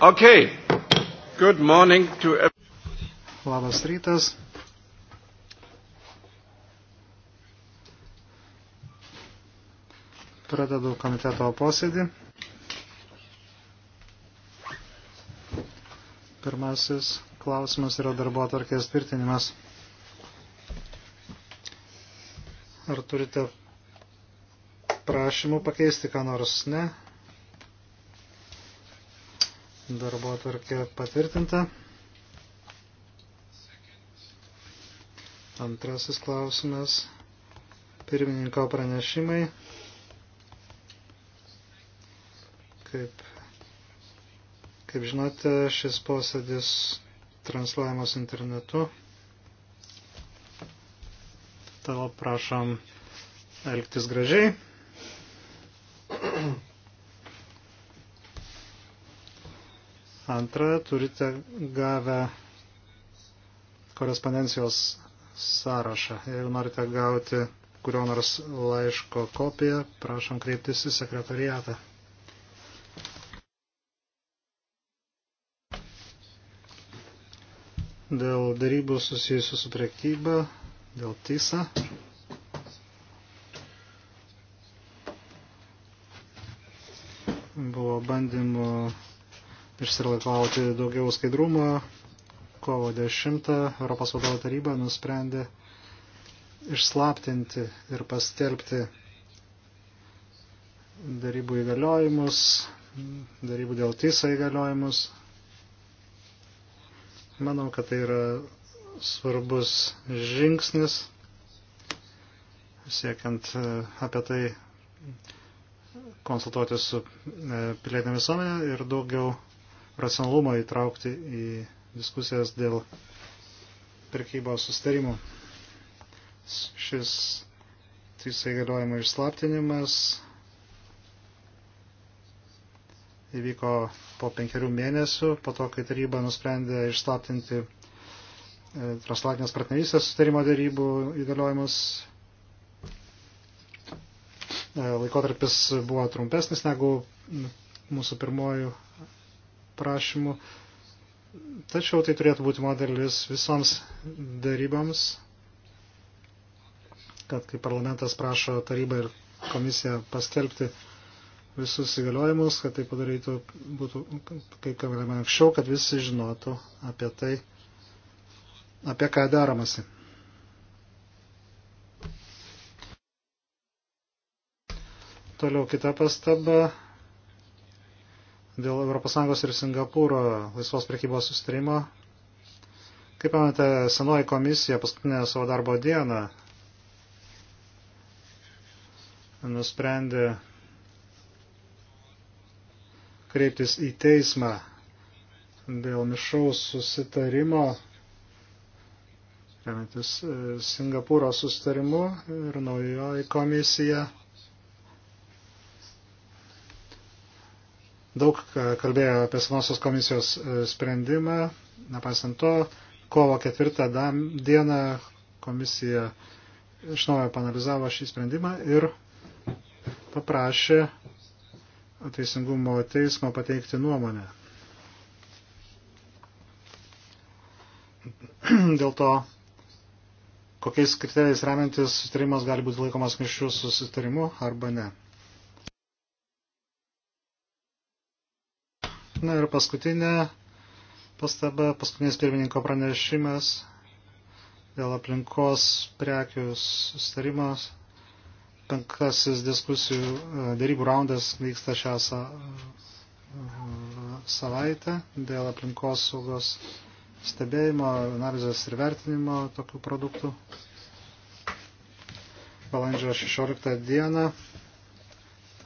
Okay. Good morning to Labas rytas. Pradedu komiteto posėdį. Pirmasis klausimas yra darbo atvarkės tvirtinimas. Ar turite prašymų pakeisti ką nors? Ne. Darbo tvarkė patvirtinta. Antrasis klausimas. Pirmininko pranešimai. Kaip, kaip žinote, šis posėdis transliuojamas internetu. Tavo prašom elgtis gražiai. Antra, turite gavę korespondencijos sąrašą. Jeigu norite gauti kurio nors laiško kopiją, prašom kreiptis į sekretariatą. Dėl darybų susijusių su prekyba, dėl TISA. Buvo bandymų išsireikalauti daugiau skaidrumo. Kovo 10 Europos vadovų taryba nusprendė išslaptinti ir pastelbti darybų įgaliojimus, darybų dėl TISA įgaliojimus. Manau, kad tai yra svarbus žingsnis, siekiant e, apie tai konsultuoti su e, pilietinė visuomenė ir daugiau racionalumą įtraukti į diskusijas dėl pirkybos sustarimų. Šis teisai galiojimo išslaptinimas įvyko po penkerių mėnesių, po to, kai taryba nusprendė išslaptinti e, translatinės partnerystės sustarimo darybų įgaliojimus. E, laikotarpis buvo trumpesnis negu mūsų pirmojų prašymų. Tačiau tai turėtų būti modelis visoms daryboms, kad kai parlamentas prašo tarybą ir komisiją paskelbti visus įgaliojimus, kad tai padarytų būtų kaip galima anksčiau, kad visi žinotų apie tai, apie ką daromasi. Toliau kita pastaba dėl ES ir Singapūro laisvos prekybos sustarimo. Kaip pamėte, senoji komisija paskutinę savo darbo dieną nusprendė kreiptis į teismą dėl mišaus susitarimo, remiantis e, Singapūro susitarimu ir naujoji komisija Daug kalbėjo apie senosios komisijos e, sprendimą. Nepaisant to, kovo ketvirtą dieną komisija iš naujo panalizavo šį sprendimą ir paprašė teisingumo teismo pateikti nuomonę. Dėl to, kokiais kriterijais remiantis sutarimas gali būti laikomas mišrių susitarimu arba ne. Na ir paskutinė pastaba, paskutinis pirmininko pranešimas dėl aplinkos prekių sustarimas. Penktasis diskusijų e, darybų raundas vyksta šią e, savaitę dėl aplinkos saugos stebėjimo, analizės ir vertinimo tokių produktų. Balandžio 16 dieną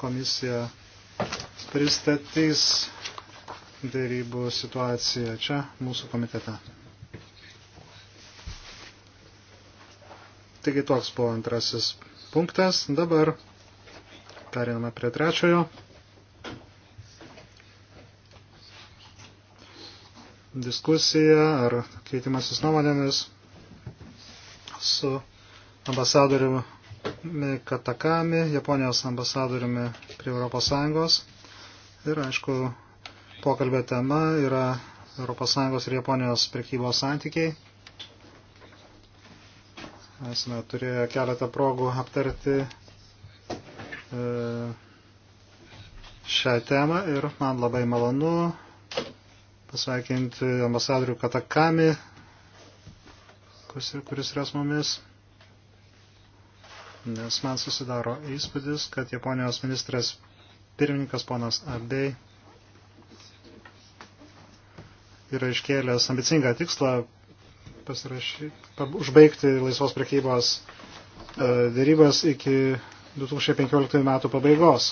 komisija pristatys dėrybų situaciją čia mūsų komitete. Taigi toks buvo antrasis punktas. Dabar periname prie trečiojo. Diskusija ar keitimasis nuomonėmis su ambasadoriumi Katakami, Japonijos ambasadoriumi prie Europos Sąjungos ir, aišku, Pokalbio tema yra ES ir Japonijos prekybos santykiai. Esame turėję keletą progų aptarti e, šią temą ir man labai malonu pasveikinti ambasadorių Katakami, kuris yra su mumis, nes man susidaro įspūdis, kad Japonijos ministras pirmininkas ponas Abei yra iškėlęs ambicingą tikslą pasirašy, užbaigti laisvos prekybos e, dėrybas iki 2015 metų pabaigos.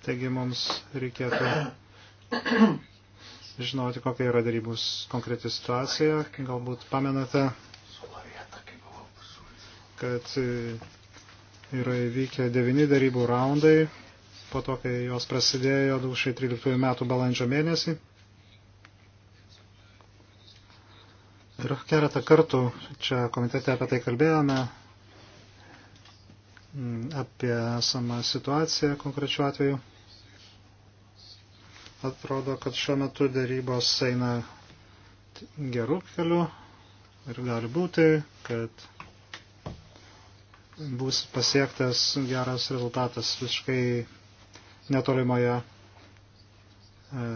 Taigi mums reikėtų žinoti, kokia yra darybus konkreti situacija. Galbūt pamenate, kad e, yra įvykę devini darybų raundai po to, kai jos prasidėjo 2013 metų balandžio mėnesį. Ir keletą kartų čia komitete apie tai kalbėjome, mm, apie samą situaciją konkrečiu atveju. Atrodo, kad šiuo metu darybos eina gerų kelių ir gali būti, kad bus pasiektas geras rezultatas visiškai netolimoje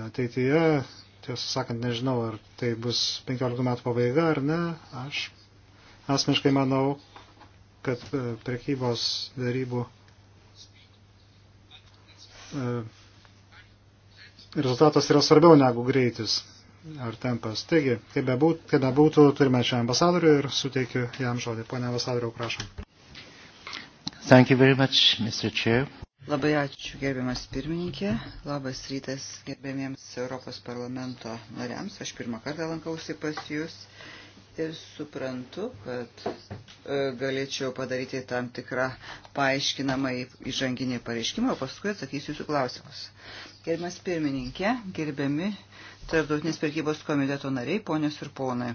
ateityje. Tiesą sakant, nežinau, ar tai bus 15 metų pabaiga ar ne. Aš asmeniškai manau, kad e, prekybos darybų e, rezultatas yra svarbiau negu greitis ar tempas. Taigi, kaip bebūtų, kaip bebūtų turime čia ambasadorių ir suteikiu jam žodį. Pone ambasadoriau, prašom. Thank you very much, Mr. Chair. Labai ačiū gerbiamas pirmininkė, labas rytas gerbiamiems Europos parlamento nariams. Aš pirmą kartą lankausi pas jūs ir suprantu, kad e, galėčiau padaryti tam tikrą paaiškinamą įžanginį pareiškimą, o paskui atsakysiu jūsų klausimus. Gerbiamas pirmininkė, gerbiami Tarptautinės prekybos komiteto nariai, ponios ir ponai.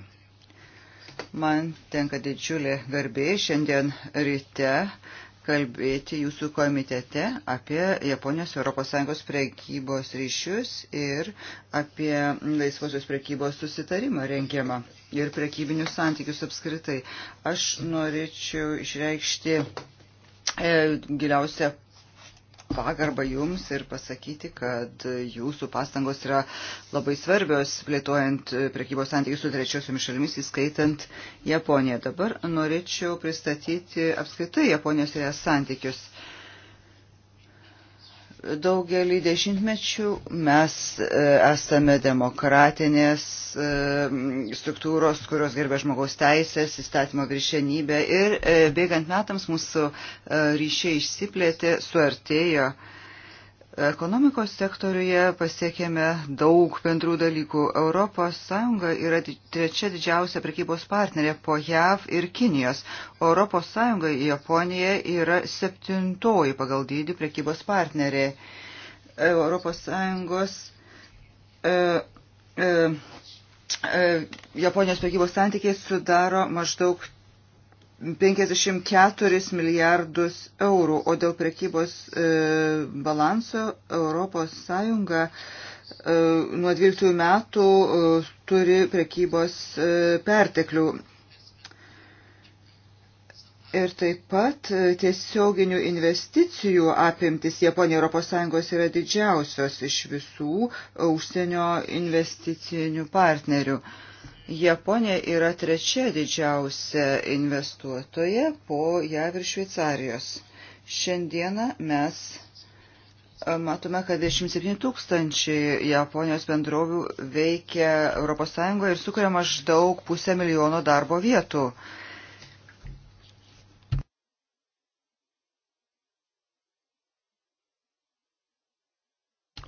Man tenka didžiulė garbė šiandien ryte kalbėti jūsų komitete apie Japonijos ES prekybos ryšius ir apie laisvosios prekybos susitarimą rengiamą ir prekybinius santykius apskritai. Aš norėčiau išreikšti e, giliausią pagarbą jums ir pasakyti, kad jūsų pastangos yra labai svarbios plėtojant prekybos santykius su trečiosiomis šalimis, įskaitant Japoniją. Dabar norėčiau pristatyti apskritai Japonijos ir jas santykius. Daugelį dešimtmečių mes e, esame demokratinės e, struktūros, kurios gerbė žmogaus teisės, įstatymo viršenybę ir e, bėgant metams mūsų ryšiai išsiplėtė, suartėjo Ekonomikos sektoriuje pasiekėme daug bendrų dalykų. ES yra trečia didžiausia prekybos partnerė po JAV ir Kinijos. ES Japonija yra septintoji pagal dydį prekybos partnerė. ES e, e, e, Japonijos prekybos santykiai sudaro maždaug 54 milijardus eurų, o dėl prekybos e, balanso Europos Sąjunga e, nuo 12 metų e, turi prekybos e, perteklių. Ir taip pat e, tiesioginių investicijų apimtis Japonija Europos Sąjungos yra didžiausios iš visų e, užsienio investicinių partnerių. E, Japonija yra trečia didžiausia investuotoja po JAV ir Šveicarijos. Šiandieną mes e, matome, kad 27 tūkstančiai Japonijos bendrovių veikia ES ir sukuria maždaug pusę milijono darbo vietų.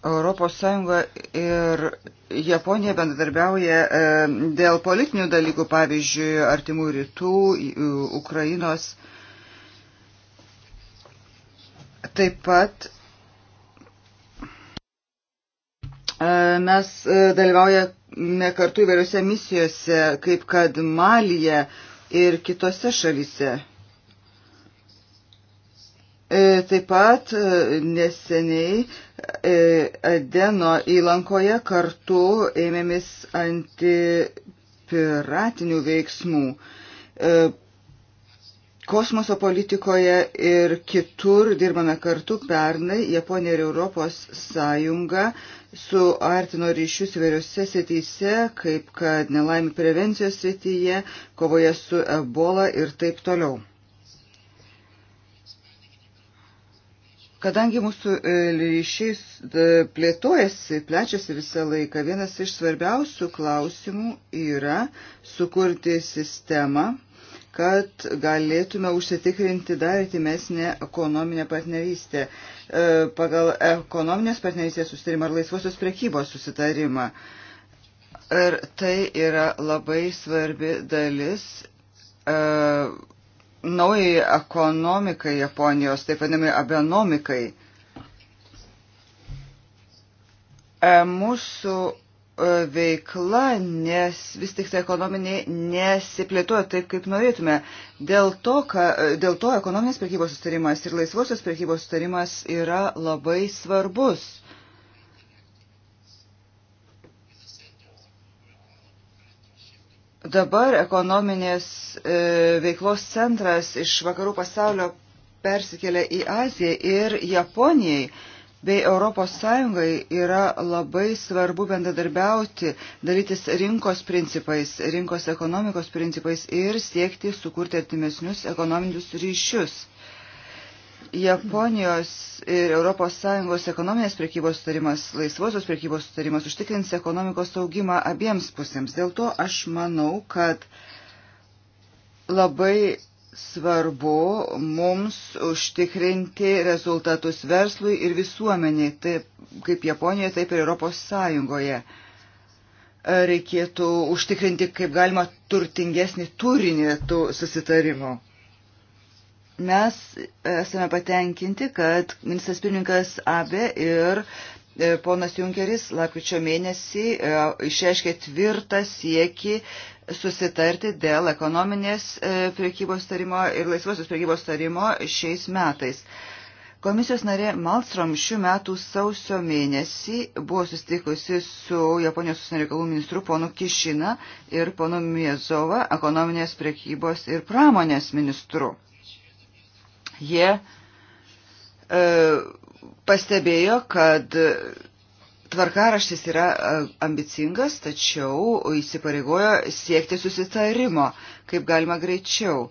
ES ir Japonija bendradarbiauja e, dėl politinių dalykų, pavyzdžiui, artimų rytų, Ukrainos. Taip pat e, mes e, dalyvaujame kartu įvairiose misijose, kaip kad Malija ir kitose šalyse. E, taip pat e, neseniai e, Adeno įlankoje kartu ėmėmis antipiratinių veiksmų. Kosmoso politikoje ir kitur dirbame kartu pernai Japonija ir Europos Sąjunga suartino ryšius įvairiose srityse, kaip kad nelaimė prevencijos srityje, kovoje su ebola ir taip toliau. Kadangi mūsų e, ryšys e, plėtojasi, plečiasi visą laiką, vienas iš svarbiausių klausimų yra sukurti sistemą, kad galėtume užsitikrinti dar įtimesnę ekonominę partnerystę e, pagal ekonominės partnerystės susitarimą ar laisvosios prekybos susitarimą. Ir tai yra labai svarbi dalis naujai ekonomikai Japonijos, taip vadinami abenomikai. E, mūsų e, veikla nes, vis tik tai ekonominiai nesiplėtoja taip, kaip norėtume. Dėl to, ka, e, dėl to ekonominės prekybos sustarimas ir laisvosios prekybos sustarimas yra labai svarbus. Dabar ekonominės e, veiklos centras iš vakarų pasaulio persikėlė į Aziją ir Japonijai bei Europos Sąjungai yra labai svarbu bendradarbiauti, dalytis rinkos principais, rinkos ekonomikos principais ir siekti sukurti artimesnius ekonominius ryšius. Japonijos ir ES ekonominės priekybos sutarimas, laisvosios priekybos sutarimas užtikrins ekonomikos augimą abiems pusėms. Dėl to aš manau, kad labai svarbu mums užtikrinti rezultatus verslui ir visuomeniai, taip kaip Japonijoje, taip ir Europos Sąjungoje. Reikėtų užtikrinti kaip galima turtingesnį turinį tų susitarimų. Mes esame patenkinti, kad ministras pirmininkas Abe ir e, ponas Junkeris lakryčio mėnesį e, išreiškė tvirtą sieki susitarti dėl ekonominės e, priekybos tarimo ir laisvosios priekybos tarimo šiais metais. Komisijos narė Malstrom šių metų sausio mėnesį buvo susitikusi su Japonijos užsienio reikalų ministru ponu Kišina ir ponu Miezova, ekonominės priekybos ir pramonės ministru. Jie e, pastebėjo, kad tvarkaraštis yra e, ambicingas, tačiau įsipareigojo siekti susitarimo, kaip galima greičiau.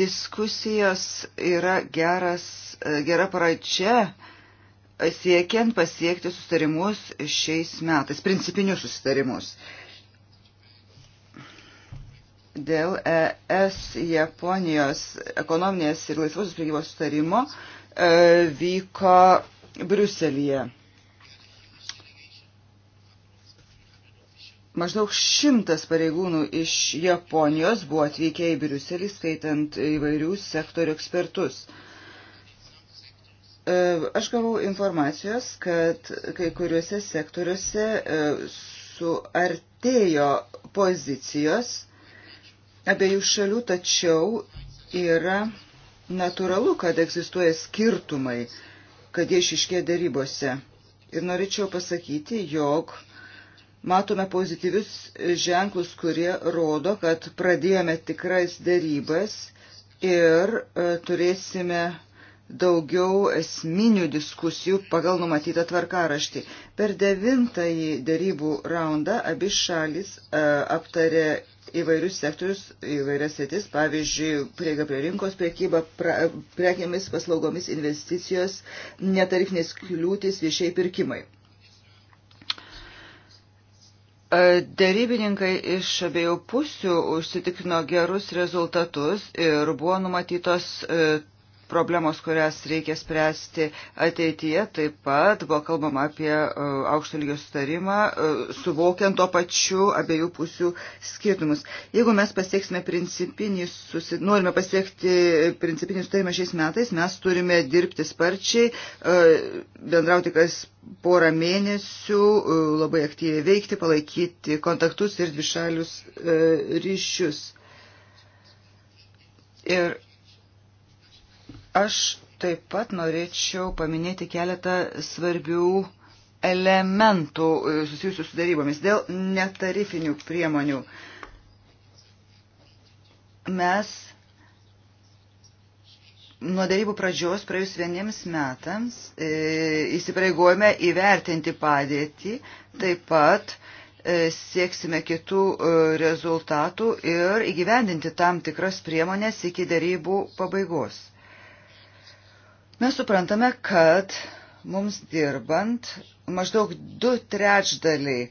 Diskusijos yra geras, e, gera pradžia siekiant pasiekti susitarimus šiais metais, principinius susitarimus. E, dėl ES Japonijos ekonominės ir laisvosios priekybos sutarimo e, vyko Briuselėje. Maždaug šimtas pareigūnų iš Japonijos buvo atvykę į Briuselį, skaitant įvairių sektorių ekspertus. E, aš gavau informacijos, kad kai kuriuose sektoriuose e, suartėjo pozicijos abiejų šalių, tačiau yra natūralu, kad egzistuoja skirtumai, kad jie išiškė darybose. Ir norėčiau pasakyti, jog matome pozityvius ženklus, kurie rodo, kad pradėjome tikrais darybas ir e, turėsime daugiau esminių diskusijų pagal numatytą tvarkaraštį. Per devintąjį darybų raundą abi šalis e, aptarė įvairius sektorius, įvairias sritis, pavyzdžiui, prieiga prie rinkos, priekyba pra, prekiamis, paslaugomis, investicijos, netarifinės kliūtis, viešiai pirkimai. E, Dėrybininkai iš abiejų pusių užsitikrino gerus rezultatus ir buvo numatytos e, problemos, kurias reikia spręsti ateityje. Taip pat buvo kalbama apie e, aukšto lygio sutarimą, e, suvokiant to pačiu abiejų pusių skirtumus. Jeigu mes pasieksime principinį, susi... norime pasiekti principinį sutarimą šiais metais, mes turime dirbti sparčiai, e, bendrauti kas porą mėnesių, labai aktyviai veikti, palaikyti kontaktus ir dvišalius ryšius. Ir Aš taip pat norėčiau paminėti keletą svarbių elementų e, susijusių su darybomis dėl netarifinių priemonių. Mes nuo darybų pradžios praėjus vieniems metams e, įsipareigojame įvertinti padėtį, taip pat e, sieksime kitų e, rezultatų ir įgyvendinti tam tikras priemonės iki darybų pabaigos. Mes suprantame, kad mums dirbant maždaug du trečdaliai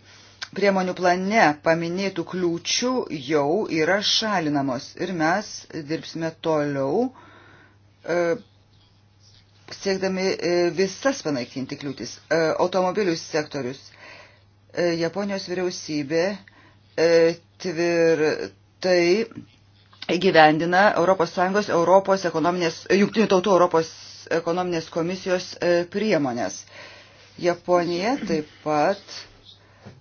priemonių plane paminėtų kliūčių jau yra šalinamos ir mes dirbsime toliau e, siekdami e, visas panaikinti kliūtis. E, automobilių sektorius. Japonijos vyriausybė tvirtai įgyvendina ES Europos ekonominės, jungtinių tautų Europos ekonominės komisijos e, priemonės. Japonija taip pat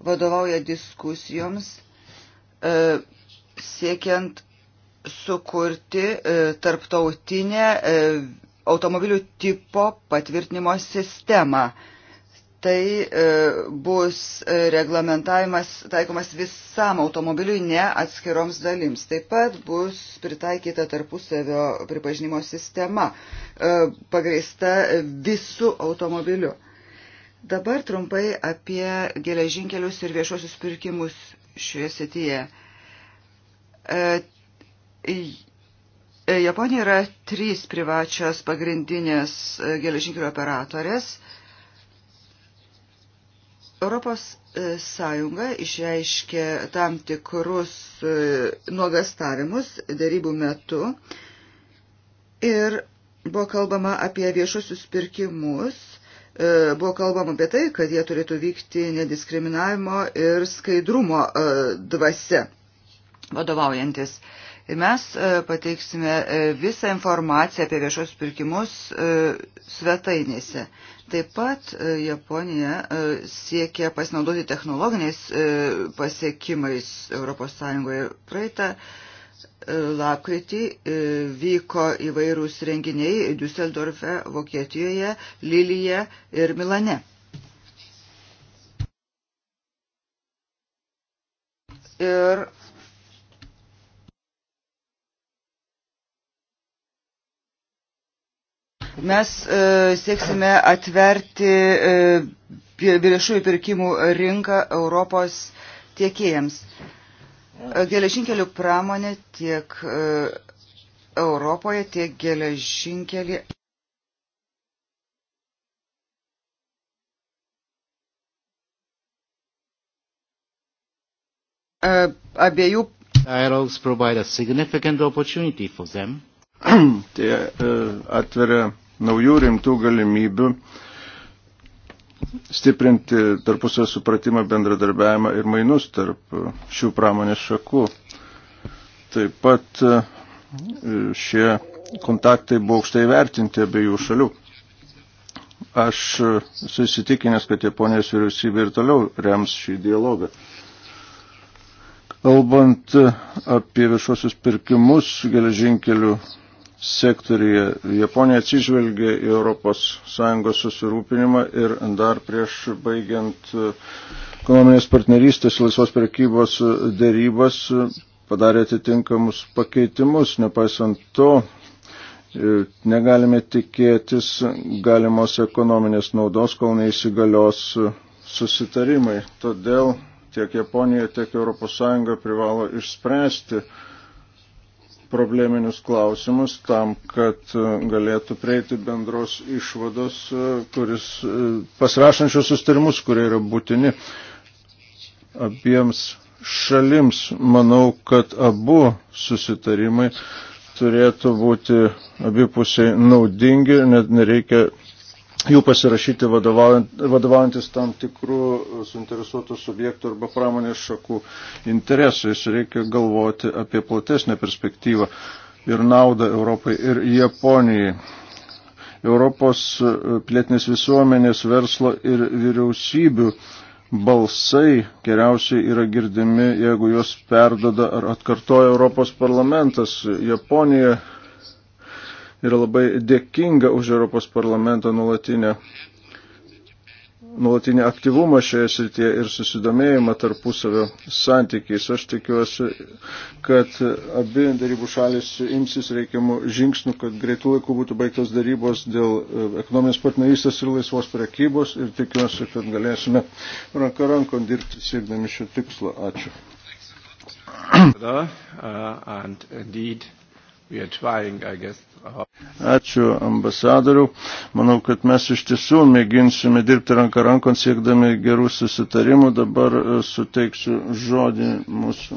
vadovauja diskusijoms e, siekiant sukurti e, tarptautinę automobilių tipo patvirtinimo sistemą tai e, bus reglamentavimas taikomas visam automobiliui, ne atskiroms dalims. Taip pat bus pritaikyta tarpusavio pripažinimo sistema, e, pagrįsta visų automobiliu. Dabar trumpai apie geležinkelius ir viešuosius pirkimus šioje srityje. E, Japonija yra trys privačios pagrindinės geležinkelio operatorės Europos e, Sąjunga išreiškė tam tikrus e, nuogastavimus darybų metu ir buvo kalbama apie viešusius pirkimus, e, buvo kalbama apie tai, kad jie turėtų vykti nediskriminavimo ir skaidrumo dvasia vadovaujantis. Ir mes e, pateiksime e, visą informaciją apie viešos pirkimus e, svetainėse. Taip pat Japonija siekia pasinaudoti technologiniais pasiekimais ES. Praeitą lapkritį vyko įvairūs renginiai Düsseldorfe, Vokietijoje, Lilyje ir Milane. Ir Mes e, sieksime atverti e, viešųjų pirkimų rinką Europos tiekėjams. E, geležinkelių pramonė tiek e, Europoje, tiek geležinkelį. E, abiejų. Aeros provide a significant opportunity for them. tai atveria naujų rimtų galimybių stiprinti tarpusio supratimą, bendradarbiavimą ir mainus tarp šių pramonės šakų. Taip pat e, šie kontaktai buvo aukštai vertinti abiejų šalių. Aš e, susitikinęs, kad Japonijos vyriausybė ir toliau rems šį dialogą. Kalbant e, apie viešuosius pirkimus geležinkelių sektorija. Japonija atsižvelgia į ES susirūpinimą ir dar prieš baigiant e, ekonominės partnerystės laisvos prekybos e, dėrybas e, padarė atitinkamus pakeitimus. Nepaisant to, negalime tikėtis galimos ekonominės naudos, kol neįsigalios susitarimai. Todėl tiek Japonija, tiek ES privalo išspręsti probleminius klausimus tam, kad e, galėtų prieiti bendros išvados, e, kuris e, pasirašančios sustarimus, kurie yra būtini abiems šalims. Manau, kad abu susitarimai turėtų būti abipusiai naudingi, net nereikia jų pasirašyti vadovaujantis tam tikrų e, suinteresuotų subjektų arba pramonės šakų interesais. Reikia galvoti apie platesnę perspektyvą ir naudą Europai ir Japonijai. Europos e, pilietinės visuomenės, verslo ir vyriausybių balsai geriausiai yra girdimi, jeigu juos perdoda ar atkartoja Europos parlamentas. Japonija yra labai dėkinga už Europos parlamento nuolatinę, nuolatinę aktyvumą šioje srityje ir susidomėjimą tarpusavio santykiais. Aš tikiuosi, kad abi darybų šalis imsis reikiamų žingsnių, kad greitų laikų būtų baigtos darybos dėl e, ekonominės partnerystės ir laisvos prekybos ir tikiuosi, kad galėsime ranka rankon dirbti siekdami šio tikslo. Ačiū. Uh, and indeed Trying, Ačiū ambasadoriu. Manau, kad mes iš tiesų mėginsime dirbti ranką rankon siekdami gerų susitarimų. Dabar e, suteiksiu žodį mūsų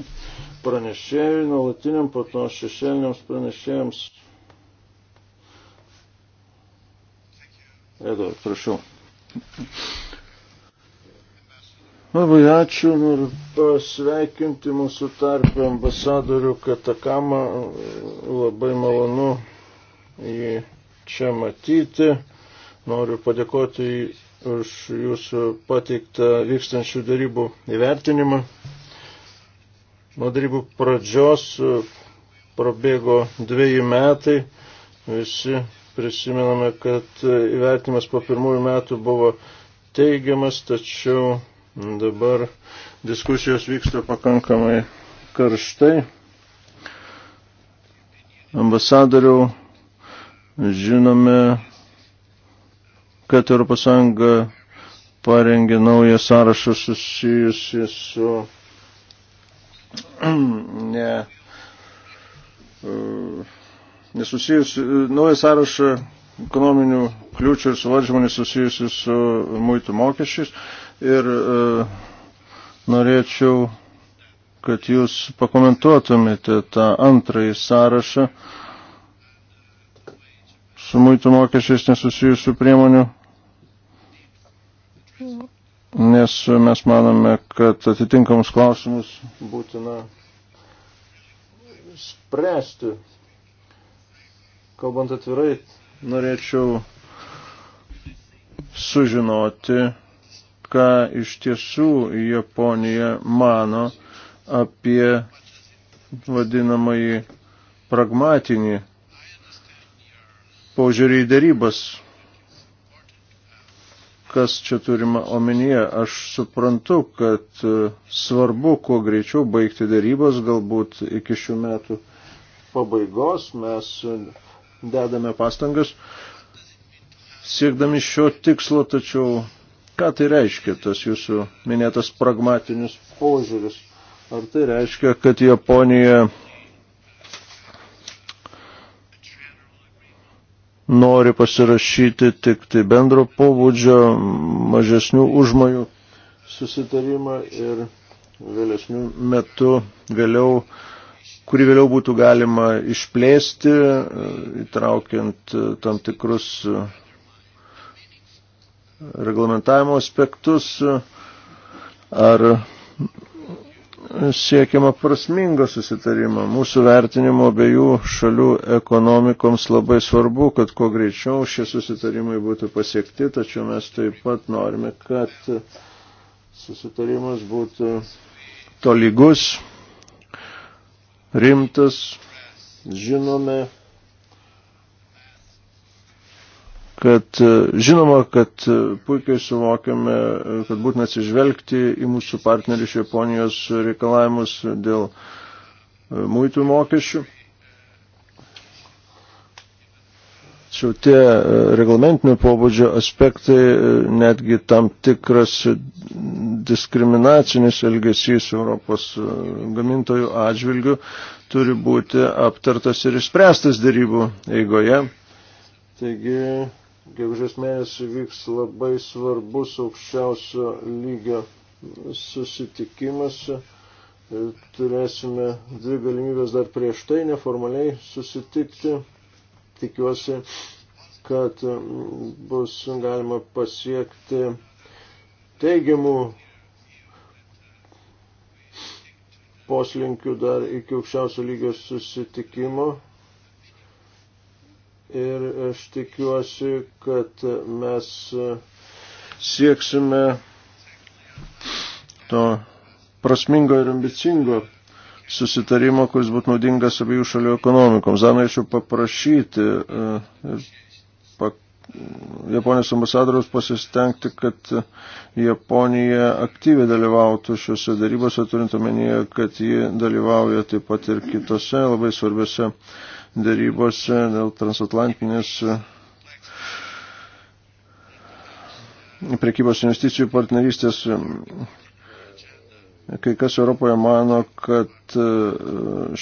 pranešėjui, nuolatiniam, po to šešėliniams pranešėjams. Edo, prašau. Labai ačiū ir pasveikinti mūsų tarpę ambasadorių Katakamą. Labai malonu jį čia matyti. Noriu padėkoti už jūsų pateiktą vykstančių darybų įvertinimą. Nuo darybų pradžios prabėgo dviejų metai. Visi prisimename, kad įvertinimas po pirmųjų metų buvo teigiamas, tačiau Dabar diskusijos vyksta pakankamai karštai. Ambasadoriau, žinome, kad ES parengė naują sąrašą susijusi su ne, nesusijusi, naują sąrašą ekonominių kliūčių ir suvaržymų nesusijusių su muitų mokesčiais ir e, norėčiau, kad jūs pakomentuotumėte tą antrąjį sąrašą su muitų mokesčiais nesusijusių priemonių, nes mes manome, kad atitinkamus klausimus būtina spręsti. Kalbant atvirai, norėčiau sužinoti, ką iš tiesų Japonija mano apie vadinamąjį pragmatinį požiūrį į darybas. Kas čia turima omenyje? Aš suprantu, kad e, svarbu kuo greičiau baigti darybas, galbūt iki šių metų pabaigos mes dedame pastangas siekdami šio tikslo, tačiau Ką tai reiškia tas jūsų minėtas pragmatinis požiūris? Ar tai reiškia, kad Japonija nori pasirašyti tik tai bendro pobūdžio mažesnių užmojų susitarimą ir vėlesnių metų vėliau, kurį vėliau būtų galima išplėsti, įtraukiant tam tikrus reglamentavimo aspektus, ar siekiama prasmingo susitarimo. Mūsų vertinimo abiejų šalių ekonomikoms labai svarbu, kad kuo greičiau šie susitarimai būtų pasiekti, tačiau mes taip pat norime, kad susitarimas būtų tolygus, rimtas, žinome, kad e, žinoma, kad e, puikiai suvokiame, e, kad būtina atsižvelgti į mūsų partnerį iš Japonijos reikalavimus dėl muitų mokesčių. Tačiau tie reglamentinių pobūdžio aspektai, netgi tam tikras diskriminacinis elgesys Europos gamintojų atžvilgių turi būti aptartas ir išspręstas darybų eigoje. Taigi Gegužės mėnesį vyks labai svarbus aukščiausio lygio susitikimas. Turėsime dvi galimybės dar prieš tai neformaliai susitikti. Tikiuosi, kad bus galima pasiekti teigiamų poslinkių dar iki aukščiausio lygio susitikimo ir aš tikiuosi, kad mes sieksime to prasmingo ir ambicingo susitarimo, kuris būtų naudingas abiejų šalių ekonomikoms. Dar norėčiau paprašyti e, pak, Japonijos ambasadoriaus pasistengti, kad Japonija aktyviai dalyvautų šiuose darybose, turint omenyje, kad ji dalyvauja taip pat ir kitose labai svarbiose darybose dėl transatlantinės e, prekybos investicijų partnerystės. E, kai kas Europoje mano, kad e,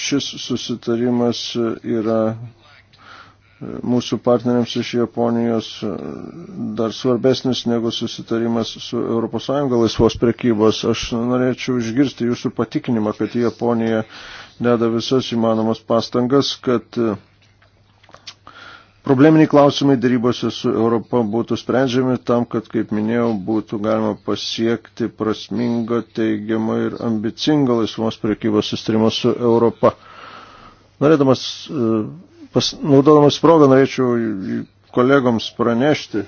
šis susitarimas yra mūsų partneriams iš Japonijos e, dar svarbesnis negu susitarimas su ES laisvos prekybos. Aš norėčiau išgirsti jūsų patikinimą, kad Japonija deda visas įmanomas pastangas, kad e, probleminiai klausimai darybose su Europa būtų sprendžiami tam, kad, kaip minėjau, būtų galima pasiekti prasmingo, teigiamo ir ambicingo laisvos prekybos sustarimo su Europa. Norėdamas uh, Pas, naudodamas progą norėčiau kolegoms pranešti,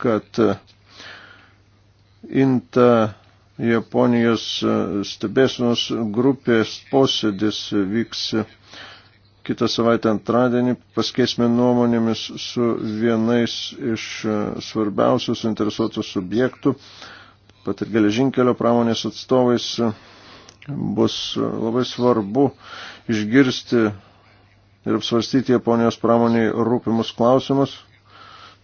kad e, INTA Japonijos e, stebėsinos grupės posėdis vyks kitą savaitę antradienį paskeisime nuomonėmis su vienais iš e, svarbiausių suinteresuotų subjektų, pat ir geležinkelio pramonės atstovais. Bus labai svarbu išgirsti ir apsvarstyti Japonijos pramoniai rūpimus klausimus.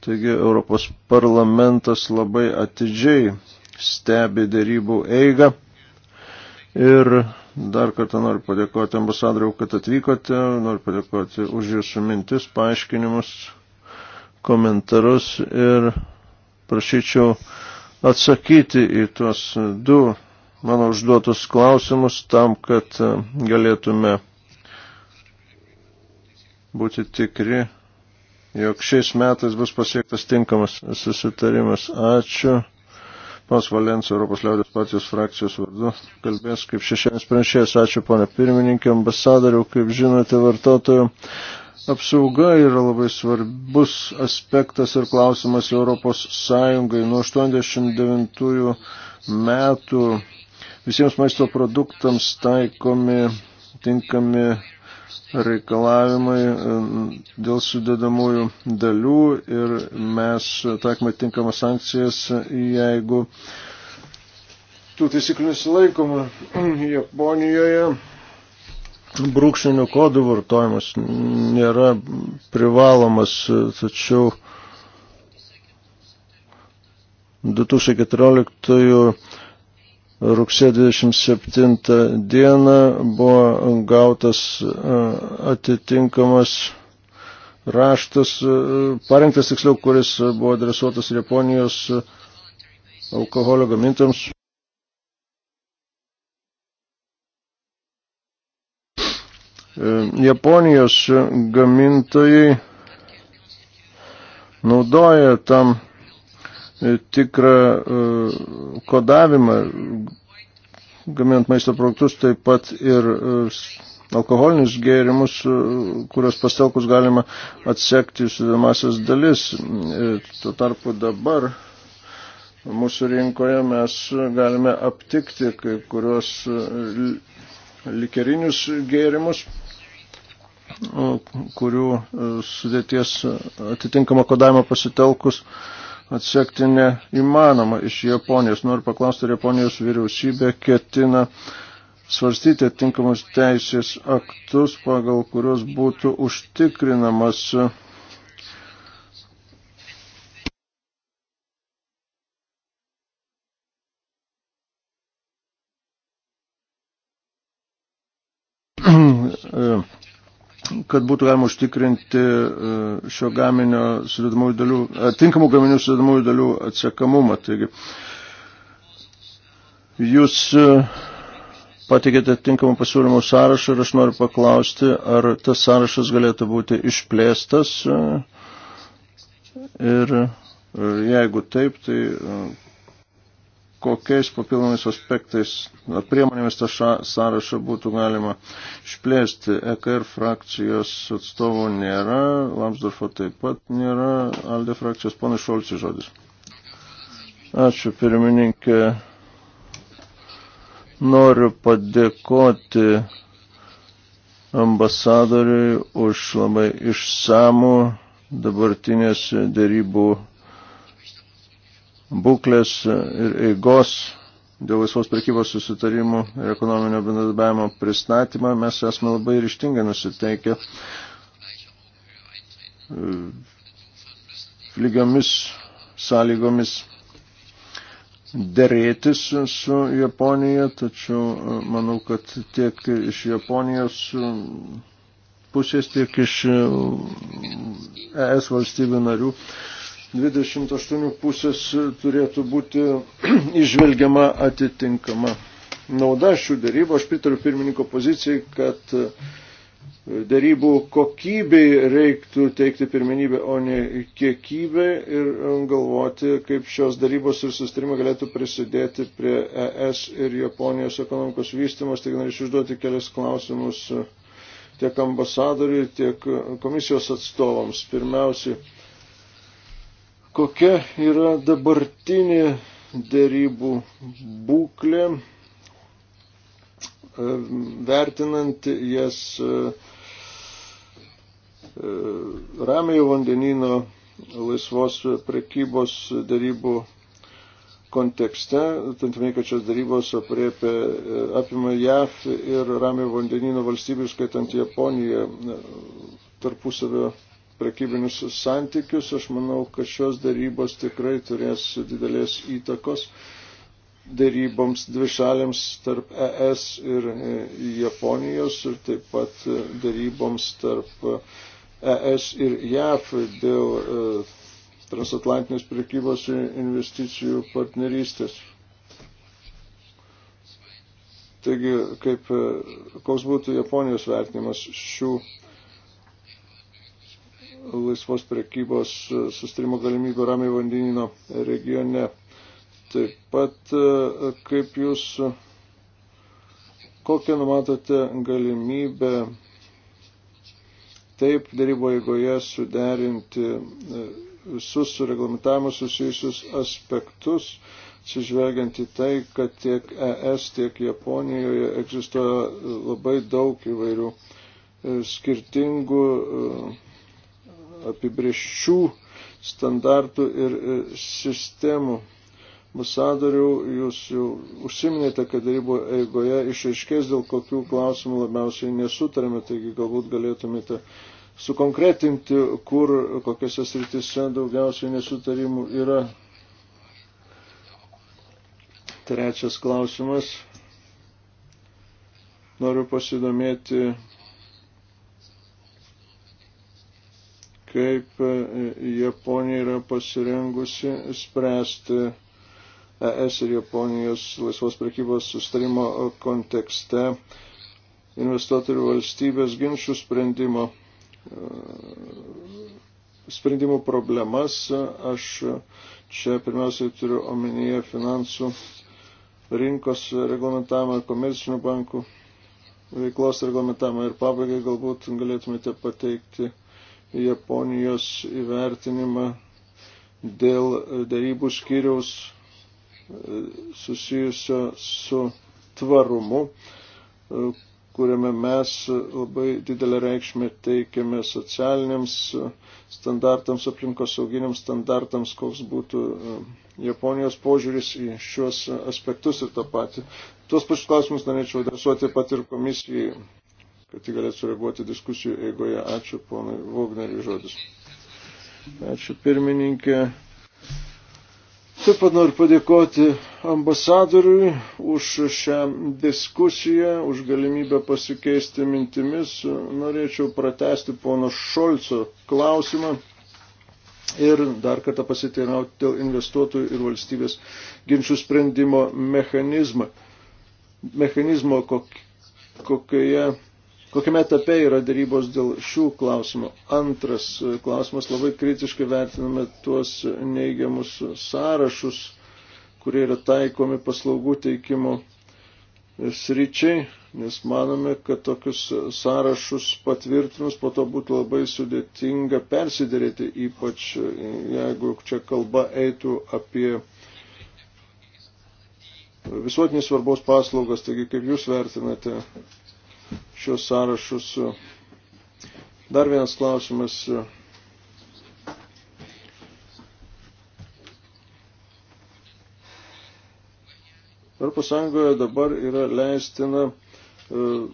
Taigi Europos parlamentas labai atidžiai stebi dėrybų eigą. Ir dar kartą noriu padėkoti ambasadoriau, kad atvykote, noriu padėkoti už jūsų mintis, paaiškinimus, komentarus ir prašyčiau atsakyti į tuos du mano užduotus klausimus tam, kad galėtume būti tikri, jog šiais metais bus pasiektas tinkamas susitarimas. Ačiū. Pas Valens Europos liaudės partijos frakcijos vardu kalbės kaip šešienis pranešėjas. Ačiū, ponė pirmininkė, ambasadoriau, kaip žinote, vartotojų apsauga yra labai svarbus aspektas ir klausimas Europos Sąjungai. Nuo 89 metų visiems maisto produktams taikomi tinkami reikalavimai e, dėl sudėdamųjų dalių ir mes taikome tinkamas sankcijas, jeigu tų taisyklių nesilaikoma Japonijoje. Brūkšninių kodų vartojimas nėra privalomas, tačiau 2014 Rugsėjo 27 dieną buvo gautas e, atitinkamas raštas, e, parengtas tiksliau, kuris buvo adresuotas Japonijos alkoholio gamintams. E, Japonijos gamintojai naudoja tam tikrą e, kodavimą, gaminant maisto produktus, taip pat ir e, alkoholinius gėrimus, e, kurios pastelkus galima atsekti sudamasias dalis. Tuo tarpu dabar mūsų rinkoje mes galime aptikti kai kurios likerinius gėrimus, kurių sudėties atitinkama kodavimą pasitelkus atsekti neįmanoma iš Japonijos. Noriu paklausti, ar Japonijos vyriausybė ketina svarstyti tinkamus teisės aktus, pagal kurios būtų užtikrinamas e, kad būtų galima užtikrinti e, šio gaminio sudėdamųjų dalių, e, tinkamų gaminių sudėdamųjų dalių atsekamumą. Taigi, jūs e, pateikėte tinkamų pasiūlymų sąrašą ir aš noriu paklausti, ar tas sąrašas galėtų būti išplėstas ir jeigu taip, tai kokiais papildomais aspektais ar priemonėmis tą sąrašą būtų galima išplėsti. EKR frakcijos atstovų nėra, Lamsdorfo taip pat nėra, Alde frakcijos ponas Šolci žodis. Ačiū pirmininkė. Noriu padėkoti ambasadoriui už labai išsamų dabartinės dėrybų būklės ir eigos dėl laisvos prekybos susitarimų ir ekonominio bendradarbiavimo pristatymą mes esame labai ryštingai nusiteikę e, lygiomis sąlygomis dėrėtis su Japonija, tačiau e, manau, kad tiek iš Japonijos pusės, tiek iš ES e valstybių narių 28 pusės turėtų būti išvelgiama atitinkama nauda šių dėrybų. Aš pritariu pirmininko pozicijai, kad e, dėrybų kokybei reiktų teikti pirmenybę, o ne kiekybę ir e, galvoti, kaip šios dėrybos ir sustarimai galėtų prisidėti prie ES ir Japonijos ekonomikos vystimos. Tik norėčiau užduoti kelias klausimus e, tiek ambasadoriui, tiek komisijos atstovams. Pirmiausiai kokia yra dabartinė dėrybų būklė, e, vertinant jas e, e, Ramiojo vandenino laisvos prekybos dėrybų kontekste, tantumai, kad šios darybos apriepia, apima JAF ir Ramio vandenino valstybių, skaitant Japoniją, tarpusavio prekybinius santykius. Aš manau, kad šios darybos tikrai turės didelės įtakos daryboms dvišalėms tarp ES ir e, Japonijos ir taip pat e, daryboms tarp ES e ir JAF dėl transatlantinės prekybos ir investicijų partnerystės. Taigi, kaip, koks būtų Japonijos vertinimas šių laisvos prekybos e, sustarimo galimybių ramiai vandenino regione. Taip pat, e, kaip jūs, kokią numatote galimybę taip darybo eigoje suderinti e, visus su reglamentavimu susijusius aspektus, atsižvelgiant į tai, kad tiek ES, tiek Japonijoje egzistuoja labai daug įvairių skirtingų apibrieščių, standartų ir e, sistemų. Musadariau, jūs jau užsiminėte, kad darybų eigoje išaiškės, dėl kokių klausimų labiausiai nesutarėme, taigi galbūt galėtumėte sukonkretinti, kur, kokiuose sritise daugiausiai nesutarimų yra. Trečias klausimas. Noriu pasidomėti kaip e, Japonija yra pasirengusi spręsti ES ir Japonijos laisvos prekybos sustarimo kontekste investuotojų valstybės ginčių sprendimo, e, sprendimų problemas. Aš čia pirmiausiai turiu omenyje finansų rinkos reglamentavimą, komercinių bankų veiklos reglamentavimą ir pabaigai galbūt galėtumėte pateikti Japonijos įvertinimą dėl darybų skyriaus e, susijusio su tvarumu, e, kuriame mes labai didelę reikšmę teikiame socialiniams standartams, aplinkos sauginiams standartams, koks būtų e, Japonijos požiūris į šiuos aspektus ir tą patį. Tuos pačius klausimus norėčiau adresuoti pat ir komisijai kad jį galėtų sureaguoti diskusijų eigoje. Ačiū ponui Vogneriui žodis. Ačiū pirmininkė. Taip pat noriu padėkoti ambasadoriui už šią diskusiją, už galimybę pasikeisti mintimis. Norėčiau pratesti pono Šolco klausimą ir dar kartą pasiteirauti dėl investuotojų ir valstybės ginčių sprendimo mechanizmą. mechanizmo, kokioje Kokiame etape yra darybos dėl šių klausimų? Antras e, klausimas, labai kritiškai vertiname tuos neigiamus sąrašus, kurie yra taikomi paslaugų teikimo sričiai, nes manome, kad tokius sąrašus patvirtinus po to būtų labai sudėtinga persidėrėti, ypač jeigu čia kalba eitų apie visuotinės svarbos paslaugas, taigi kaip jūs vertinate šios sąrašus. Dar vienas klausimas. Europos Sąjungoje dabar yra leistina e,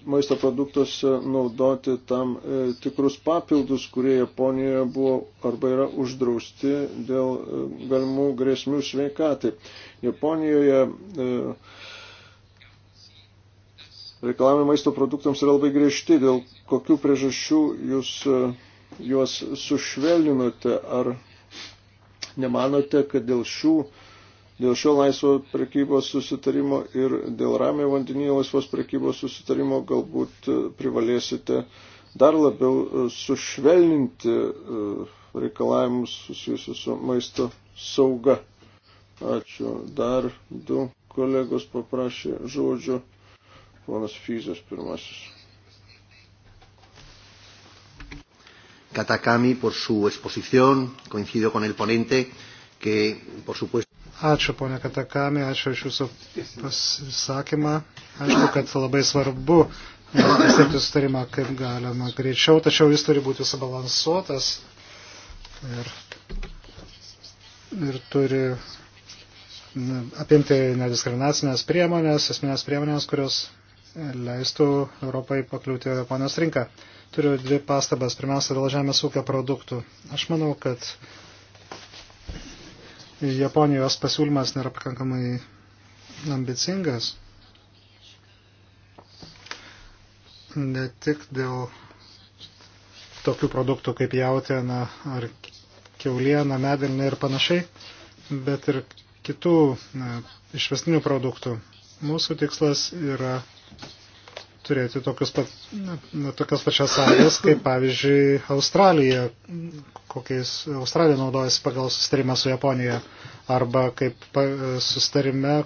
maisto produktuose naudoti tam e, tikrus papildus, kurie Japonijoje buvo arba yra uždrausti dėl e, galimų grėsmių sveikatai. Japonijoje reikalavimai maisto produktams yra labai griežti. Dėl kokių priežasčių jūs e, juos sušvelninote? Ar nemanote, kad dėl šių Dėl šio laisvo prekybos susitarimo ir dėl ramio vandenyje laisvos prekybos susitarimo galbūt e, privalėsite dar labiau e, sušvelninti reikalavimus susijusius su maisto sauga. Ačiū. Dar du kolegos paprašė žodžio. Ponas Fyzas pirmasis. Katakami por su exposición, coincido con el ponente, que por supuesto. Ačiū, ponia Katakami, ačiū iš jūsų pasisakymą. Aišku, kad labai svarbu pasiekti sutarimą kaip galima greičiau, tačiau jis turi būti subalansuotas ir, ir turi apimti nediskriminacinės priemonės, esminės priemonės, kurios leistų Europai pakliūti Japonijos rinką. Turiu dvi pastabas. Pirmiausia, dėl žemės ūkio produktų. Aš manau, kad Japonijos pasiūlymas nėra pakankamai ambicingas. Ne tik dėl tokių produktų kaip jautiena ar keuliena, medelina ir panašiai, bet ir kitų išvestinių produktų. Mūsų tikslas yra turėti tokius pat, na, tokias pačias sąlygas, kaip pavyzdžiui Australija, kokiais Australija naudojasi pagal sustarimą su Japonija, arba kaip sustarime,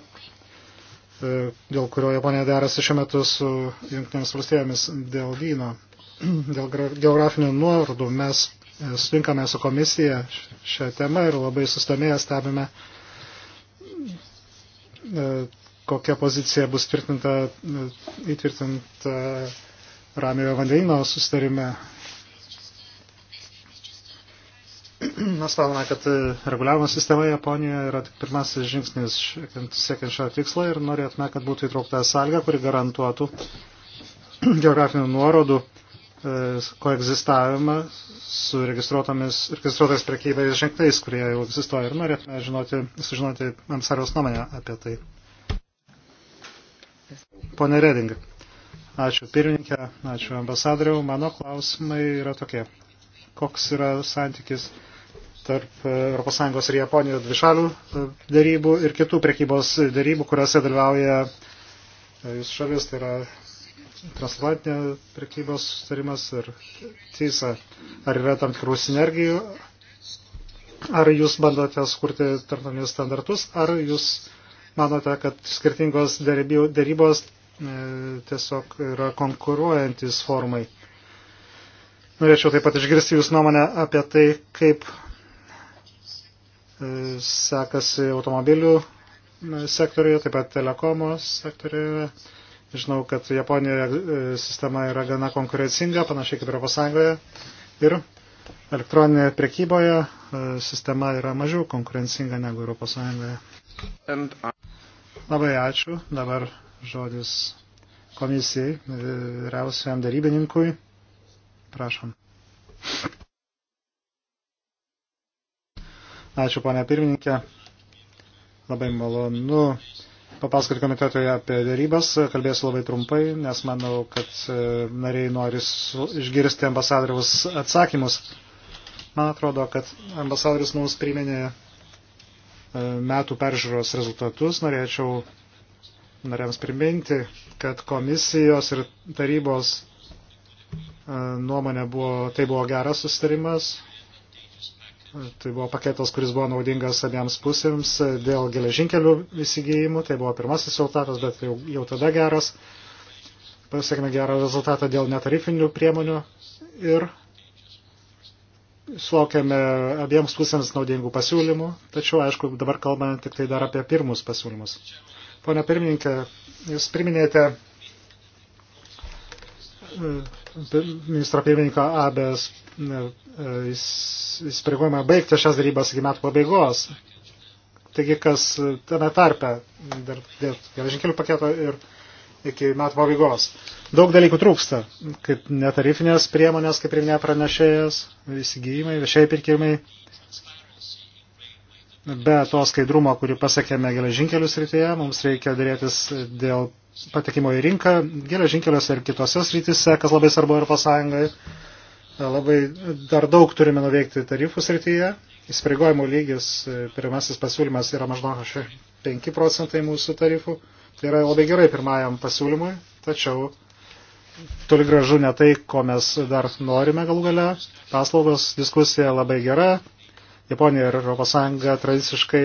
dėl kurio Japonija derasi šiuo metu su Junktinėmis valstybėmis dėl vyno. Dėl geografinių nuorodų mes e, sutinkame su komisija šią temą ir labai sustamėję stebime e, kokia pozicija bus tvirtinta, įtvirtinta Ramiojo vandenino sustarime. Mes manome, kad reguliavimo sistema Japonijoje yra tik pirmasis žingsnis siekiant šio tikslo ir norėtume, kad būtų įtraukta sąlyga, kuri garantuotų geografinių nuorodų e, koegzistavimą su registruotais prekybais ženklais, kurie jau egzistuoja ir norėtume žinoti, sužinoti Ansariaus nuomonę apie tai. Pone Reding, ačiū pirmininkė, ačiū ambasadoriau. Mano klausimai yra tokie. Koks yra santykis tarp ES ir Japonijos dvišalių e, darybų ir kitų prekybos darybų, kuriuose dalyvauja e, jūsų šalis, tai yra transatlantinė prekybos sutarimas ir TISA. Ar yra tam tikrų sinergijų? Ar jūs bandote skurti tarptautinius standartus, ar jūs manote, kad skirtingos darybos E, tiesiog yra konkuruojantis formai. Norėčiau taip pat išgirsti Jūsų nuomonę apie tai, kaip e, sekasi automobilių e, sektoriuje, taip pat telekomo sektoriuje. Žinau, kad Japonijoje sistema yra gana konkurencinga, panašiai kaip Europos Sąjungoje. Ir elektroninėje prekyboje sistema yra mažiau konkurencinga negu Europos Sąjungoje. Uh, Labai ačiū. Dabar žodis komisijai, vyriausiam darybininkui. Prašom. Ačiū, ponia pirmininkė. Labai malonu papasakoti komitetoje apie darybas. Kalbėsiu labai trumpai, nes manau, kad e, nariai nori išgirsti ambasadoriaus atsakymus. Man atrodo, kad ambasadorius mums priminė e, metų peržiūros rezultatus. Norėčiau nariams priminti, kad komisijos ir tarybos e, nuomonė buvo, tai buvo geras sustarimas. E, tai buvo paketas, kuris buvo naudingas abiems pusėms e, dėl geležinkelių įsigijimų. Tai buvo pirmasis rezultatas, bet jau, jau tada geras. Pasiekime gerą rezultatą dėl netarifinių priemonių ir sulaukėme abiems pusėms naudingų pasiūlymų. Tačiau, aišku, dabar kalbame tik tai dar apie pirmus pasiūlymus. Pone pirmininkė, jūs priminėte e, ministro pirmininko Abės e, įsipareigojimą baigti šias darybas iki metų pabaigos. Taigi, kas tame tarpe dar dėl geležinkelių paketo ir iki metų pabaigos. Daug dalykų trūksta, kaip netarifinės priemonės, kaip ir minėjo pranešėjas, įsigijimai, viešieji pirkimai, be to skaidrumo, kurį pasakėme geležinkelių srityje, mums reikia dėrėtis dėl patekimo į rinką geležinkeliuose ir kitose srityse, kas labai svarbu Europos Sąjungai. Labai dar daug turime nuveikti tarifų srityje. Įsipareigojimų lygis, pirmasis pasiūlymas yra maždaug 5 procentai mūsų tarifų. Tai yra labai gerai pirmajam pasiūlymui, tačiau toli gražu ne tai, ko mes dar norime galų gale. Paslaugos diskusija labai gera, Japonija ir ES tradiciškai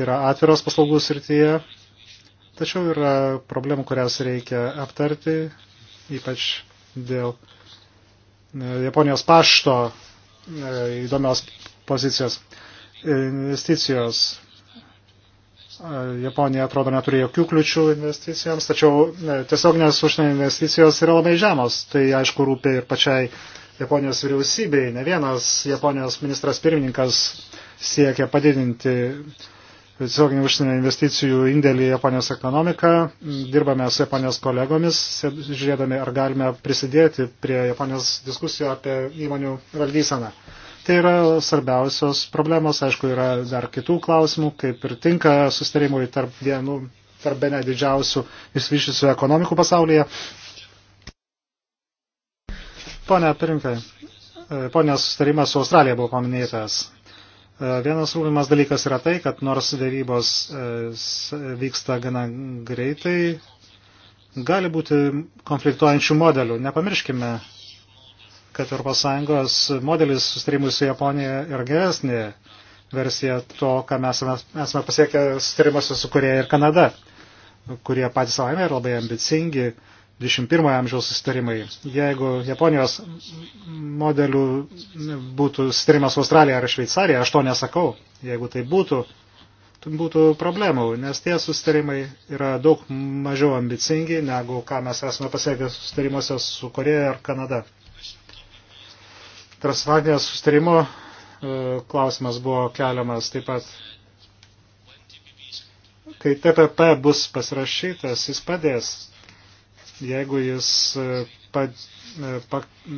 yra atviros paslaugų srityje, tačiau yra problemų, kurias reikia aptarti, ypač dėl e, Japonijos pašto e, įdomios pozicijos. Investicijos. E, Japonija atrodo neturi jokių kliučių investicijoms, tačiau tiesioginės užsienio investicijos yra labai žemos. Tai aišku rūpia ir pačiai Japonijos vyriausybei. Ne vienas Japonijos ministras pirmininkas siekia padidinti tiesioginių užsienio investicijų indėlį į Japonijos ekonomiką. Dirbame su Japonijos kolegomis, žiūrėdami, ar galime prisidėti prie Japonijos diskusijų apie įmonių valdyseną. Tai yra svarbiausios problemos, aišku, yra dar kitų klausimų, kaip ir tinka sustarimui tarp vienų, tarp bene didžiausių išsivyšusių ekonomikų pasaulyje. Pone Pirinkai, e, ponė sustarimas su Australija buvo paminėtas. E, vienas rūpimas dalykas yra tai, kad nors dėrybos e, vyksta gana greitai, gali būti konfliktuojančių modelių. Nepamirškime, kad ES modelis sustarimui su Japonija yra geresnė versija to, ką mes esame pasiekę sustarimuose su Koreja ir Kanada, kurie patys savaime yra labai ambicingi 21 amžiaus sustarimai. Jeigu Japonijos modelių būtų sustarimas su Australija ar Šveicarija, aš to nesakau, jeigu tai būtų, tai būtų problemų, nes tie sustarimai yra daug mažiau ambicingi, negu ką mes esame pasiekę sustarimuose su Koreja ar Kanada. Transatlantinės sustarimo e, klausimas buvo keliamas taip pat kai TPP bus pasirašytas, jis padės jeigu jis e, e,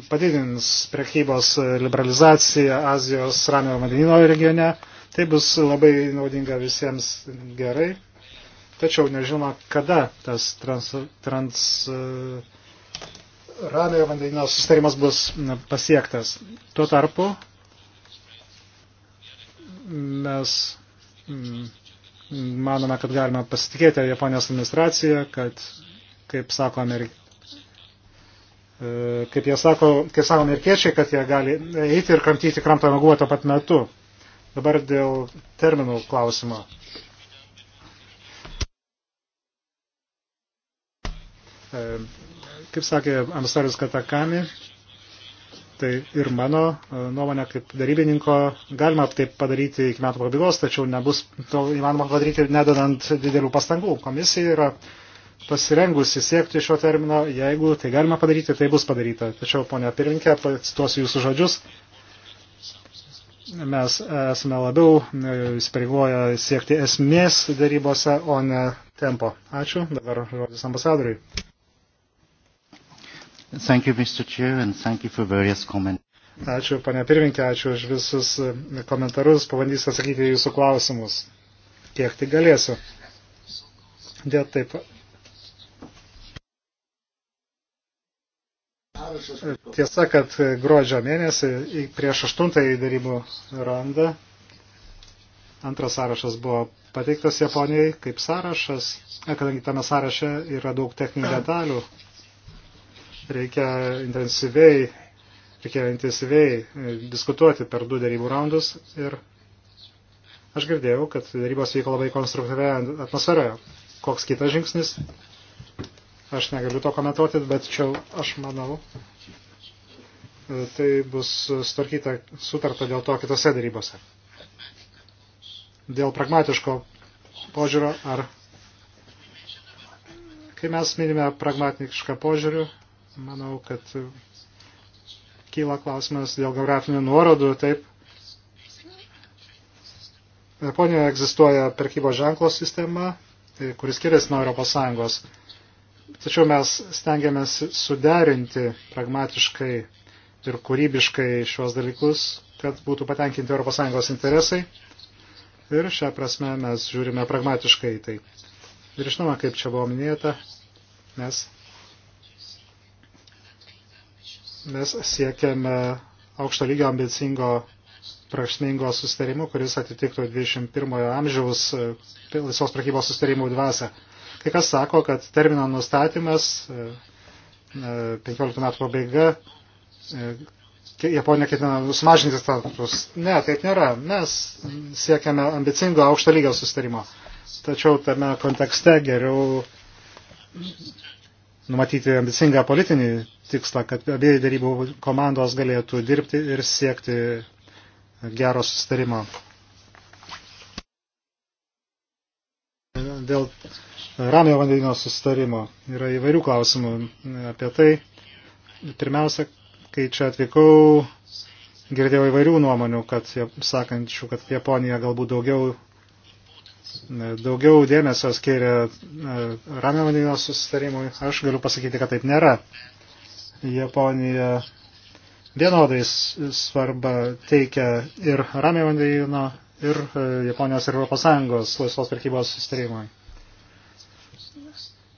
padidins prekybos liberalizaciją Azijos ramio vandenino regione, tai bus labai naudinga visiems gerai. Tačiau nežinoma, kada tas trans, trans e, ramio vandenino sustarimas bus pasiektas. Tuo tarpu mes manome, kad galime pasitikėti Japonijos administraciją, kad kaip sako amerikiečiai kaip jie sako, kaip sako amerikiečiai, kad jie gali eiti ir kramtyti kramtą naguotą pat metu. Dabar dėl terminų klausimo. E, kaip sakė ambasadorius Katakami, tai ir mano e, nuomonė kaip darybininko galima taip padaryti iki metų pabaigos, tačiau nebus to įmanoma padaryti nedadant didelių pastangų. Komisija yra pasirengusi siekti šio termino, jeigu tai galima padaryti, tai bus padaryta. Tačiau, ponia pirminkė, pacituosiu jūsų žodžius. Mes esame labiau e, įsipareigoję siekti esmės darybose, o ne tempo. Ačiū. Dabar žodis ambasadoriui. Thank you, Mr. Chair, and thank you for various comments. Ačiū, pane pirminkė, ačiū už visus komentarus. Pabandysiu atsakyti jūsų klausimus, kiek tik galėsiu. Dėl taip E, tiesa, kad e, gruodžio mėnesį prieš aštuntąjį darybų randą antras sąrašas buvo pateiktas Japonijai kaip sąrašas, e, kadangi tame sąraše yra daug techninių detalių, reikia intensyviai, reikia intensyviai diskutuoti per du darybų raundus ir aš girdėjau, kad darybos vyko labai konstruktyvioje atmosferoje. Koks kitas žingsnis? Aš negaliu to komentuoti, bet čia aš manau, e, tai bus starkyta, sutarta dėl to kitose darybose. Dėl pragmatiško požiūrio ar. Kai mes minime pragmatišką požiūrių, manau, kad kyla klausimas dėl geografinių nuorodų, taip. Japonijoje egzistuoja perkybos ženklo sistema, e, kuris skiriasi nuo Europos Sąjungos. Tačiau mes stengiamės suderinti pragmatiškai ir kūrybiškai šios dalykus, kad būtų patenkinti ES interesai. Ir šią prasme mes žiūrime pragmatiškai į tai. Ir žinoma, kaip čia buvo minėta, mes, mes siekiame aukšto lygio ambicingo prašmingo sustarimo, kuris atitiktų 21 amžiaus e, laisvos prekybos sustarimų dvasę. Kai kas sako, kad termino nustatymas 15 e, e, metų pabaiga, e, Japonija ketina sumažinti standartus. Ne, taip nėra. Mes siekiame ambicingo aukšto lygio sustarimo. Tačiau tame kontekste geriau numatyti ambicingą politinį tikslą, kad abiejų darybų komandos galėtų dirbti ir siekti gero sustarimo. Dėl ramio vandenino sustarimo. Yra įvairių klausimų apie tai. Pirmiausia, kai čia atvykau, girdėjau įvairių nuomonių, kad, sakančių, kad Japonija galbūt daugiau, e, daugiau dėmesio skiria e, ramio vandenino sustarimui. Aš galiu pasakyti, kad taip nėra. Japonija vienodai svarba teikia ir ramio vandenino, ir e, Japonijos ir ES laisvos prekybos sustarimui.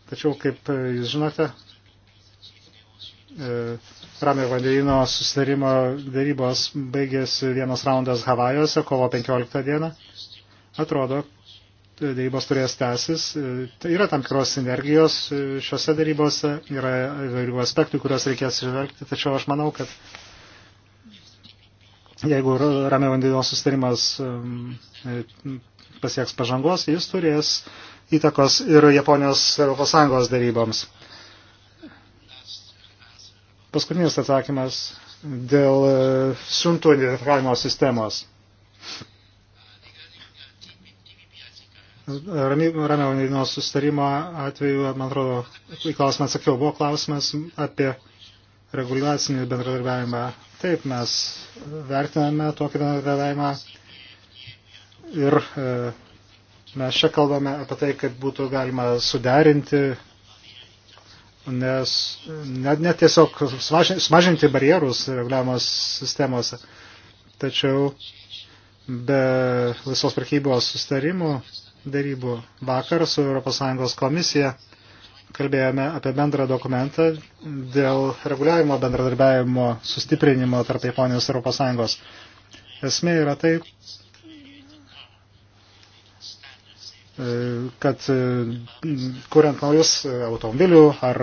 Tačiau, kaip jūs žinote, e, Ramio vandenino susidarimo darybos baigėsi vienas raundas Havajose kovo 15 dieną. Atrodo, darybos turės tęsis. E, tai yra tam tikros sinergijos e, šiuose darybose, yra įvairių aspektų, kuriuos reikės išvelgti, tačiau aš manau, kad jeigu Ramio vandenino susitarimas pasieks pažangos, jis turės įtakos ir Japonijos Europos Sąjungos daryboms. Paskutinis atsakymas dėl e, siuntų identifikavimo sistemos. Ramio Vandenino sustarimo atveju, man atrodo, į klausimą atsakiau, buvo klausimas apie reguliacinį bendradarbiavimą. Taip, mes vertiname tokį bendradarbiavimą ir e, Mes čia kalbame apie tai, kad būtų galima suderinti, nes net, net tiesiog sumažinti barjerus reguliavimos sistemose. Tačiau be laisvos prekybos sustarimų darybų vakar su ES komisija kalbėjome apie bendrą dokumentą dėl reguliavimo bendradarbiavimo sustiprinimo tarp Japonijos ir ES. Esmė yra tai, kad e, kuriant naujus automobilių ar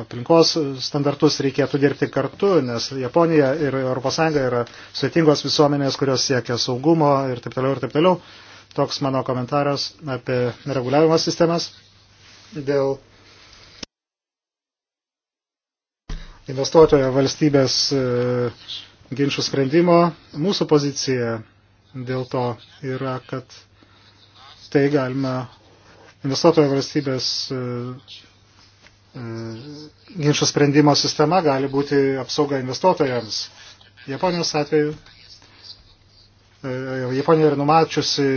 aplinkos standartus reikėtų dirbti kartu, nes Japonija ir ES yra svetingos visuomenės, kurios siekia saugumo ir taip toliau ir taip toliau. Toks mano komentaras apie reguliavimo sistemas dėl investuotojo valstybės e, ginčių sprendimo. Mūsų pozicija dėl to yra, kad tai galima investuotojo valstybės e, e, ginčio sprendimo sistema gali būti apsauga investuotojams. Japonijos atveju e, Japonija yra numačiusi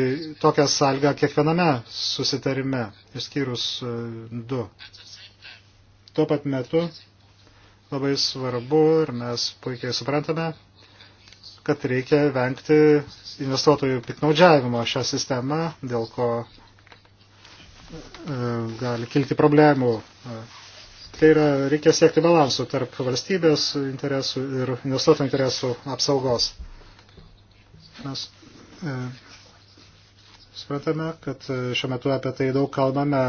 tokią salgą kiekviename susitarime, išskyrus du. Tuo pat metu labai svarbu ir mes puikiai suprantame, kad reikia vengti investuotojų piknaudžiavimo šią sistemą, dėl ko e, gali kilti problemų. Tai yra, reikia siekti balansų tarp valstybės interesų ir investuotojų interesų apsaugos. Mes e, supratame, kad e, šiuo metu apie tai daug kalbame,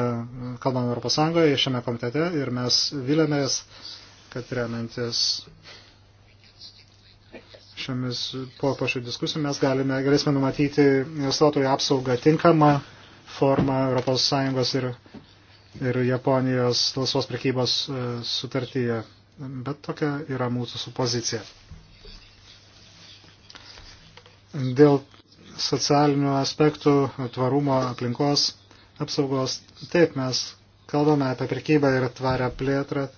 kalbame Europos Sąjungoje, šiame komitete ir mes vilėmės, kad remiantis šiomis po, po šių diskusijų mes galime, galėsime numatyti investuotojų apsaugą tinkamą formą ES ir, ir Japonijos laisvos prekybos e, sutartyje. Bet tokia yra mūsų supozicija. Dėl socialinių aspektų, tvarumo, aplinkos apsaugos, taip mes kalbame apie prekybą ir tvarę plėtrą,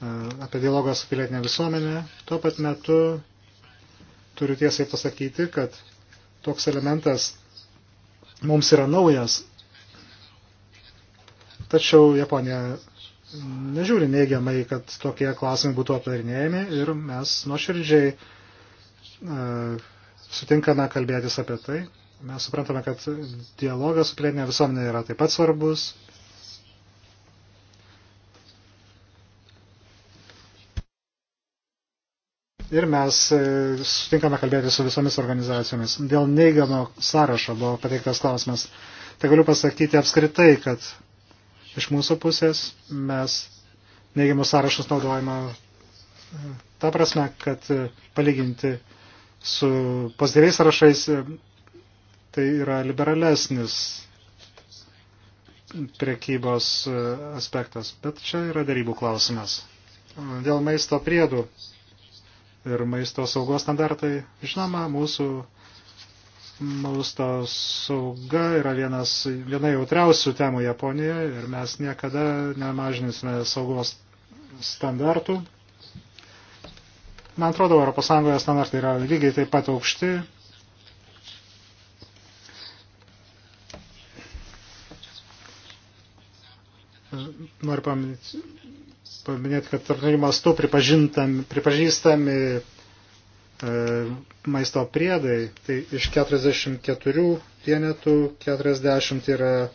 E, apie dialogą su pilietinė visuomenė. Tuo pat metu turiu tiesiai pasakyti, kad toks elementas mums yra naujas. Tačiau Japonija nežiūri neigiamai, kad tokie klausimai būtų aptarinėjami ir mes nuoširdžiai uh, sutinkame kalbėtis apie tai. Mes suprantame, kad dialogas su plėtinė visuomenė yra taip pat svarbus ir mes e, sutinkame kalbėti su visomis organizacijomis. Dėl neigiamo sąrašo buvo pateiktas klausimas. Tai galiu pasakyti apskritai, kad iš mūsų pusės mes neigiamus sąrašus naudojame e, ta prasme, kad e, palyginti su pozityviais sąrašais tai yra liberalesnis prekybos aspektas. Bet čia yra darybų klausimas. Dėl maisto priedų ir maisto saugos standartai. Žinoma, mūsų maisto sauga yra vienas, viena jautriausių temų Japonijoje ir mes niekada nemažinsime saugos standartų. Man atrodo, ES standartai yra lygiai taip pat aukšti. Noriu paminėti paminėti, kad tarptautiniu mastu pripažįstami e, maisto priedai, tai iš 44 vienetų 40 yra e,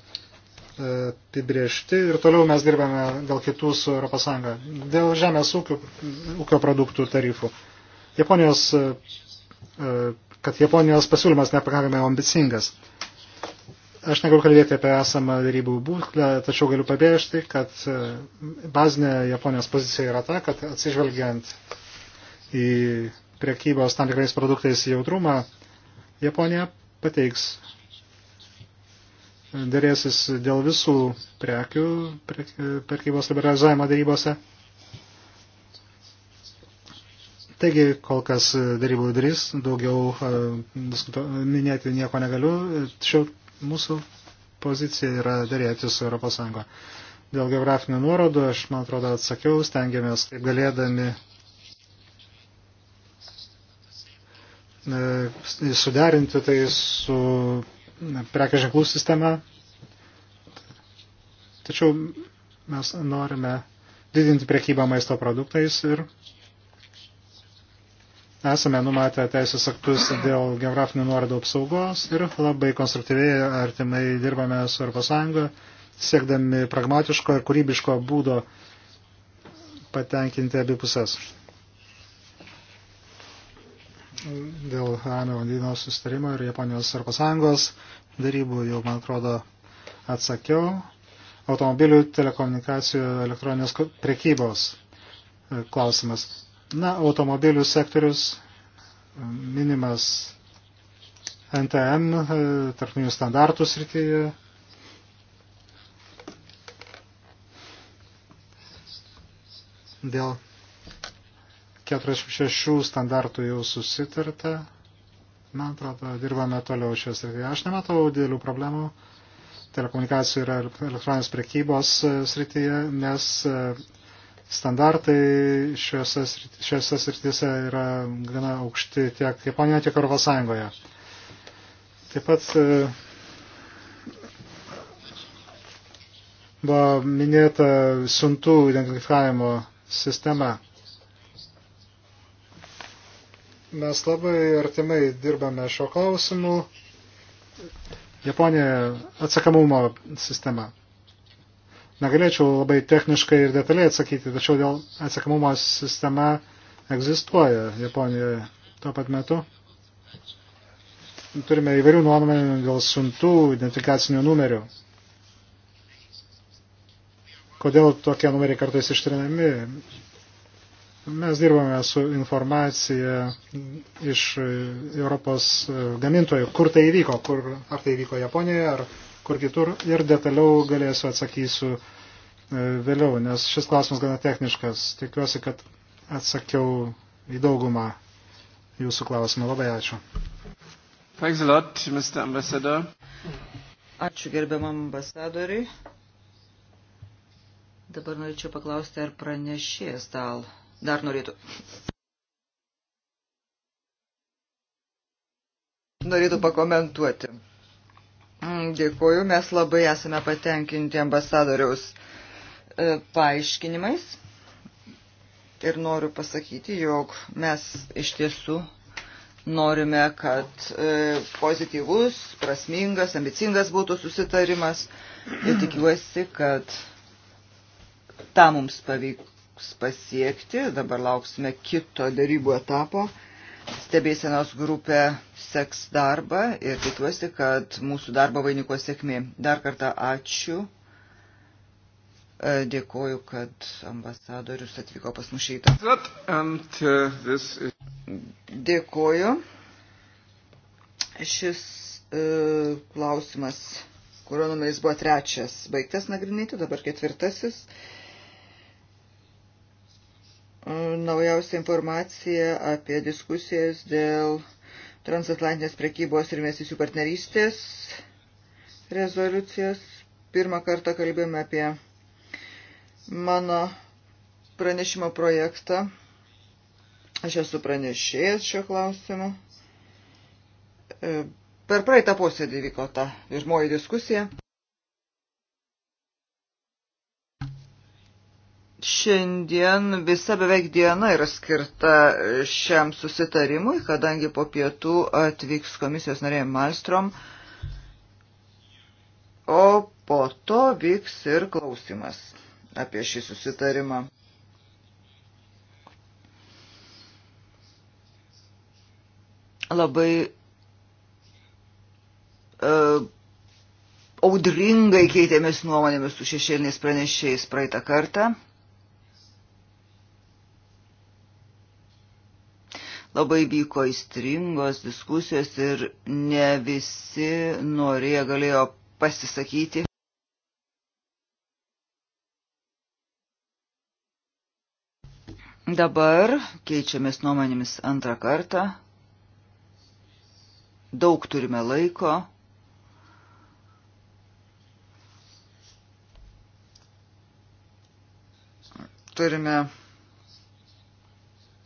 apibriežti ir toliau mes dirbame dėl kitų su ES. Dėl žemės ūkio, ūkio produktų tarifų. Japonijos, e, e, kad Japonijos pasiūlymas nepakankamai ambicingas. Aš negaliu kalbėti apie esamą darybų būklę, tačiau galiu pabrėžti, kad e, bazinė Japonijos pozicija yra ta, kad atsižvelgiant į priekybos tam tikrais produktais jautrumą, Japonija pateiks e, dėrėsis dėl visų prekių prekybos liberalizavimo darybose. Taigi, kol kas darybų darys, daugiau uh, minėti nieko negaliu. Tačiau Mūsų pozicija yra dėrėti su ES. Dėl geografinių nuorodų, aš man atrodo atsakiau, stengiamės kaip galėdami e, suderinti tai su e, prekės ženklų sistema. Tačiau mes norime didinti prekybą maisto produktais ir Esame numatę teisės aktus dėl geografinių nuorodų apsaugos ir labai konstruktyviai artimai dirbame su Europos Sąjunga, siekdami pragmatiško ir kūrybiško būdo patenkinti abipusės dėl Ramio vandenyno sustarimo ir Japonijos Europos Sąjungos darybų jau, man atrodo, atsakiau. Automobilių, telekomunikacijų, elektroninės prekybos e, klausimas. Na, automobilių sektorius minimas NTM, e, tarpinių standartų srityje. Dėl 46 standartų jau susitarta. Man atrodo, dirbame toliau šios srityje. Aš nematau didelių problemų telekomunikacijų ir elektroninės prekybos e, srityje, nes e, standartai šiuose, šiuose srityse yra gana aukšti tiek Japonijoje, tiek Europos Sąjungoje. Taip pat e, buvo minėta siuntų identifikavimo sistema. Mes labai artimai dirbame šio klausimu. Japonijoje atsakamumo sistema. Negalėčiau labai techniškai ir detaliai atsakyti, tačiau dėl atsakamumo sistema egzistuoja Japonijoje tuo pat metu. Turime įvairių nuomonių dėl siuntų identifikacinių numerių. Kodėl tokie numeriai kartais ištrinami? Mes dirbame su informacija iš Europos gamintojų, kur tai įvyko, kur, ar tai įvyko Japonijoje, ar kur kitur ir detaliau galėsiu atsakysiu e, vėliau, nes šis klausimas gana techniškas. Tikiuosi, kad atsakiau į daugumą jūsų klausimų. Labai ačiū. Thanks a lot, Mr. Ambassador. Ačiū gerbiamam ambasadoriui. Dabar norėčiau paklausti, ar pranešėjas dal dar norėtų. Norėtų pakomentuoti. Mm, Dėkuoju, mes labai esame patenkinti ambasadoriaus e, paaiškinimais ir noriu pasakyti, jog mes iš tiesų norime, kad e, pozityvus, prasmingas, ambicingas būtų susitarimas ir tikiuosi, kad tą mums pavyks pasiekti. Dabar lauksime kito darybų etapo stebėsenos grupę seks darbą ir tikiuosi, kad mūsų darbo vainiko sėkmė. Dar kartą ačiū. E, dėkoju, kad ambasadorius atvyko pas mus šeitą. Dėkoju. Šis e, klausimas, kurio numeris buvo trečias, baigtas nagrinėti, dabar ketvirtasis. E, naujausią informaciją apie diskusijas dėl transatlantinės prekybos ir investicijų partnerystės rezoliucijos. Pirmą kartą kalbėjome apie mano pranešimo projektą. Aš esu pranešėjęs šio klausimu. E, per praeitą posėdį vyko ta pirmoji diskusija. Šiandien visa beveik diena yra skirta šiam susitarimui, kadangi po pietų atvyks komisijos narė Malstrom, o po to vyks ir klausimas apie šį susitarimą. Labai uh, audringai keitėmės nuomonėmis su šešėliniais pranešėjais praeitą kartą. Labai vyko įstringos diskusijos ir ne visi norėjo galėjo pasisakyti. Dabar keičiamės nuomonėmis antrą kartą. Daug turime laiko. Turime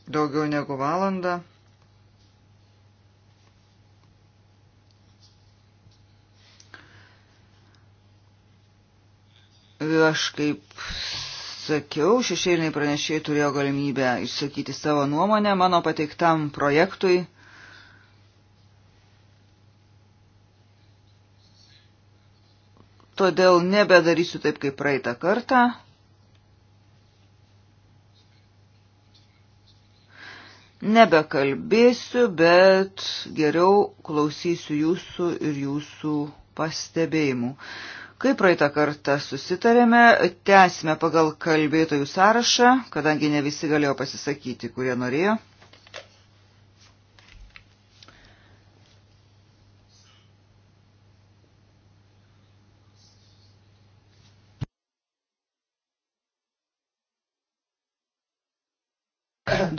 daugiau negu valandą. Aš kaip sakiau, šešėliniai pranešėjai turėjo galimybę išsakyti savo nuomonę mano pateiktam projektui. Todėl nebedarysiu taip kaip praeitą kartą. nebekalbėsiu, bet geriau klausysiu jūsų ir jūsų pastebėjimų. Kaip praeitą kartą susitarėme, tęsime pagal kalbėtojų sąrašą, kadangi ne visi galėjo pasisakyti, kurie norėjo.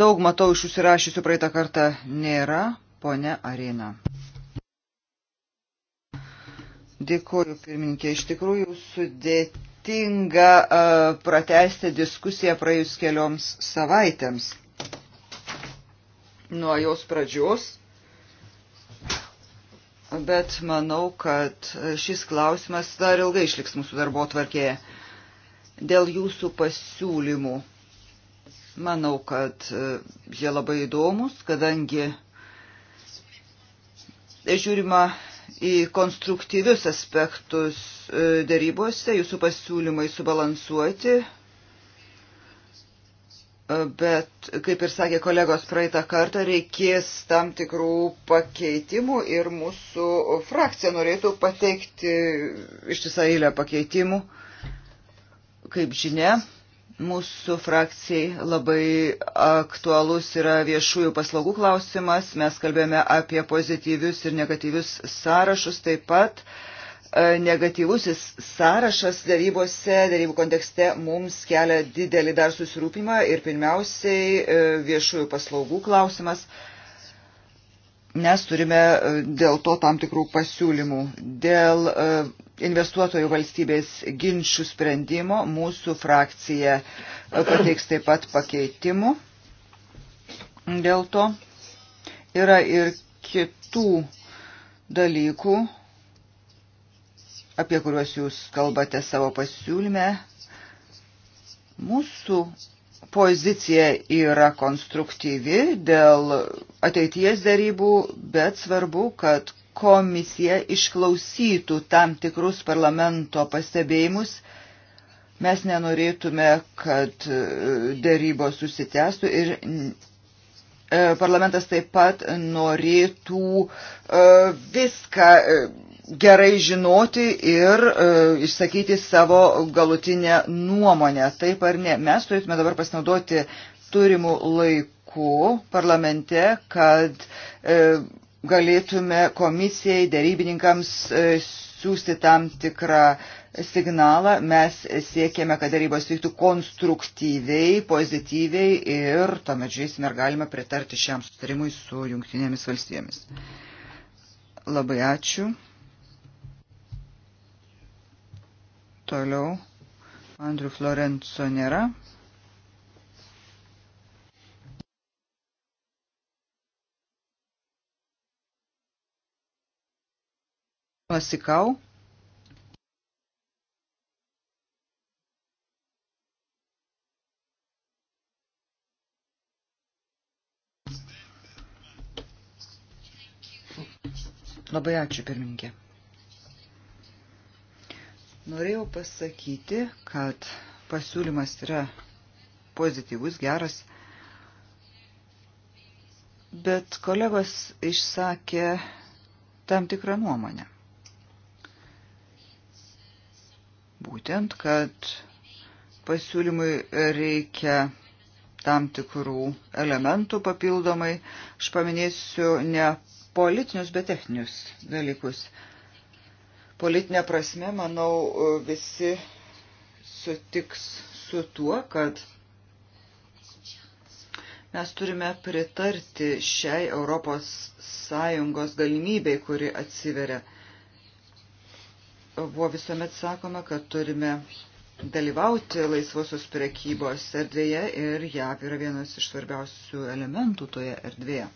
Daug matau iš užsirašysiu praeitą kartą nėra, ponia Arena. Dėkuoju, pirmininkė. Iš tikrųjų sudėtinga uh, pratesti diskusiją praėjus kelioms savaitėms. Nuo jos pradžios bet manau, kad šis klausimas dar ilgai išliks mūsų darbo tvarkėje. Dėl jūsų pasiūlymų Manau, kad e, jie labai įdomus, kadangi žiūrima į konstruktyvius aspektus e, darybose, jūsų pasiūlymai subalansuoti, e, bet, kaip ir sakė kolegos praeitą kartą, reikės tam tikrų pakeitimų ir mūsų frakcija norėtų pateikti ištisą eilę pakeitimų, kaip žinia. Mūsų frakcijai labai aktualus yra viešųjų paslaugų klausimas. Mes kalbėjome apie pozityvius ir negatyvius sąrašus taip pat. E, negatyvusis sąrašas darybose, darybų kontekste mums kelia didelį dar susirūpimą ir pirmiausiai e, viešųjų paslaugų klausimas mes turime e, dėl to tam tikrų pasiūlymų. Dėl e, investuotojų valstybės ginčių sprendimo mūsų frakcija e, pateiks taip pat pakeitimų. Dėl to yra ir kitų dalykų, apie kuriuos jūs kalbate savo pasiūlyme. Mūsų pozicija yra konstruktyvi dėl ateities darybų, bet svarbu, kad komisija išklausytų tam tikrus parlamento pastebėjimus. Mes nenorėtume, kad e, darybos susitęstų ir e, parlamentas taip pat norėtų e, viską gerai žinoti ir e, išsakyti savo galutinę nuomonę, taip ar ne. Mes turėtume dabar pasinaudoti turimų laikų parlamente, kad e, galėtume komisijai, darybininkams e, siūsti tam tikrą signalą. Mes siekėme, kad darybos vyktų konstruktyviai, pozityviai ir tuomet žiūrėsime, ar galime pritarti šiam sustarimui su jungtinėmis valstybėmis. Labai ačiū. Toliau Andrių Florenco nėra. Pasikau. Labai ačiū, pirmininkė. Norėjau pasakyti, kad pasiūlymas yra pozityvus, geras, bet kolegos išsakė tam tikrą nuomonę. Būtent, kad pasiūlymui reikia tam tikrų elementų papildomai. Aš paminėsiu ne politinius, bet techninius dalykus. Politinė prasme, manau, visi sutiks su tuo, kad mes turime pritarti šiai Europos Sąjungos galimybei, kuri atsiveria. Buvo visuomet sakoma, kad turime dalyvauti laisvosios prekybos erdvėje ir JAV yra vienas iš svarbiausių elementų toje erdvėje.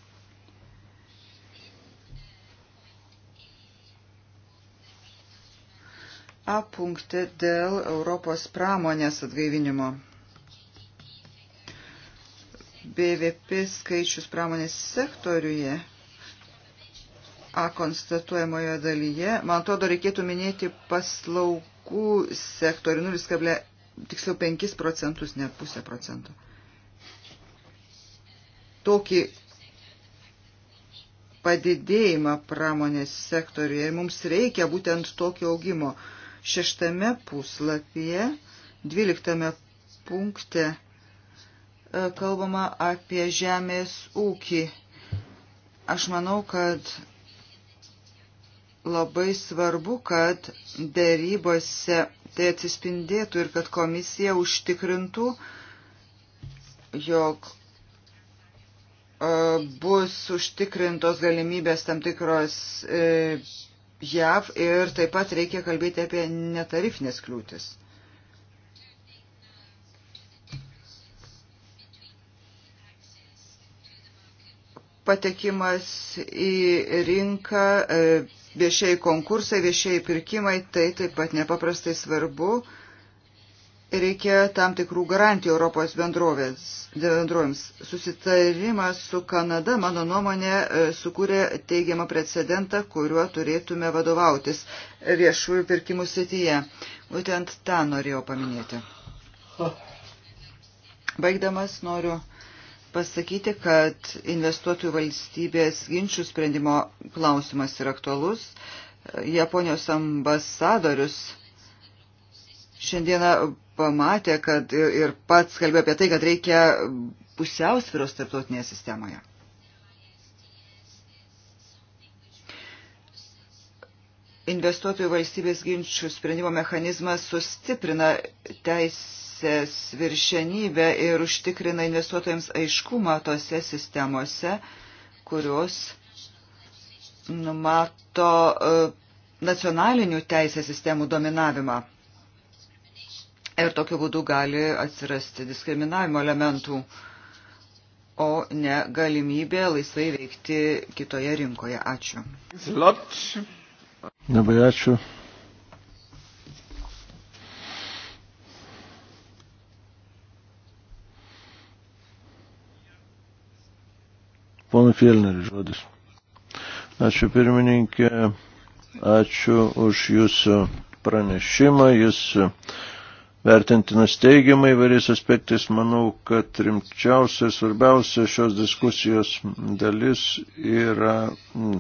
A punkte dėl Europos pramonės atgaivinimo. BVP skaičius pramonės sektoriuje A konstatuojamojo dalyje. Man atrodo, reikėtų minėti paslaugų sektorių 0, nu, tiksliau 5 procentus, ne pusę procento. Tokį padidėjimą pramonės sektoriuje ir mums reikia būtent tokio augimo šeštame puslapyje, dvyliktame punkte e, kalbama apie žemės ūkį. Aš manau, kad labai svarbu, kad dėrybose tai atsispindėtų ir kad komisija užtikrintų, jog e, bus užtikrintos galimybės tam tikros e, JAV ir taip pat reikia kalbėti apie netarifinės kliūtis. Patekimas į rinką, e, viešiai konkursai, viešiai pirkimai, tai taip pat nepaprastai svarbu reikia tam tikrų garantijų Europos bendrovės, bendrovėms. Susitarimas su Kanada, mano nuomonė, e, sukūrė teigiamą precedentą, kuriuo turėtume vadovautis viešųjų pirkimų srityje. Būtent tą norėjau paminėti. Baigdamas noriu pasakyti, kad investuotojų valstybės ginčių sprendimo klausimas yra aktualus. Japonijos ambasadorius šiandieną pamatė, kad ir pats kalbėjo apie tai, kad reikia pusiausviros tarptautinėje sistemoje. Investuotojų valstybės ginčių sprendimo mechanizmas sustiprina teisės viršenybę ir užtikrina investuotojams aiškumą tose sistemose, kurios numato e, nacionalinių teisės sistemų dominavimą ir tokiu būdu gali atsirasti diskriminavimo elementų, o ne galimybė laisvai veikti kitoje rinkoje. Ačiū. Zlot. Labai ačiū. Pono Fielneris žodis. Ačiū pirmininkė, ačiū už jūsų pranešimą. Jūs vertintinas teigiamai įvairiais aspektais, manau, kad rimčiausia, svarbiausia šios diskusijos dalis yra mm,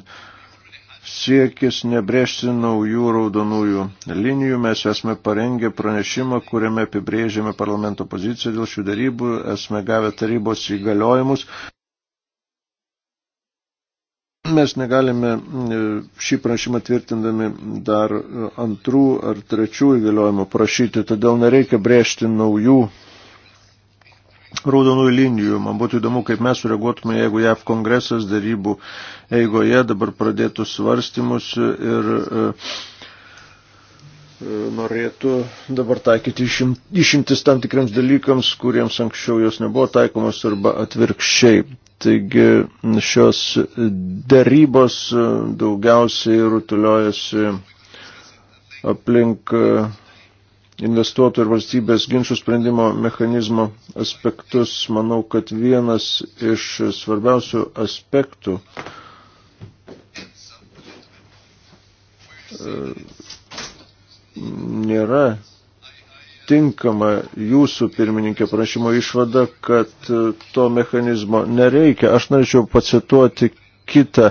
siekis nebrėžti naujų raudonųjų linijų. Mes esame parengę pranešimą, kuriame apibrėžėme parlamento poziciją dėl šių darybų, esame gavę tarybos įgaliojimus. Mes negalime e, šį prašymą tvirtindami dar e, antrų ar trečių įgaliojimų prašyti, todėl nereikia brėžti naujų raudonų linijų. Man būtų įdomu, kaip mes sureaguotume, jeigu JAV kongresas darybų eigoje dabar pradėtų svarstymus ir uh, norėtų dabar taikyti išim, išimtis tam tikriams dalykams, kuriems anksčiau jos nebuvo taikomos arba atvirkščiai. Taigi šios darybos daugiausiai rutuliojasi aplink investuotojų ir valstybės ginčių sprendimo mechanizmo aspektus. Manau, kad vienas iš svarbiausių aspektų nėra tinkama jūsų pirmininkė prašymo išvada, kad e, to mechanizmo nereikia. Aš norėčiau pacituoti kitą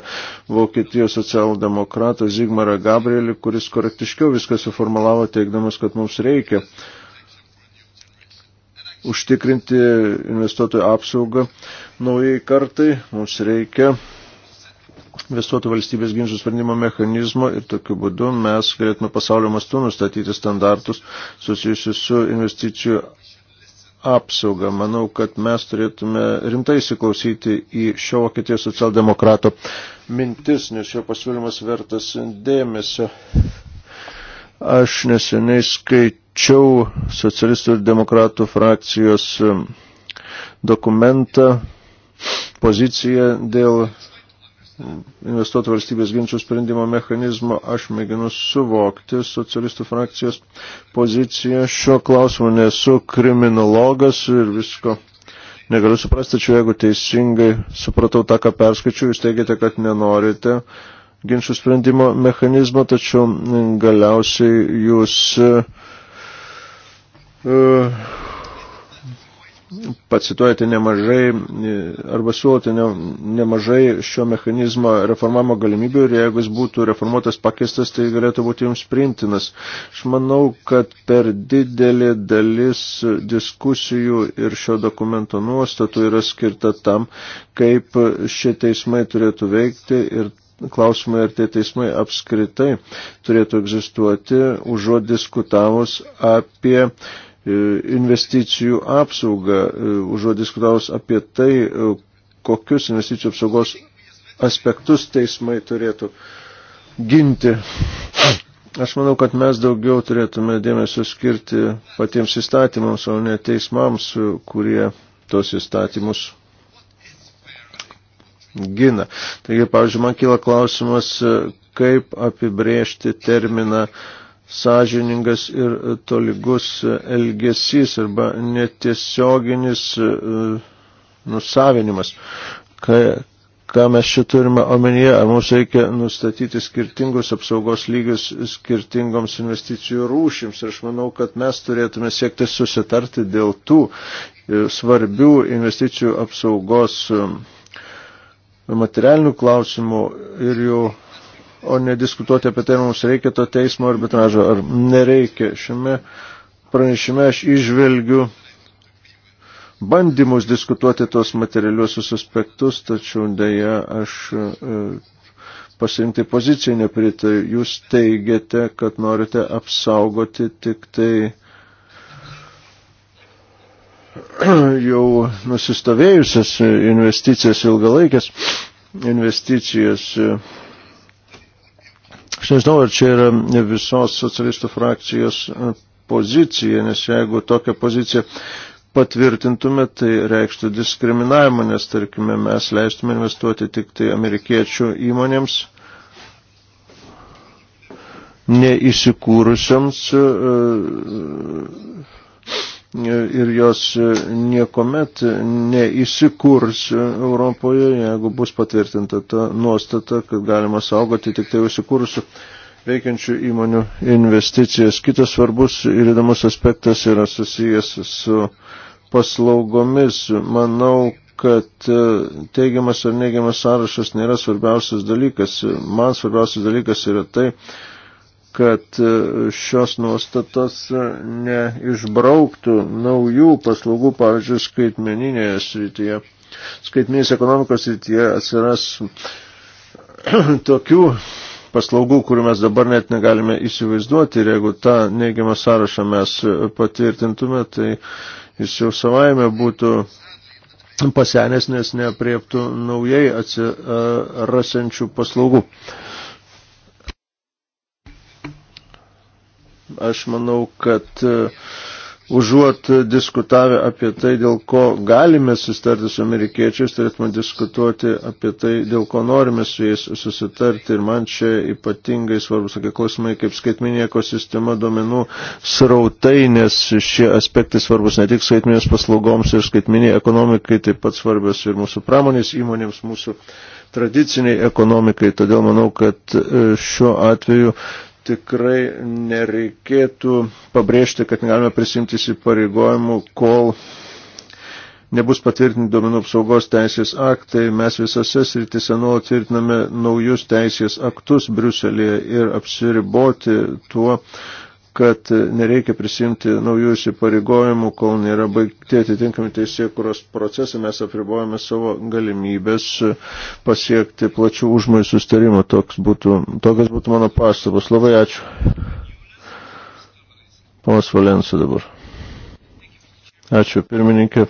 Vokietijos socialdemokratą Zigmarą Gabrielį, kuris korektiškiau viską suformulavo teikdamas, kad mums reikia užtikrinti investuotojų apsaugą naujai kartai, mums reikia investuotų valstybės ginčių sprendimo mechanizmo ir tokiu būdu mes galėtume pasaulio mastu nustatyti standartus susijusius su investicijų apsauga. Manau, kad mes turėtume rimtai įsiklausyti į šio Vokietijos socialdemokrato mintis, nes jo pasiūlymas vertas dėmesio. Aš neseniai skaičiau socialistų ir demokratų frakcijos um, dokumentą, poziciją dėl investuoti valstybės ginčių sprendimo mechanizmo, aš mėginu suvokti socialistų frakcijos poziciją šiuo klausimu, nesu kriminologas ir visko negaliu suprasti, tačiau jeigu teisingai supratau tą, ką perskaičiu, jūs teigiate, kad nenorite ginčių sprendimo mechanizmo, tačiau galiausiai jūs uh, pacituojate nemažai arba siūlote ne, nemažai šio mechanizmo reformavimo galimybių ir jeigu jis būtų reformuotas pakistas, tai galėtų būti jums priimtinas. Aš manau, kad per didelė dalis diskusijų ir šio dokumento nuostatų yra skirta tam, kaip šie teismai turėtų veikti ir klausimai, ar tie teismai apskritai turėtų egzistuoti, užuot diskutavus apie E, investicijų apsaugą, e, užuot diskutavus apie tai, e, kokius investicijų apsaugos aspektus teismai turėtų ginti. Aš manau, kad mes daugiau turėtume dėmesio skirti patiems įstatymams, o ne teismams, kurie tos įstatymus gina. Taigi, pavyzdžiui, man kyla klausimas, kaip apibrėžti terminą uh, sąžiningas ir tolygus elgesys arba netiesioginis e, nusavinimas. Ką, ką mes čia turime omenyje, ar mums reikia nustatyti skirtingus apsaugos lygius skirtingoms investicijų rūšims. Ir aš manau, kad mes turėtume siekti susitarti dėl tų e, svarbių investicijų apsaugos e, materialinių klausimų ir jų o nediskutuoti apie tai, mums reikia to teismo arbitražo ar nereikia. Šiame pranešime aš išvelgiu bandymus diskutuoti tos materialiuosius aspektus, tačiau dėja aš e, pasirinkti poziciją nepritariu. Jūs teigiate, kad norite apsaugoti tik tai jau nusistovėjusias investicijas ilgalaikės investicijas e, Aš nežinau, ar čia yra visos socialistų frakcijos e, pozicija, nes jeigu tokią poziciją patvirtintume, tai reikštų diskriminavimą, nes, tarkime, mes leistume investuoti tik tai amerikiečių įmonėms, neįsikūrusiams. Uh, e, ir jos e, niekuomet neįsikurs Europoje, jeigu bus patvirtinta ta nuostata, kad galima saugoti tik tai įsikūrusių veikiančių įmonių investicijas. Kitas svarbus ir įdomus aspektas yra susijęs su paslaugomis. Manau, kad e, teigiamas ar neigiamas sąrašas nėra svarbiausias dalykas. Man svarbiausias dalykas yra tai, kad e, šios nuostatos e, neišbrauktų naujų paslaugų, pavyzdžiui, skaitmeninėje srityje. Skaitmeninės ekonomikos srityje atsiras tokių paslaugų, kurių mes dabar net negalime įsivaizduoti ir jeigu tą neigiamą sąrašą mes patvirtintume, tai jis jau savaime būtų pasenęs, nes neapriektų naujai atsirasančių paslaugų. Aš manau, kad e, užuot diskutavę apie tai, dėl ko galime susitarti su amerikiečiais, turėtume diskutuoti apie tai, dėl ko norime su jais susitarti. Ir man čia ypatingai svarbus tokie klausimai, kaip skaitminė ekosistema duomenų srautai, nes šie aspektai svarbus ne tik skaitminės paslaugoms ir skaitminiai ekonomikai, taip pat svarbios ir mūsų pramonės įmonėms, mūsų tradiciniai ekonomikai. Todėl manau, kad e, šiuo atveju tikrai nereikėtų pabrėžti, kad negalime prisimti įsipareigojimų, kol nebus patvirtinti duomenų apsaugos teisės aktai. Mes visose sritise nuolat tvirtiname naujus teisės aktus Briuselėje ir apsiriboti tuo, uh, kad nereikia prisimti naujų įsipareigojimų, kol nėra baigti atitinkami teisėkuros procesai, mes apribojame savo galimybės pasiekti plačių užmojų sustarimą. Toks būtų, tokias būtų mano pastabos. Labai ačiū. Ponas Valensa dabar. Ačiū, pirmininkė.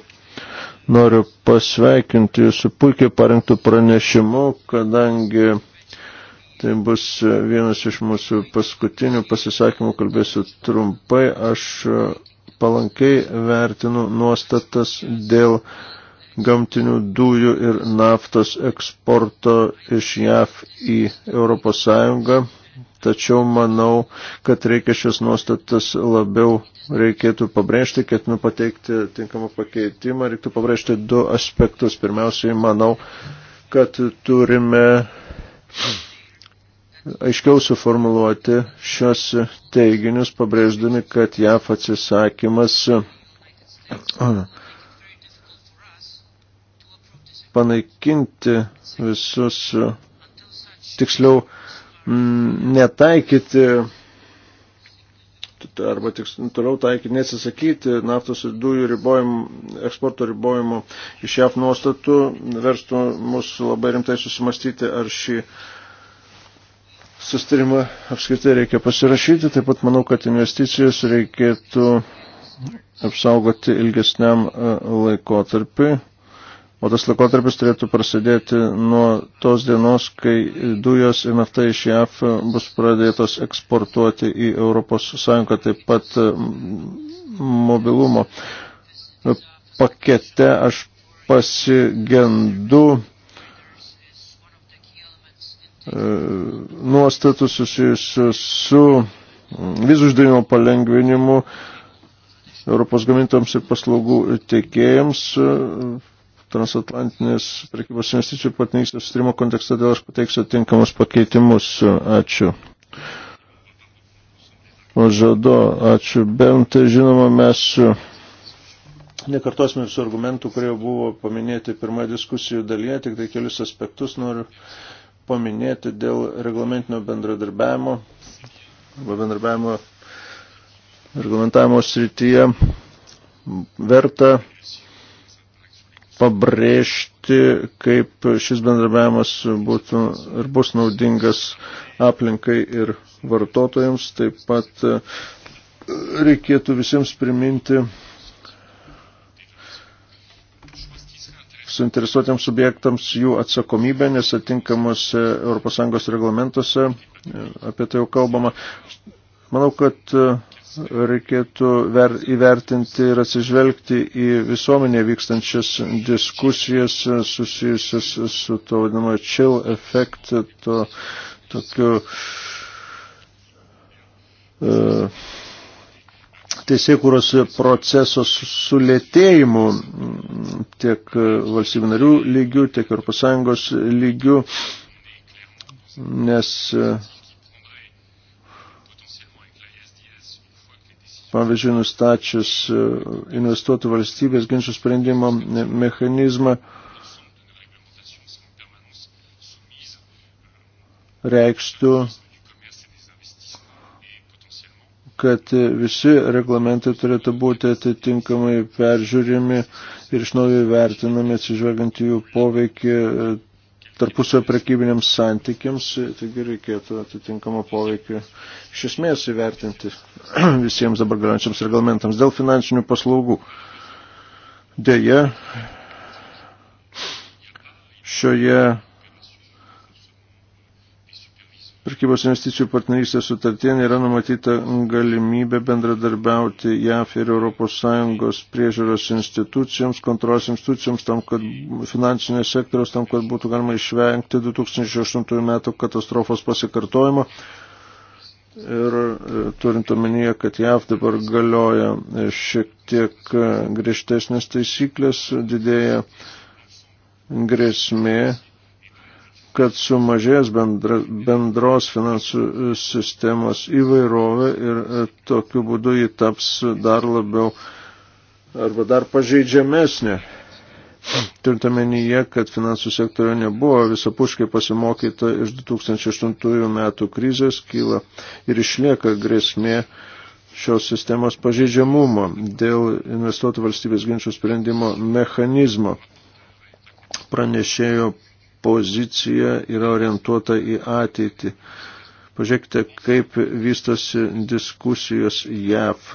Noriu pasveikinti su puikiai parengtų pranešimu, kadangi Tai bus vienas iš mūsų paskutinių pasisakymų, kalbėsiu trumpai. Aš palankiai vertinu nuostatas dėl gamtinių dujų ir naftos eksporto iš JAV į ES. Tačiau manau, kad reikia šios nuostatas labiau reikėtų pabrėžti, ketinu pateikti tinkamą pakeitimą, reiktų pabrėžti du aspektus. Pirmiausiai, manau, kad turime. Hmm aiškiau suformuluoti šios teiginius, pabrėždami, kad JAF atsisakymas panaikinti visus, tiksliau, mm, netaikyti arba tiks, toliau taikyti, nesisakyti naftos ir dujų ribojimų, eksporto ribojimų iš JAF nuostatų, verstų mus labai rimtai susimastyti, ar šį sustarimą apskritai reikia pasirašyti. Taip pat manau, kad investicijas reikėtų apsaugoti ilgesniam e, laikotarpiui. O tas laikotarpis turėtų prasidėti nuo tos dienos, kai dujos ir nafta iš JAF bus pradėtos eksportuoti į ES, taip pat e, mobilumo pakete aš pasigendu E, nuostatų susijusių su vizų uždavimo palengvinimu Europos gamintams ir paslaugų tiekėjams e, transatlantinės prekybos investicijų patnykstės sustrimo kontekste, dėl aš pateiksiu tinkamus pakeitimus. Ačiū. O žado, ačiū. Bent, žinoma, mes nekartosime visų argumentų, kurie buvo paminėti pirmoje diskusijų dalyje, tik tai kelius aspektus noriu paminėti dėl reglamentinio bendradarbiavimo arba bendradarbiavimo reglamentavimo srityje verta pabrėžti, kaip šis bendradarbiavimas būtų ir bus naudingas aplinkai ir vartotojams. Taip pat reikėtų visiems priminti suinteresuotėms subjektams jų atsakomybė, nes atinkamos ES reglamentuose e, apie tai jau kalbama. Manau, kad e, reikėtų ver, įvertinti ir atsižvelgti į visuomenėje vykstančias diskusijas e, susijusias su to vadinamo chill effect, to tokiu uh, teisėkūros proceso sulėtėjimu tiek valstybių narių lygių, tiek Europos Sąjungos lygių, nes pavyzdžiui, nustačius investuotų valstybės ginčių sprendimo mechanizmą, reikštų kad visi reglamentai turėtų būti atitinkamai peržiūrimi ir iš naujo vertinami atsižvelgiant jų poveikį e, tarpusio prekybiniams santykiams, taigi reikėtų atitinkamą poveikį iš esmės įvertinti visiems dabar galiojančiams reglamentams dėl finansinių paslaugų. Deja, šioje Pirkybos investicijų partnerystės sutartie nėra numatyta galimybė bendradarbiauti JAF ir ES priežiūros institucijoms, kontrolos institucijoms, tam, kad finansinės sektoriaus, tam, kad būtų galima išvengti 2008 metų katastrofos pasikartojimo. Ir e, turint omenyje, kad JAV dabar galioja e, šiek tiek e, griežtesnės taisyklės, didėja grėsmė kad sumažės bendra, bendros finansų e, sistemos įvairovė ir e, tokiu būdu ji taps dar labiau arba dar pažeidžiamesnė. Turint omenyje, kad finansų sektorio nebuvo visapuškai pasimokyta iš 2008 metų krizės, kyla ir išlieka grėsmė šios sistemos pažeidžiamumo dėl investuotų valstybės ginčių sprendimo mechanizmo. Pranešėjo pozicija yra orientuota į ateitį. Pažiūrėkite, kaip vystosi diskusijos JAV.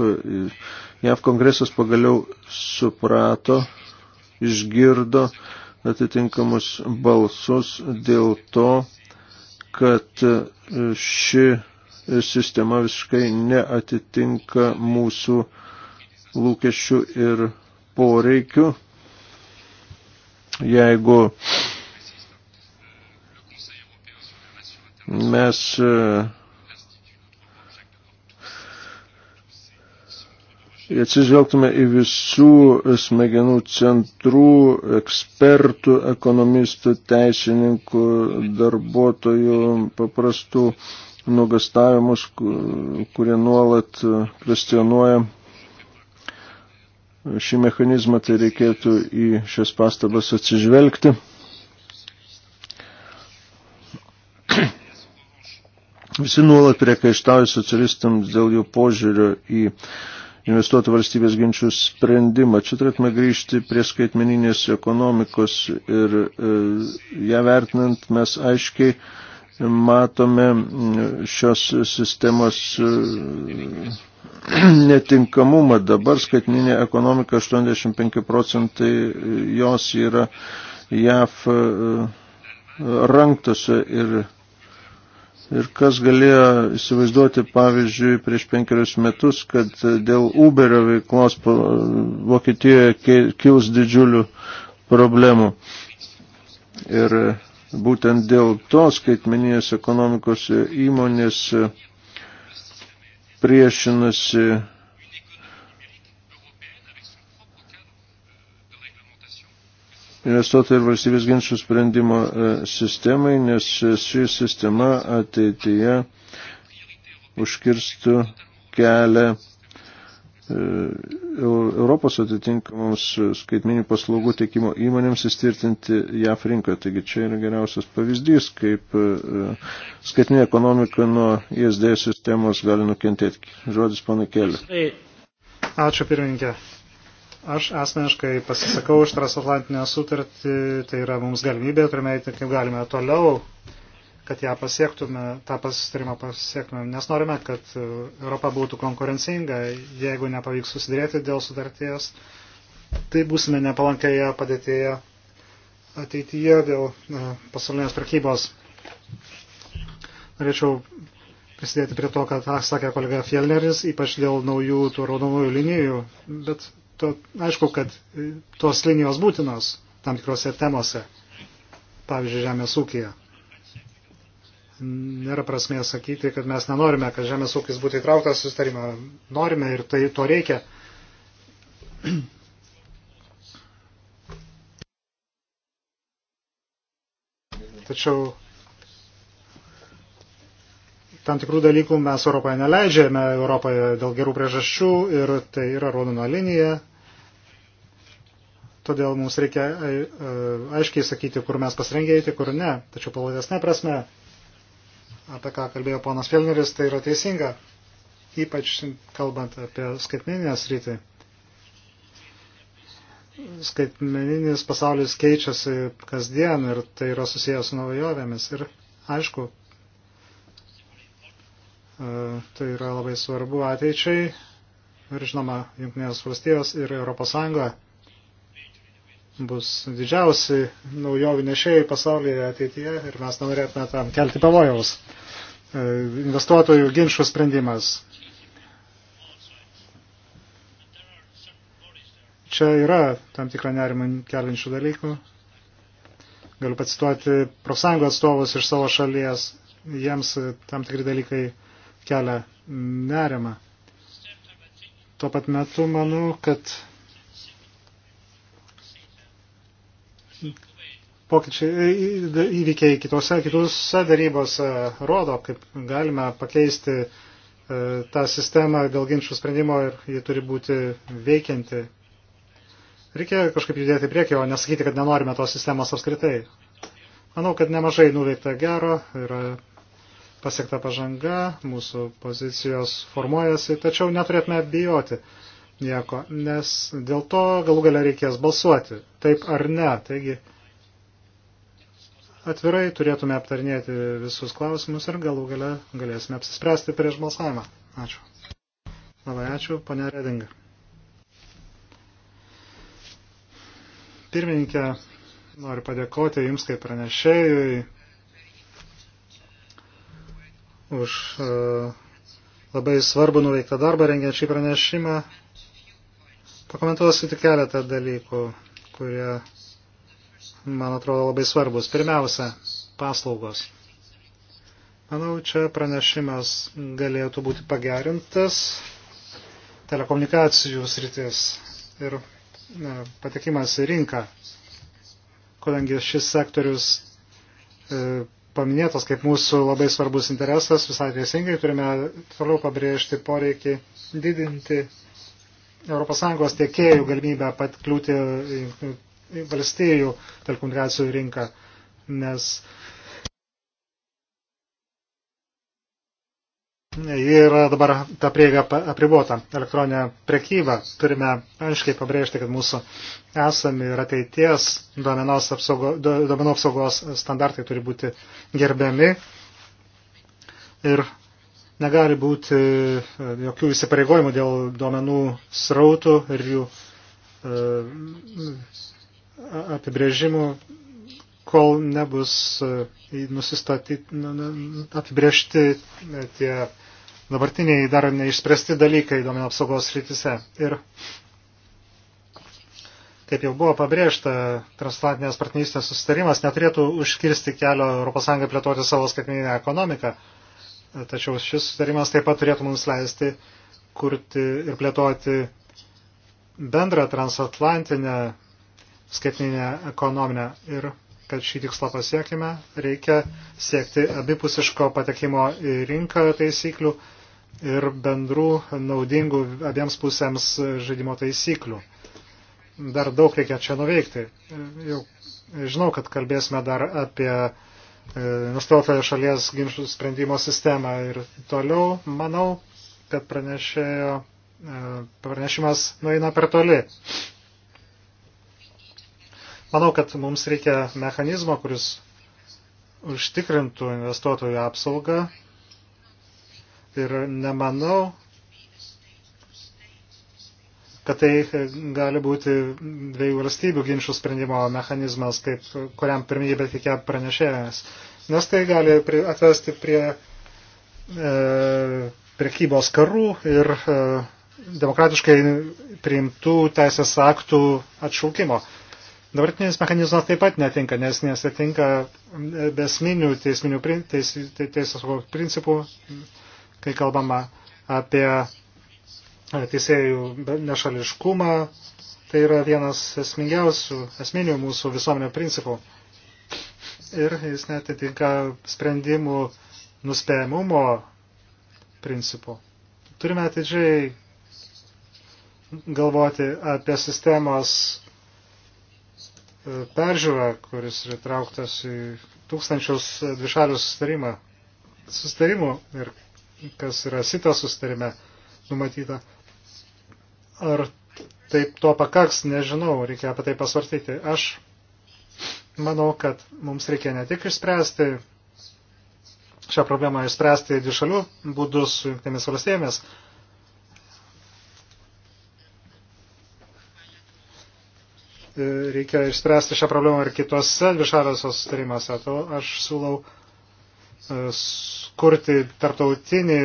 JAV kongresas pagaliau suprato, išgirdo atitinkamus balsus dėl to, kad ši sistema visiškai neatitinka mūsų lūkesčių ir poreikių. Jeigu uh, Mes e, atsižvelgtume į visų smegenų centrų, ekspertų, ekonomistų, teisininkų, darbuotojų, paprastų nuogastavimus, kurie nuolat kvestionuoja šį mechanizmą, tai reikėtų į šias pastabas atsižvelgti. Visi nuolat priekaištauja socialistams dėl jų požiūrio į investuotų valstybės ginčių sprendimą. Čia turėtume grįžti prie skaitmeninės ekonomikos ir e, ją vertinant mes aiškiai matome šios sistemos e, netinkamumą. Dabar skaitmeninė ekonomika 85 procentai jos yra JAF e, ranktose ir Ir kas galėjo įsivaizduoti, pavyzdžiui, prieš penkerius metus, kad dėl Uberio veiklos Vokietijoje kils didžiulių problemų. Ir būtent dėl to skaitmeninės ekonomikos įmonės priešinasi investuotojų ir valstybės ginčių sprendimo e, sistemai, nes e, ši sistema ateityje užkirstų kelią e, Europos atitinkamoms skaitminių paslaugų teikimo įmonėms įstirtinti JAF rinkoje. Taigi čia yra geriausias pavyzdys, kaip skaitminė ekonomika nuo ISD sistemos gali nukentėti. Žodis pana Keliu. Ačiū pirmininkė. Aš asmeniškai pasisakau už transatlantinę sutartį, tai yra mums galimybė, turime eiti kaip galime toliau, kad ją pasiektume, tą pasitarimą pasiektume, nes norime, kad Europa būtų konkurencinga, jeigu nepavyks susidėrėti dėl sutarties, tai būsime nepalankėje padėtėje ateityje dėl e, pasaulinės prekybos. Norėčiau prisidėti prie to, kad sakė kolega Fjellneris, ypač dėl naujų tų raudonųjų linijų, bet to, aišku, kad tos linijos būtinos tam tikrose temose, pavyzdžiui, žemės ūkija. Nėra prasmės sakyti, kad mes nenorime, kad žemės ūkis būtų įtrauktas sustarimą. Norime ir tai to reikia. Tačiau tam tikrų dalykų mes Europoje neleidžiame Europoje dėl gerų priežasčių ir tai yra raudona linija. Todėl mums reikia e, e, aiškiai sakyti, kur mes pasirengę eiti, kur ne. Tačiau palaidesnė prasme, apie ką kalbėjo ponas Filneris, tai yra teisinga. Ypač kalbant apie skaitmeninę sritį skaitmeninis pasaulis keičiasi kasdien ir tai yra susijęs su naujovėmis. Ir aišku, Tai yra labai svarbu ateičiai ir žinoma, Junktinės valstijos ir ES bus didžiausi naujovių nešėjai pasaulyje ateityje ir mes nenorėtume tam kelti pavojaus. E, investuotojų ginčių sprendimas. Čia yra tam tikrą nerimą keliančių dalykų. Galiu pacituoti profsąjungų atstovus iš savo šalies. Jiems tam tikri dalykai kelia nerimą. Tuo pat metu manau, kad pokyčiai įvykiai kitose, kitose darybose rodo, kaip galime pakeisti e, tą sistemą dėl ginčių sprendimo ir ji turi būti veikianti. Reikia kažkaip judėti priekį, o nesakyti, kad nenorime tos sistemos apskritai. Manau, kad nemažai nuveikta gero, yra pasiekta pažanga, mūsų pozicijos formuojasi, tačiau neturėtume bijoti nieko, nes dėl to galų galia reikės balsuoti, taip ar ne. Taigi atvirai turėtume aptarnėti visus klausimus ir galų galia galėsime apsispręsti prieš balsavimą. Ačiū. Labai ačiū, ponia Redinga. Pirmininkė, noriu padėkoti Jums kaip pranešėjui už e, labai svarbu nuveiktą darbą rengiant šį pranešimą. Pakomentuosiu tik keletą dalykų, kurie, man atrodo, labai svarbus. Pirmiausia, paslaugos. Manau, čia pranešimas galėtų būti pagerintas telekomunikacijų sritis ir ne, patekimas į rinką, kadangi šis sektorius e, paminėtas kaip mūsų labai svarbus interesas, visai teisingai turime toliau pabrėžti poreikį didinti ES tiekėjų galimybę patkliūti valstybių telekomunikacijų rinką, nes uh, Ji yra dabar ta prieiga apribota. Elektroninė prekyba. Turime aiškiai pabrėžti, kad mūsų esami ir ateities apsaugo, duomenų apsaugos standartai turi būti gerbiami ir negali būti e, jokių įsipareigojimų dėl duomenų srautų ir jų e, apibrėžimų, kol nebus e, nusistatyti apibriežti tie dabartiniai dar neišspręsti dalykai duomenų apsaugos rytise. Ir kaip jau buvo pabrėžta, transatlantinės partnerystės susitarimas neturėtų užkirsti kelio ES plėtoti savo skaitmeninę ekonomiką. Tačiau šis susitarimas taip pat turėtų mums leisti kurti ir plėtoti bendrą transatlantinę skaitmeninę ekonominę. Ir kad šį tikslą pasiekime, reikia siekti abipusiško patekimo į rinką taisyklių ir bendrų naudingų abiems pusėms žaidimo taisyklių. Dar daug reikia čia nuveikti. Jau žinau, kad kalbėsime dar apie e, nustotojo šalies ginčių sprendimo sistemą ir toliau manau, kad pranešėjo, e, pranešimas nueina per toli. Manau, kad mums reikia mechanizmo, kuris užtikrintų investuotojų apsaugą ir nemanau, kad tai gali būti dviejų valstybių ginčių sprendimo mechanizmas, kaip, kuriam pirmybė tikia pranešėjas. Nes tai gali atvesti prie e, prekybos karų ir e, demokratiškai priimtų teisės aktų atšaukimo. Dabartinis mechanizmas taip pat netinka, nes nesatinka besminių teisminių teis, teisės principų kai kalbama apie e, teisėjų nešališkumą, tai yra vienas esmingiausių, esminių mūsų visuomenio principų. Ir jis netitinka sprendimų nuspėjimumo principų. Turime atidžiai galvoti apie sistemos e, peržiūrą, kuris yra trauktas į tūkstančius dvišalių sustarimų ir kas yra sitas sustarime numatyta. Ar taip to pakaks, nežinau, reikia apie tai pasvartyti. Aš manau, kad mums reikia ne tik išspręsti šią problemą, išspręsti dišalių būdų su jungtinėmis valstybėmis. Reikia išspręsti šią problemą ir kitose dvišaliuose sustarimuose. To aš siūlau kurti tartautinį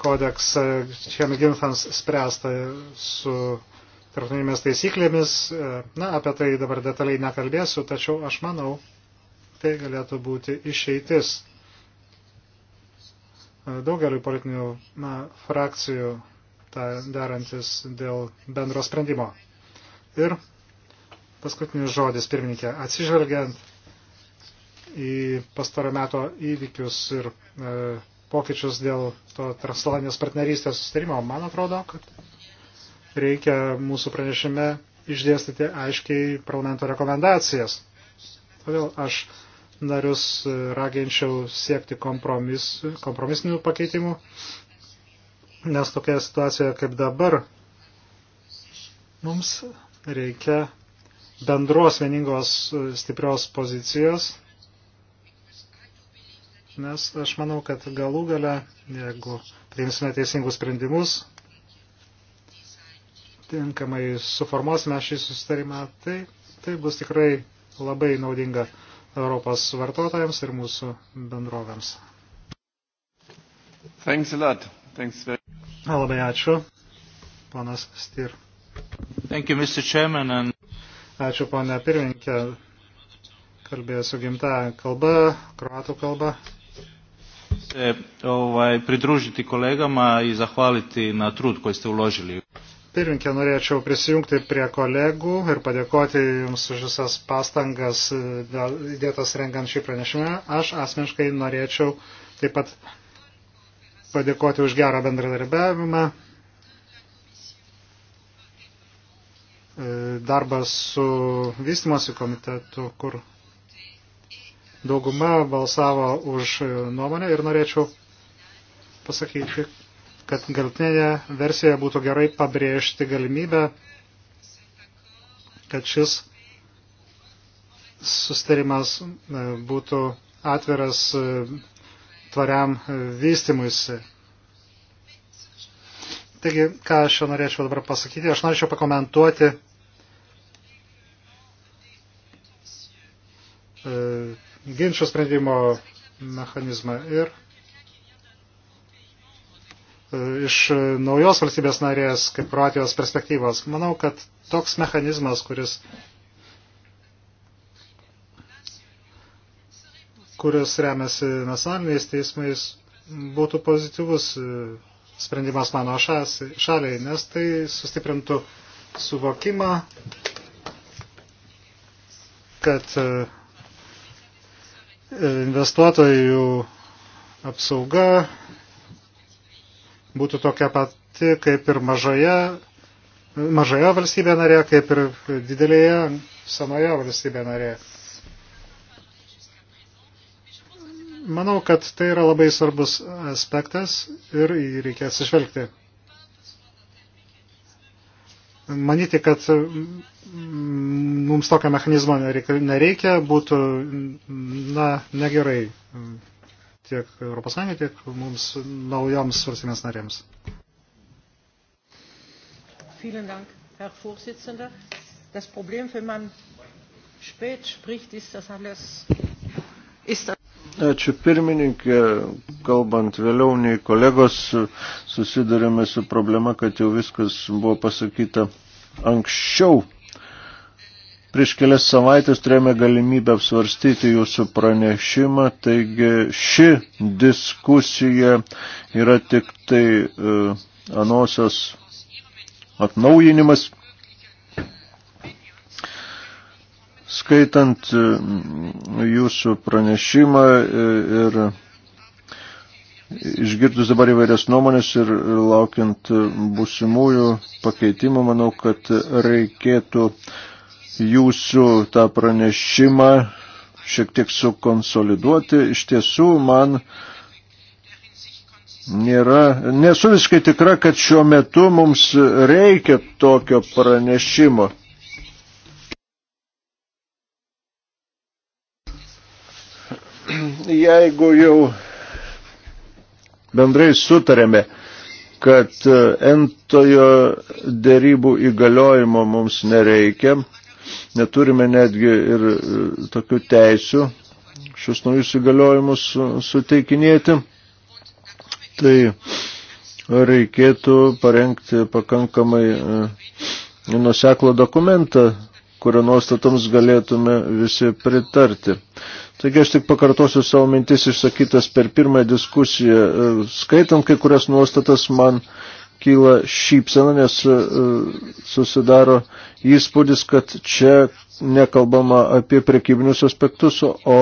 kodeksą šiems ginčams spręsta su tarptautinėmis taisyklėmis. Na, apie tai dabar detaliai nekalbėsiu, tačiau aš manau, tai galėtų būti išeitis daugeliu politinių na, frakcijų ta, darantis dėl bendro sprendimo. Ir paskutinis žodis, pirmininkė, atsižvelgiant į pastarą meto įvykius ir e, pokyčius dėl to transatlantinės partnerystės sustarimo. Man atrodo, kad reikia mūsų pranešime išdėstyti aiškiai parlamento rekomendacijas. Todėl aš narius raginčiau siekti kompromis, kompromisinių pakeitimų, nes tokia situacija kaip dabar mums reikia bendros vieningos stiprios pozicijos nes aš manau, kad galų gale, jeigu priimsime teisingus sprendimus, tinkamai suformuosime šį susitarimą, tai, tai bus tikrai labai naudinga Europos vartotojams ir mūsų bendrovėms. Thanks a lot. Thanks very... Labai ačiū, ponas Styr. Thank you, Mr. Chairman. And... Ačiū, ponė pirmininkė. Kalbėsiu gimtąją kalbą, kroatų kalbą se ovaj, pridružiti kolegama i zahvaliti na trud koji ste uložili. Pirminkė, norėčiau prisijungti prie kolegų ir padėkoti Jums už visas pastangas e, įdėtas rengiant šį pranešimą. Aš asmeniškai norėčiau taip pat padėkoti už gerą bendradarbiavimą. E, darbas su vystimosi komitetu, kur Dauguma balsavo už e, nuomonę ir norėčiau pasakyti, kad galtinėje versijoje būtų gerai pabrėžti galimybę, kad šis sustarimas e, būtų atviras e, tvariam vystimuisi. Taigi, ką aš jau norėčiau dabar pasakyti, aš norėčiau pakomentuoti ginčio sprendimo mechanizmą ir e, iš naujos valstybės narės, kaip Kroatijos perspektyvos. Manau, kad toks mechanizmas, kuris, kuris remiasi nacionaliniais teismais, būtų pozityvus e, sprendimas mano šas, šaliai, nes tai sustiprintų suvokimą, kad uh, investuotojų apsauga būtų tokia pati kaip ir mažoje, mažoje valstybė narė, kaip ir didelėje senoje valstybė narė. Manau, kad tai yra labai svarbus aspektas ir jį reikia atsižvelgti manyti, kad mm, mums tokio mechanizmo nereikia, būtų na, negerai mm, tiek ES, tiek mums naujoms valstybės narėms. Vielen Dank, Herr Vorsitzender. Das Problem, wenn man spät spricht, ist das alles. Ist das Ačiū pirmininkė, kalbant vėliau nei kolegos, susidurėme su problema, kad jau viskas buvo pasakyta anksčiau. Prieš kelias savaitės turėjome galimybę apsvarstyti jūsų pranešimą, taigi ši diskusija yra tik tai uh, anosios atnaujinimas. skaitant e, jūsų pranešimą e, ir išgirdus dabar įvairias nuomonės ir laukiant būsimųjų pakeitimų, manau, kad reikėtų jūsų tą pranešimą šiek tiek sukonsoliduoti. Iš tiesų, man nėra, nesu visiškai tikra, kad šiuo metu mums reikia tokio pranešimo. jeigu jau bendrai sutarėme, kad e, entojo dėrybų įgaliojimo mums nereikia, neturime netgi ir e, tokių teisių šios naujus įgaliojimus suteikinėti, tai reikėtų parengti pakankamai e, nuseklą dokumentą kurio nuostatoms galėtume visi pritarti. Taigi aš tik pakartosiu savo mintis išsakytas per pirmąją diskusiją. E, skaitant kai kurias nuostatas man kyla šypsena, nes e, susidaro įspūdis, kad čia nekalbama apie prekybinius aspektus, o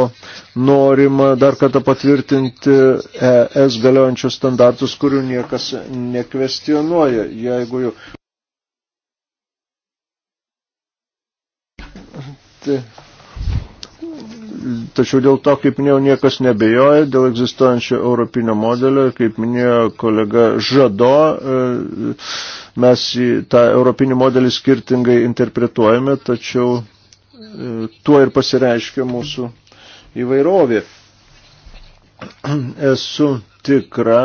norima dar kartą patvirtinti ES galiojančius standartus, kurių niekas nekvestionuoja. Jeigu Tačiau dėl to, kaip minėjau, niekas nebejoja dėl egzistuojančio europinio modelio, kaip minėjo kolega Žado, e, mes tą europinį modelį skirtingai interpretuojame, tačiau e, tuo ir pasireiškia mūsų įvairovė. Esu tikra,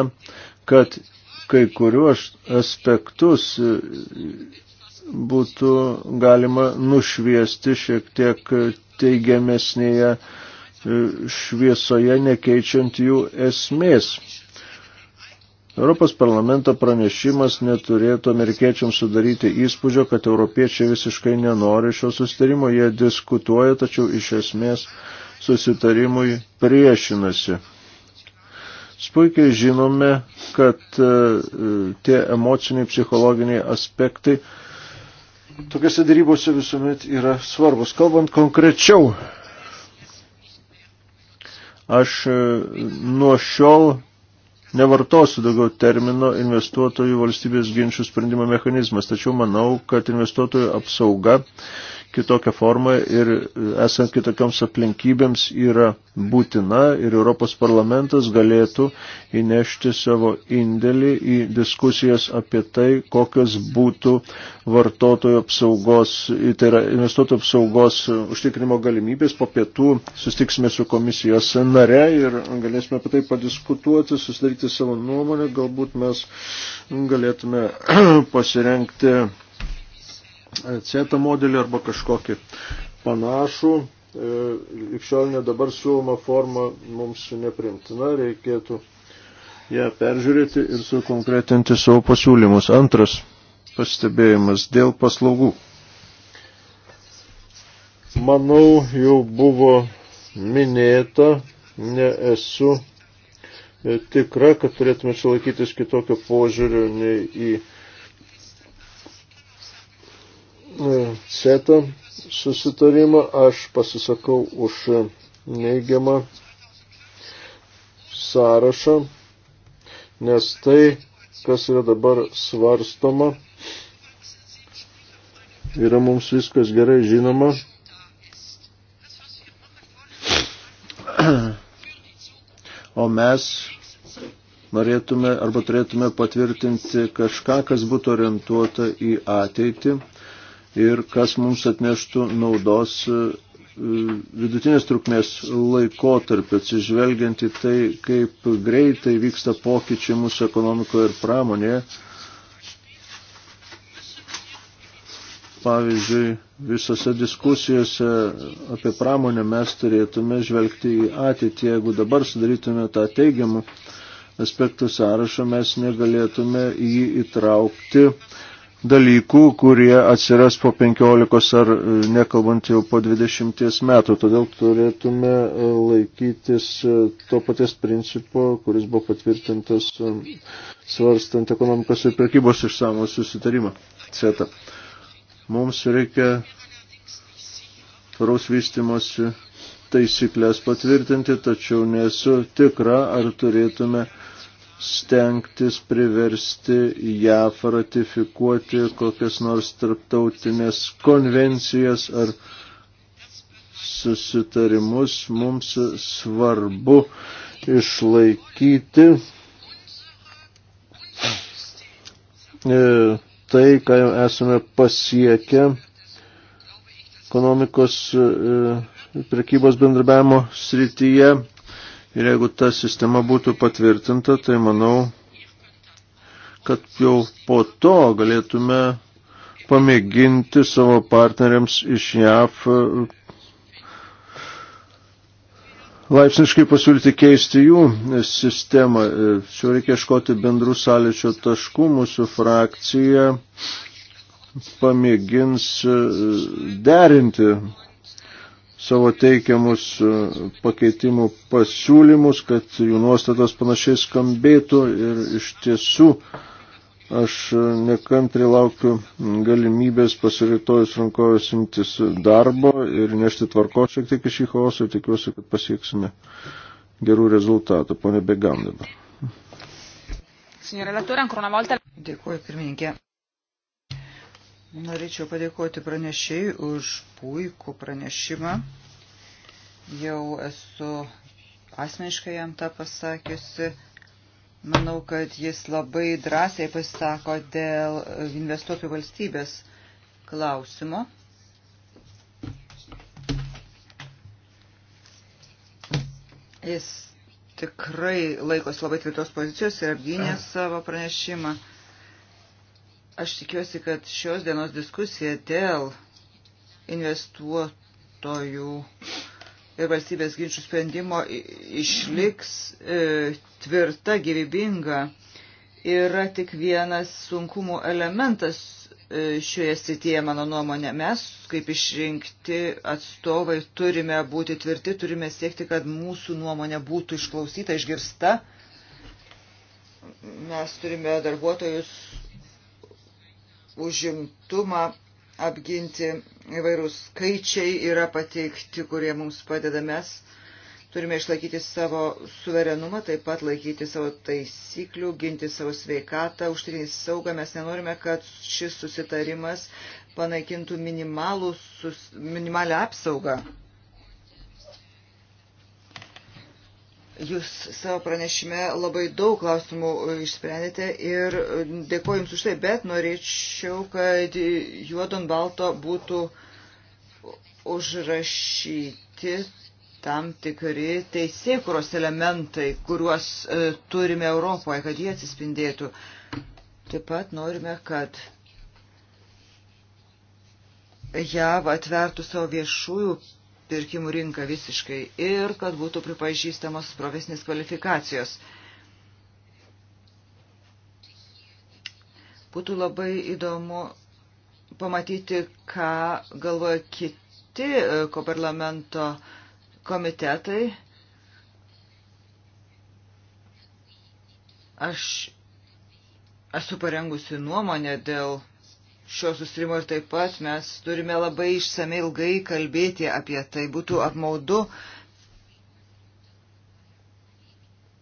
kad kai kuriuos aspektus būtų galima nušviesti šiek tiek teigiamesnėje e, šviesoje, nekeičiant jų esmės. Europos parlamento pranešimas neturėtų amerikiečiams sudaryti įspūdžio, kad europiečiai visiškai nenori šio susitarimo, jie diskutuoja, tačiau iš esmės susitarimui priešinasi. Puikiai žinome, kad e, tie emociniai, psichologiniai aspektai uh, tokiuose darybose visuomet yra svarbus. Kalbant konkrečiau, aš e, nuo šiol nevartosiu daugiau termino investuotojų valstybės ginčių sprendimo mechanizmas, tačiau manau, kad investuotojų apsauga kitokią formą ir e, esant kitokioms aplinkybėms yra būtina ir Europos parlamentas galėtų įnešti savo indėlį į diskusijas apie tai, kokios būtų vartotojų apsaugos, tai yra investuotojų apsaugos užtikrinimo galimybės. Po pietų sustiksime su komisijos nare ir galėsime apie tai padiskutuoti, susidaryti savo nuomonę, galbūt mes galėtume pasirenkti CETA modelį arba kažkokį panašų. E, Likščiolinė dabar siūloma forma mums neprimtina, reikėtų ją peržiūrėti ir sukonkretinti savo pasiūlymus. Antras pastebėjimas dėl paslaugų. Manau, jau buvo minėta, neesu e, tikra, kad turėtume čia laikytis kitokio požiūrio nei į CETA susitarimą, aš pasisakau už neigiamą sąrašą, nes tai, kas yra dabar svarstoma, yra mums viskas gerai žinoma. O mes norėtume arba turėtume patvirtinti kažką, kas būtų orientuota į ateitį ir kas mums atneštų naudos e, vidutinės trukmės laikotarpį, atsižvelgiant į tai, kaip greitai vyksta pokyčiai mūsų ekonomikoje ir pramonėje. Pavyzdžiui, visose diskusijose apie pramonę mes turėtume žvelgti į ateitį. Jeigu dabar sudarytume tą teigiamų aspektų sąrašą, mes negalėtume jį įtraukti dalykų, kurie atsiras po 15 ar e, nekalbant jau po 20 metų. Todėl turėtume e, laikytis e, to paties principo, kuris buvo patvirtintas svarstant ekonomikos ir prekybos išsamų susitarimą. CETA. Mums reikia tvaraus vystimosi taisyklės patvirtinti, tačiau nesu tikra, ar turėtume uh, stengtis priversti JAF ratifikuoti kokias nors tarptautinės konvencijas ar susitarimus. Mums svarbu išlaikyti e, tai, ką jau esame pasiekę ekonomikos e, prekybos bendrabiavimo srityje Ir jeigu ta sistema būtų patvirtinta, tai manau, kad jau po to galėtume pamėginti savo partneriams iš JAV e, laipsniškai pasiūlyti keisti jų sistemą. E, čia reikia iškoti bendrų sąlyčio taškų. Mūsų frakcija pamėgins e, derinti savo teikiamus e, pakeitimų pasiūlymus, kad jų nuostatos panašiai skambėtų ir iš tiesų aš e, nekantri laukiu galimybės pasiritojus rankovės imtis darbo ir nešti tvarkos šiek tiek iš į chaosą ir tikiuosi, kad pasieksime gerų rezultatų. Pone Begam dabar. Dėkuoju, pirmininkė. Norėčiau padėkoti pranešėjai už puikų pranešimą. Jau esu asmeniškai jam tą pasakiusi. Manau, kad jis labai drąsiai pasisako dėl investuotojų valstybės klausimo. Jis tikrai laikosi labai tvirtos pozicijos ir apgynė savo pranešimą. Uh Aš tikiuosi, kad šios dienos diskusija dėl investuotojų ir valstybės ginčių sprendimo išliks e, tvirta, gyvybinga. Yra tik vienas sunkumų elementas e, šioje srityje, mano nuomonė. Mes, kaip išrinkti atstovai, turime būti tvirti, turime siekti, kad mūsų nuomonė būtų išklausyta, išgirsta. Mes turime darbuotojus užimtumą apginti įvairūs skaičiai yra pateikti, kurie mums padeda mes. Turime išlaikyti savo suverenumą, taip pat laikyti savo taisyklių, ginti savo sveikatą, užtikrinti saugą. Mes nenorime, kad šis susitarimas panaikintų sus, minimalę apsaugą Jūs savo pranešime labai daug klausimų e, išsprendėte ir e, dėkoju Jums už tai, bet norėčiau, kad juodon balto būtų užrašyti tam tikri teisėkuros elementai, kuriuos e, turime Europoje, kad jie atsispindėtų. Taip pat norime, kad JAV atvertų savo viešųjų pirkimų rinką visiškai ir kad būtų pripažįstamos profesinės kvalifikacijos. Būtų labai įdomu pamatyti, ką galvoja kiti e, koparlamento komitetai. Aš esu parengusi nuomonę dėl šio susirimo ir taip pat mes turime labai išsamei ilgai kalbėti apie tai. Būtų apmaudu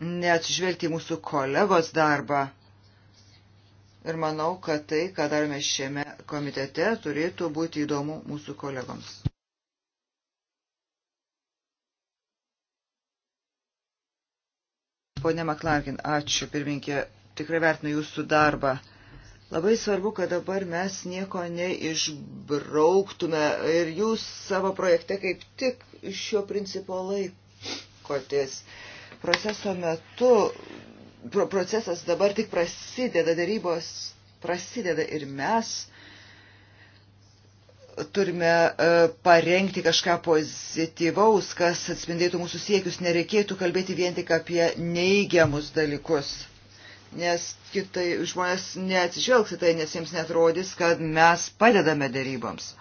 neatsižvelgti mūsų kolegos darbą. Ir manau, kad tai, ką darome šiame komitete, turėtų būti įdomu mūsų kolegoms. Pone Maklarkin, ačiū pirminkė, tikrai vertinu jūsų darbą. Labai svarbu, kad dabar mes nieko neišbrauktume ir jūs savo projekte kaip tik šio principo laikotės. Proceso metu, pro, procesas dabar tik prasideda, darybos prasideda ir mes turime e, parengti kažką pozityvaus, kas atspindėtų mūsų siekius, nereikėtų kalbėti vien tik apie neigiamus dalykus nes kitai žmonės neatsižvelgs į tai, nes jiems netrodys, kad mes padedame dėryboms.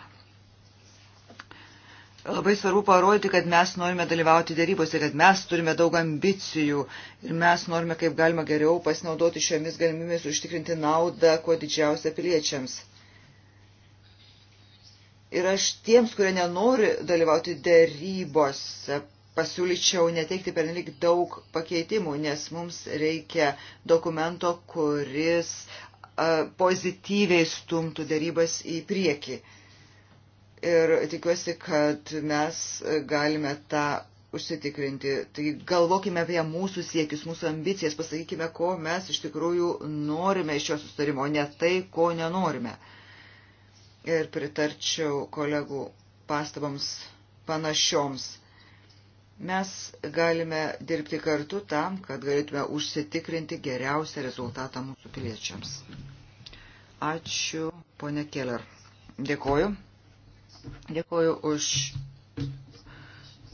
Labai svarbu parodyti, kad mes norime dalyvauti dėrybose, kad mes turime daug ambicijų ir mes norime kaip galima geriau pasinaudoti šiomis galimybėmis užtikrinti naudą kuo didžiausia piliečiams. Ir aš tiems, kurie nenori dalyvauti dėrybose, pasiūlyčiau neteikti pernelik daug pakeitimų, nes mums reikia dokumento, kuris pozityviai stumtų darybas į priekį. Ir tikiuosi, kad mes galime tą užsitikrinti. Tai galvokime apie mūsų siekius, mūsų ambicijas, pasakykime, ko mes iš tikrųjų norime iš šio sustarimo, ne tai, ko nenorime. Ir pritarčiau kolegų pastaboms panašioms Mes galime dirbti kartu tam, kad galėtume užsitikrinti geriausią rezultatą mūsų piliečiams. Ačiū, ponė Keller. Dėkoju. Dėkoju už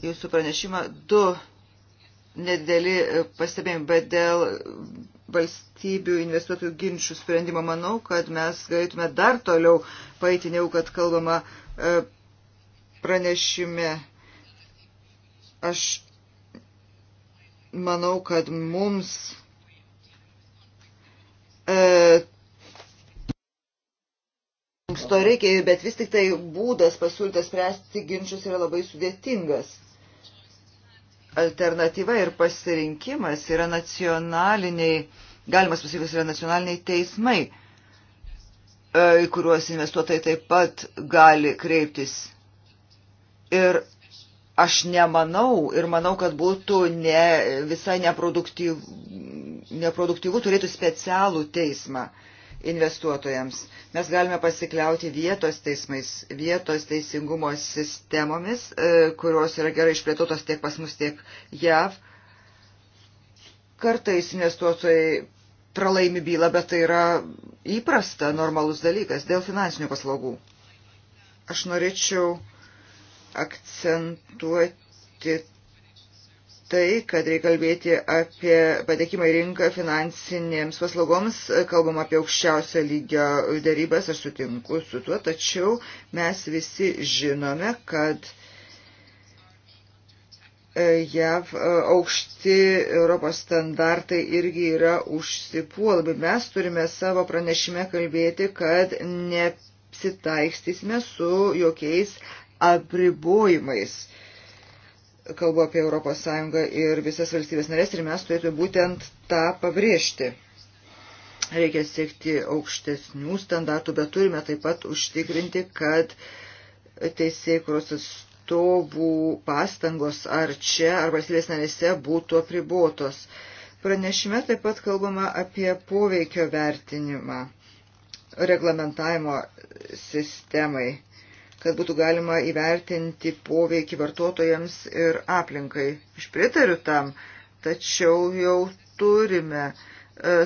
jūsų pranešimą. Du nedėlį pastebėjimai, bet dėl valstybių investuotojų ginčių sprendimo manau, kad mes galėtume dar toliau paėti, negu kad kalbama e, pranešime Aš manau, kad mums e, to reikia, bet vis tik tai būdas pasiūlytas spręsti ginčius yra labai sudėtingas. Alternatyva ir pasirinkimas yra nacionaliniai, galimas pasirinkimas yra nacionaliniai teismai, e, į kuriuos investuotojai taip pat gali kreiptis. Ir Aš nemanau ir manau, kad būtų ne, visai neproduktyvu, neproduktyvu turėtų specialų teismą investuotojams. Mes galime pasikliauti vietos teismais, vietos teisingumo sistemomis, e, kurios yra gerai išplėtotos tiek pas mus, tiek JAV. Kartais investuotojai pralaimi bylą, bet tai yra įprasta, normalus dalykas dėl finansinių paslaugų. Aš norėčiau akcentuoti tai, kad reikia kalbėti apie patekimą į rinką finansinėms paslaugoms, kalbam apie aukščiausio lygio darybas, aš sutinku su tuo, tačiau mes visi žinome, kad e, JAV e, aukšti Europos standartai irgi yra užsipuolami. Mes turime savo pranešime kalbėti, kad nepsitaikstysime su jokiais apribojimais. Kalbu apie ES ir visas valstybės narės ir mes turėtume būtent tą pabrėžti. Reikia siekti aukštesnių standartų, bet turime taip pat užtikrinti, kad teisėkuros atstovų pastangos ar čia, ar valstybės narėse būtų apribotos. Pranešime taip pat kalbama apie poveikio vertinimą reglamentavimo sistemai kad būtų galima įvertinti poveikį vartotojams ir aplinkai. Aš pritariu tam, tačiau jau turime e,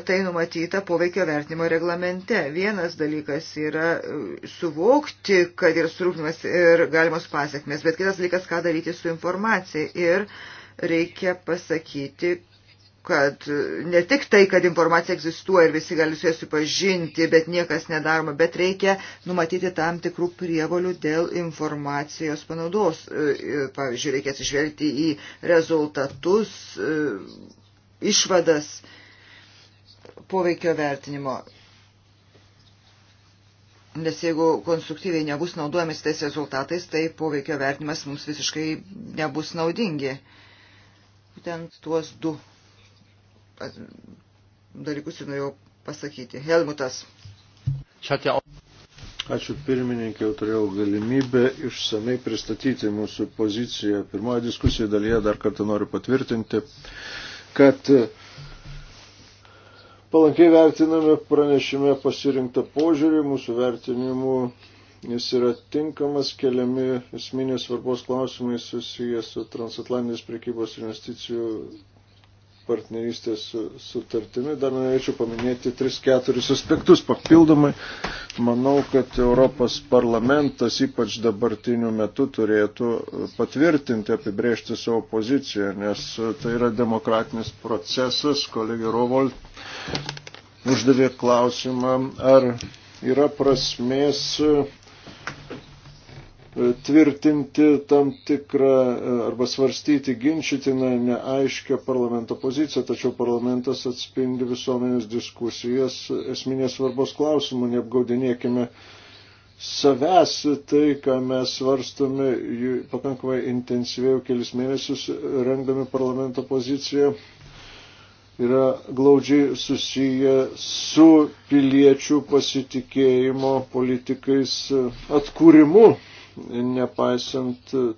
tai numatyta poveikio vertinimo reglamente. Vienas dalykas yra e, suvokti, kad yra surūpinimas ir galimos pasiekmes, bet kitas dalykas, ką daryti su informacija. Ir reikia pasakyti, kad ne tik tai, kad informacija egzistuoja ir visi gali su ja supažinti, bet niekas nedaroma, bet reikia numatyti tam tikrų prievolių dėl informacijos panaudos. E, e, pavyzdžiui, reikia atsižvelgti į rezultatus, e, išvadas poveikio vertinimo. Nes jeigu konstruktyviai nebus naudojamis tais rezultatais, tai poveikio vertinimas mums visiškai nebus naudingi. Būtent tuos du dalykus ir norėjau pasakyti. Helmutas. Ačiū pirmininkė, jau turėjau galimybę išsamei pristatyti mūsų poziciją. Pirmoje diskusijoje dalyje dar kartą noriu patvirtinti, kad e, palankiai vertiname pranešime pasirinktą požiūrį, mūsų vertinimų jis yra tinkamas, keliami esminės svarbos klausimai susijęs su transatlantiniais prekybos investicijų partnerystės sutartimi. Dar norėčiau paminėti 3-4 aspektus papildomai. Manau, kad Europos parlamentas ypač dabartiniu metu turėtų patvirtinti, apibrėžti savo poziciją, nes tai yra demokratinis procesas. Kolegė Rovol uždavė klausimą, ar yra prasmės tvirtinti tam tikrą e, arba svarstyti ginčytiną neaiškę parlamento poziciją, tačiau parlamentas atspindi visuomenės diskusijas esminės svarbos klausimų, neapgaudinėkime savęs tai, ką mes svarstome pakankamai intensyviai kelis mėnesius rengdami parlamento poziciją yra glaudžiai susiję su piliečių pasitikėjimo politikais atkūrimu nepaisant e,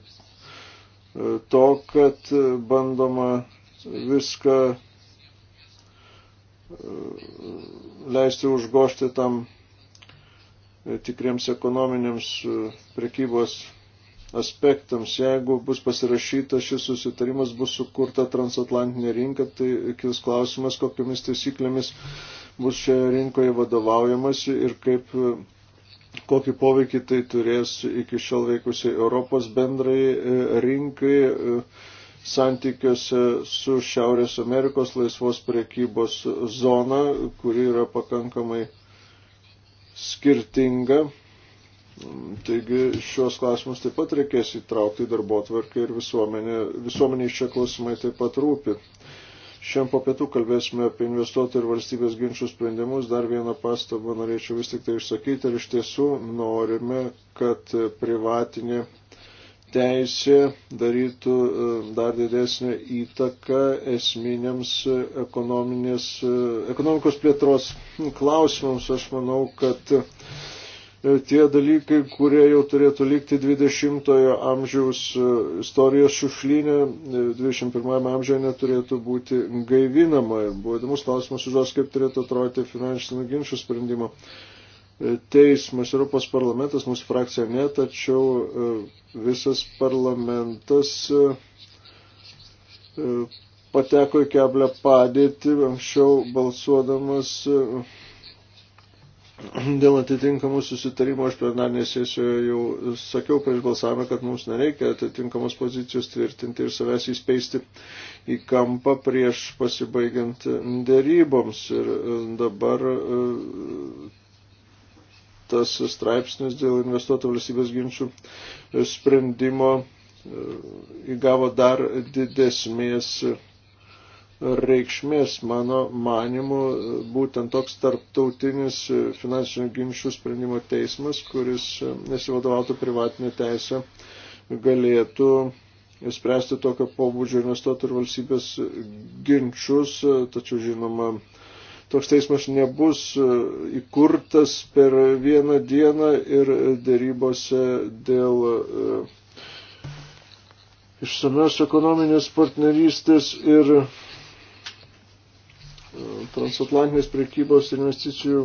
to, kad bandoma viską e, leisti užgošti tam e, tikriems ekonominiams prekybos aspektams. Jeigu bus pasirašyta šis susitarimas, bus sukurta transatlantinė rinka, tai kils klausimas, kokiamis taisyklėmis bus šioje rinkoje vadovaujamasi ir kaip kokį poveikį tai turės iki šiol veikusiai Europos bendrai e, rinkai e, santykiuose su Šiaurės Amerikos laisvos priekybos zona, kuri yra pakankamai skirtinga. Taigi šios klausimus taip pat reikės įtraukti į darbo tvarką ir visuomenė, visuomeniai šie klausimai taip pat rūpi. Šiandien po pietų kalbėsime apie investuotojų ir valstybės ginčių sprendimus. Dar vieną pastabą norėčiau vis tik tai išsakyti. Ir iš tiesų norime, kad privatinė teisė darytų e, dar didesnę įtaką esminiams e, ekonomikos plėtros klausimams. Aš manau, kad E, tie dalykai, kurie jau turėtų likti 20-ojo amžiaus e, istorijos šiušlinė, e, 21-ame amžiuje neturėtų būti gaivinama. Ir buvo įdomus klausimas užduos, kaip turėtų atrodyti finansinių ginčių sprendimo. Teismas Europos parlamentas, mūsų frakcija ne, tačiau visas parlamentas pateko į keblę padėtį, anksčiau balsuodamas Dėl atitinkamų susitarimų aš plenarnėje sesijoje jau sakiau prieš balsavimą, kad mums nereikia atitinkamos pozicijos tvirtinti ir savęs įspeisti į kampą prieš pasibaigiant dėryboms. Ir e, dabar e, tas straipsnis dėl investuoto valstybės ginčių e, sprendimo įgavo dar didesmės reikšmės. Mano manimu, būtent toks tarptautinis finansinių ginčių sprendimo teismas, kuris nesivadovautų privatinė teisė, galėtų spręsti tokio pobūdžio investuotojų ir valstybės ginčius, tačiau žinoma, toks teismas nebus įkurtas per vieną dieną ir dėrybose dėl e, išsamios ekonominės partnerystės ir transatlantinės prekybos ir investicijų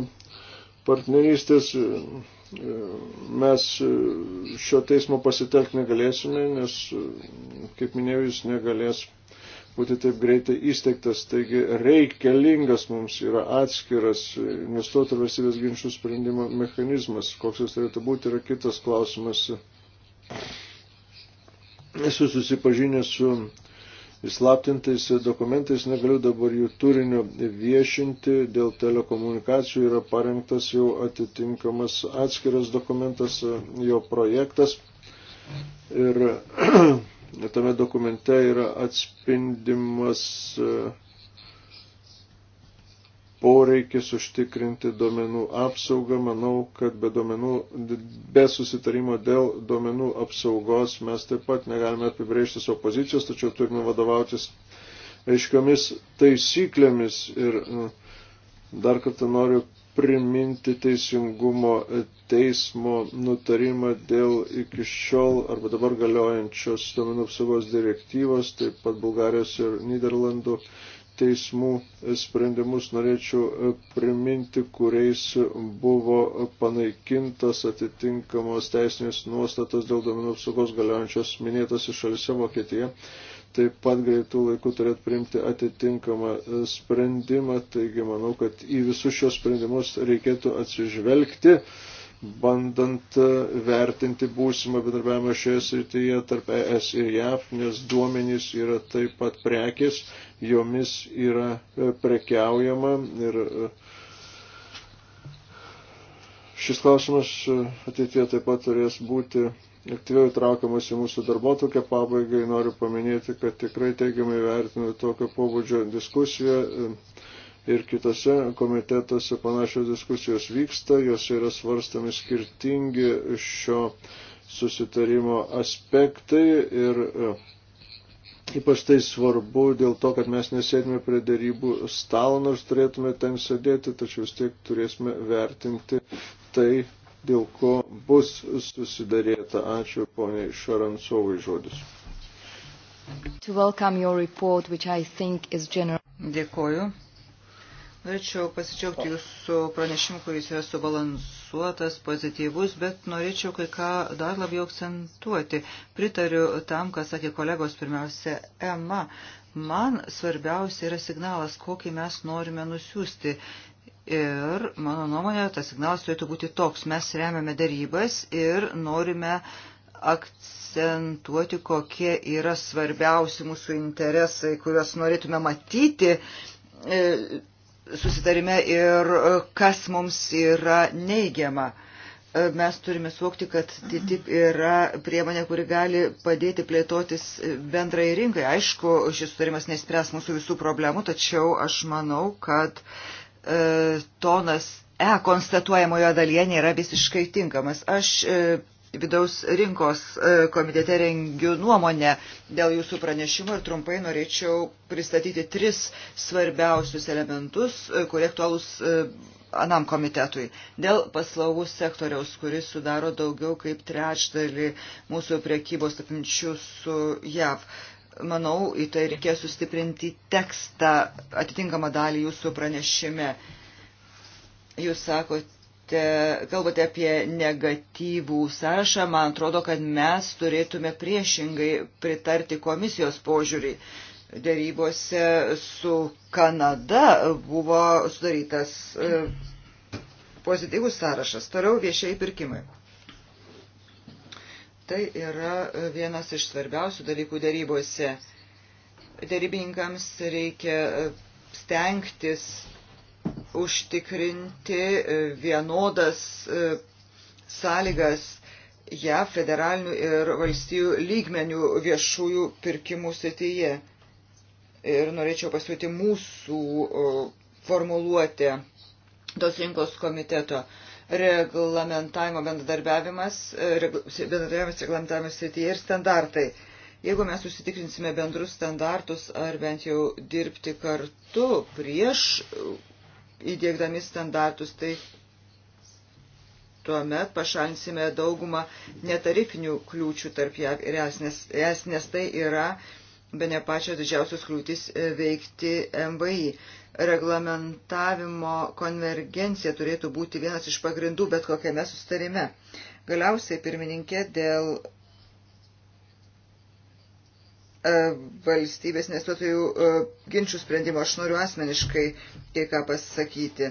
partnerystės mes šio teismo pasitelkti negalėsime, nes, kaip minėjau, jis negalės būti taip greitai įsteigtas. Taigi reikalingas mums yra atskiras investuotojų valstybės ginčių sprendimo mechanizmas. Koks jis turėtų būti, yra kitas klausimas. Esu susipažinęs su įslaptintais dokumentais, negaliu dabar jų turinio viešinti, dėl telekomunikacijų yra parengtas jau atitinkamas atskiras dokumentas, jo projektas. Ir tame dokumente yra atspindimas uh, poreikis užtikrinti duomenų apsaugą. Manau, kad be, duomenų, be susitarimo dėl duomenų apsaugos mes taip pat negalime apibrėžti savo pozicijos, tačiau turime vadovautis aiškiomis taisyklėmis. Ir mm, dar kartą noriu priminti teisingumo teismo nutarimą dėl iki šiol arba dabar galiojančios duomenų apsaugos direktyvos, taip pat Bulgarijos ir Niderlandų teismų sprendimus norėčiau e, priminti, kuriais buvo panaikintas atitinkamos teisinės nuostatos dėl domenų apsaugos galiojančios minėtose šalise Vokietija. Taip pat greitų laikų turėtų priimti atitinkamą e, sprendimą, taigi manau, kad į visus šios sprendimus reikėtų atsižvelgti bandant e, vertinti būsimą bendarbiavimą šioje srityje tarp ES ir JAV, nes duomenys yra taip pat prekis, jomis yra e, prekiaujama ir e, šis klausimas ateityje taip pat turės būti aktyviau įtraukiamas į mūsų darbo tokią pabaigą. Noriu paminėti, kad tikrai teigiamai vertinu tokio pobūdžio diskusiją ir kitose komitetuose panašios diskusijos vyksta, jos yra svarstami skirtingi šio susitarimo aspektai ir e, ypač tai svarbu dėl to, kad mes nesėdime prie dėrybų stalo, nors turėtume ten sėdėti, tačiau vis tiek turėsime vertinti tai, dėl ko bus susidarėta. Ačiū poniai Šarancovai žodis. To welcome your report, which I think is general. Dėkoju. Norėčiau pasidžiaugti jūsų pranešimu, kuris yra subalansuotas, pozityvus, bet norėčiau kai ką dar labiau akcentuoti. Pritariu tam, ką sakė kolegos, pirmiausia, Ema. Man svarbiausia yra signalas, kokį mes norime nusiųsti. Ir, mano nuomonė, tas signalas turėtų būti toks. Mes remiame darybas ir norime akcentuoti, kokie yra svarbiausi mūsų interesai, kuriuos norėtume matyti e, susitarime ir e, kas mums yra neigiama. E, mes turime suvokti, kad TTIP yra priemonė, kuri gali padėti plėtotis bendrai rinkai. Aišku, šis sutarimas nespręs mūsų visų problemų, tačiau aš manau, kad e, tonas E konstatuojamojo dalyje nėra visiškai tinkamas. Aš e, vidaus rinkos e, komitete rengiu nuomonę dėl jūsų pranešimo ir trumpai norėčiau pristatyti tris svarbiausius elementus, e, kurie aktualūs e, anam komitetui. Dėl paslaugų sektoriaus, kuris sudaro daugiau kaip trečdalį mūsų priekybos apimčių su JAV manau, į tai reikės sustiprinti tekstą atitinkamą dalį jūsų pranešime. Jūs sakote, kalbate apie negatyvų sąrašą, man atrodo, kad mes turėtume priešingai pritarti komisijos požiūrį. Dėrybose su Kanada buvo sudarytas e, pozityvus sąrašas. Toliau viešiai pirkimai. Tai yra vienas iš svarbiausių dalykų dėrybose. Dėrybininkams reikia e, stengtis užtikrinti e, vienodas e, sąlygas JAV federalinių ir valstybių lygmenių viešųjų pirkimų srityje. Ir norėčiau pasiūlyti mūsų formuluotę tos rinkos komiteto reglamentavimo bendradarbiavimas, e, bendradarbiavimas reglamentavimo srityje ir standartai. Jeigu mes susitikrinsime bendrus standartus ar bent jau dirbti kartu prieš įdėkdami standartus, tai tuomet pašalinsime daugumą netarifinių kliūčių tarp JAV ir ES, nes, nes tai yra be ne pačios didžiausios kliūtis e, veikti MVI. Reglamentavimo konvergencija turėtų būti vienas iš pagrindų bet kokiame sustarime. Galiausiai, pirmininkė, dėl E, valstybės investuotojų e, ginčių sprendimo. Aš noriu asmeniškai kai ką pasakyti.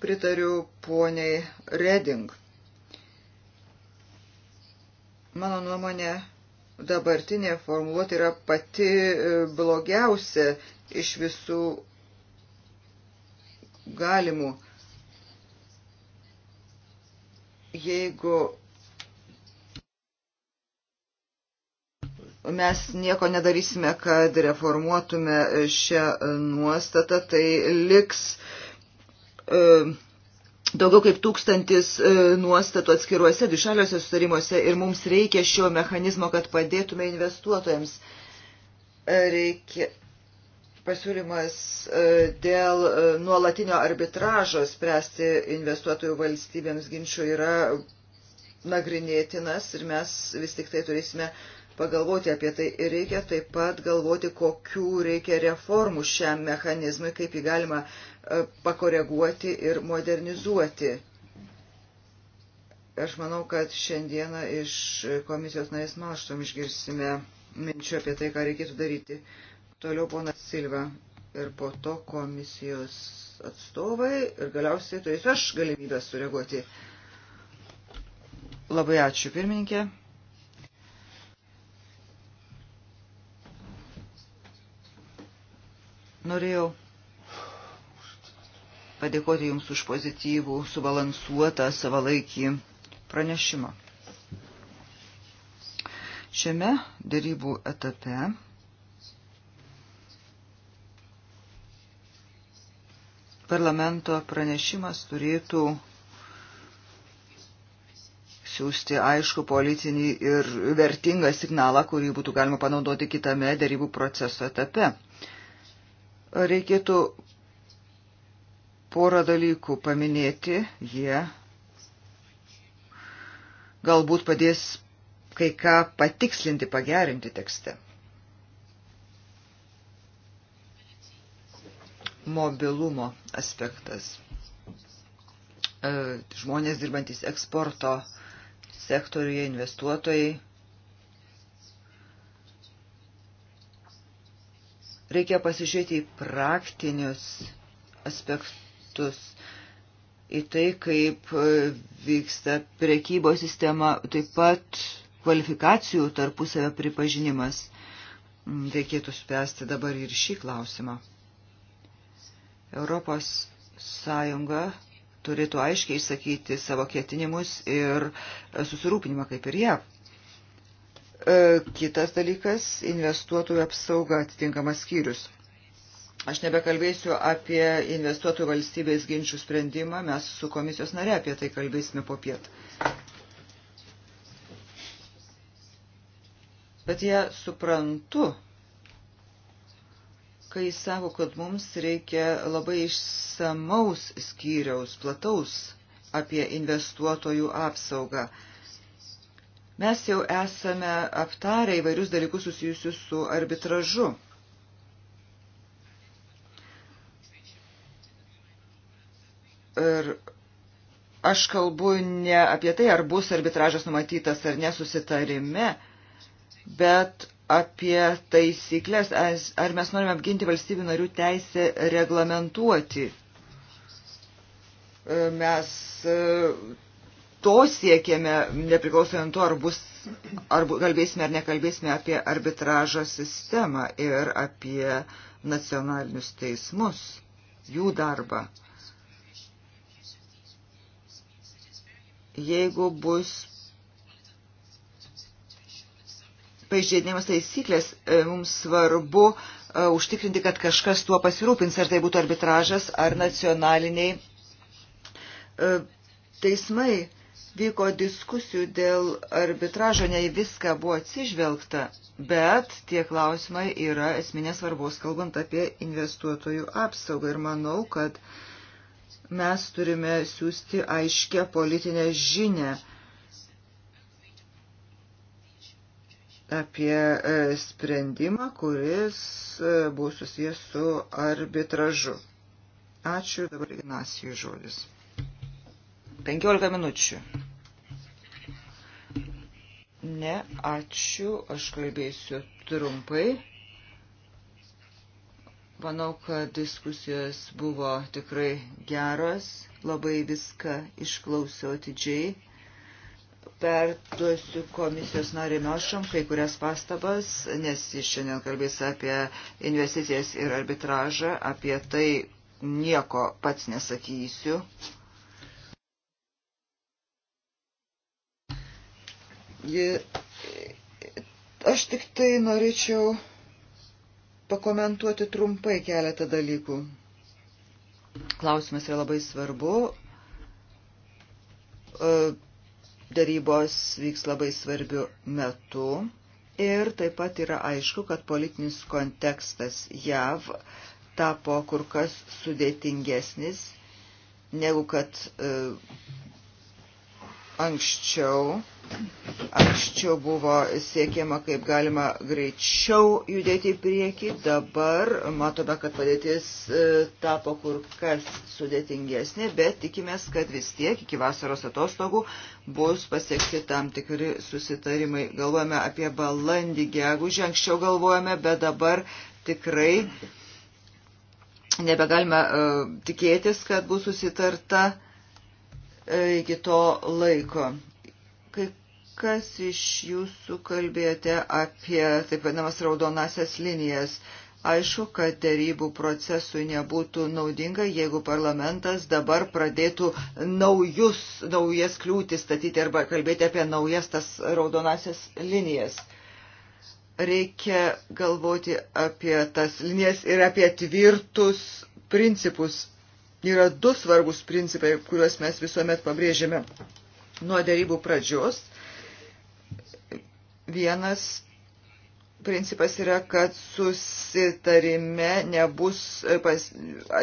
Pritariu poniai Reding. Mano nuomonė, dabartinė formuluotė yra pati e, blogiausia iš visų galimų. Jeigu mes nieko nedarysime, kad reformuotume šią nuostatą, tai liks e, daugiau kaip tūkstantis e, nuostatų atskiruose dišaliuose sustarimuose ir mums reikia šio mechanizmo, kad padėtume investuotojams. E, reikia pasiūlymas dėl nuolatinio arbitražo spręsti investuotojų valstybėms ginčių yra nagrinėtinas ir mes vis tik tai turėsime uh, pagalvoti apie tai ir reikia taip pat galvoti, kokių reikia reformų šiam mechanizmui, kaip jį galima e, pakoreguoti ir modernizuoti. Aš manau, kad šiandieną iš komisijos narės Malštom išgirsime minčių apie tai, ką reikėtų daryti. Toliau ponas Silva ir po to komisijos atstovai ir galiausiai turėsiu aš galimybę sureaguoti. Labai ačiū, pirmininkė. Norėjau padėkoti Jums už pozityvų, subalansuotą, savalaikį pranešimą. Šiame dėrybų etape parlamento pranešimas turėtų siūsti aišku politinį ir vertingą signalą, kurį būtų galima panaudoti kitame dėrybų proceso etape. Reikėtų porą dalykų paminėti, jie galbūt padės kai ką patikslinti, pagerinti tekste. Mobilumo aspektas. E, žmonės dirbantis eksporto sektoriuje, investuotojai Reikia pasižiūrėti į praktinius aspektus, į tai, kaip e, vyksta prekybos sistema, taip pat kvalifikacijų tarpusavio pripažinimas. Mm, reikėtų spręsti dabar ir šį klausimą. Europos Sąjunga turėtų aiškiai išsakyti savo ketinimus ir susirūpinimą kaip ir jav E, kitas dalykas - investuotojų apsauga atitinkamas skyrius. Aš nebekalbėsiu apie investuotojų valstybės ginčių sprendimą, mes su komisijos nare apie tai kalbėsime po piet. Bet jie suprantu, kai savo, kad mums reikia labai išsamaus skyriaus, plataus apie investuotojų apsaugą. Mes jau esame aptarę įvairius dalykus susijusius su arbitražu. Ir aš kalbu ne apie tai, ar bus arbitražas numatytas ar nesusitarime, bet apie taisyklės, ar mes norime apginti valstybių narių teisę reglamentuoti. Mes to siekėme, nepriklausomai nuo to, ar, bus, ar kalbėsime ar nekalbėsime apie arbitražo sistemą ir apie nacionalinius teismus, jų darbą. Jeigu bus pažeidinėjimas taisyklės, e, mums svarbu e, užtikrinti, kad kažkas tuo pasirūpins, ar tai būtų arbitražas, ar nacionaliniai e, teismai vyko diskusijų dėl arbitražo, ne į viską buvo atsižvelgta, bet tie klausimai yra esminės svarbos, kalbant apie investuotojų apsaugą. Ir manau, kad mes turime siūsti aiškę politinę žinę apie e, sprendimą, kuris e, buvo susijęs su arbitražu. Ačiū, dabar Ignacijų žodis. 15 minučių. Ne, ačiū, aš kalbėsiu trumpai. Manau, kad diskusijos buvo tikrai geros, labai viską išklausiau atidžiai perduosiu komisijos nariai Melšom kai kurias pastabas, nes jis šiandien kalbės apie investicijas ir arbitražą, apie tai nieko pats nesakysiu, Aš tik tai norėčiau pakomentuoti trumpai keletą dalykų. Klausimas yra labai svarbu. E, darybos vyks labai svarbiu metu. Ir taip pat yra aišku, kad politinis kontekstas JAV tapo kur kas sudėtingesnis negu kad e, anksčiau. Anksčiau buvo siekiama, kaip galima greičiau judėti į priekį, dabar matome, kad padėtis e, tapo kur kas sudėtingesnė, bet tikimės, kad vis tiek iki vasaros atostogų bus pasiekti tam tikri susitarimai. Galvojame apie balandį gegužį, anksčiau galvojame, bet dabar tikrai nebegalime uh, tikėtis, kad bus susitarta uh, iki to laiko. Kai kas iš jūsų kalbėjote apie taip vadinamas raudonasias linijas. Aišku, kad dėrybų procesui nebūtų naudinga, jeigu parlamentas dabar pradėtų naujus, naujas kliūtis statyti arba kalbėti apie naujas tas raudonasias linijas reikia galvoti apie tas linijas ir apie tvirtus principus yra du svarbus principai, kuriuos mes visuomet pabrėžėme nuo dėrybų pradžios. Vienas principas yra, kad susitarime nebus, e, pas,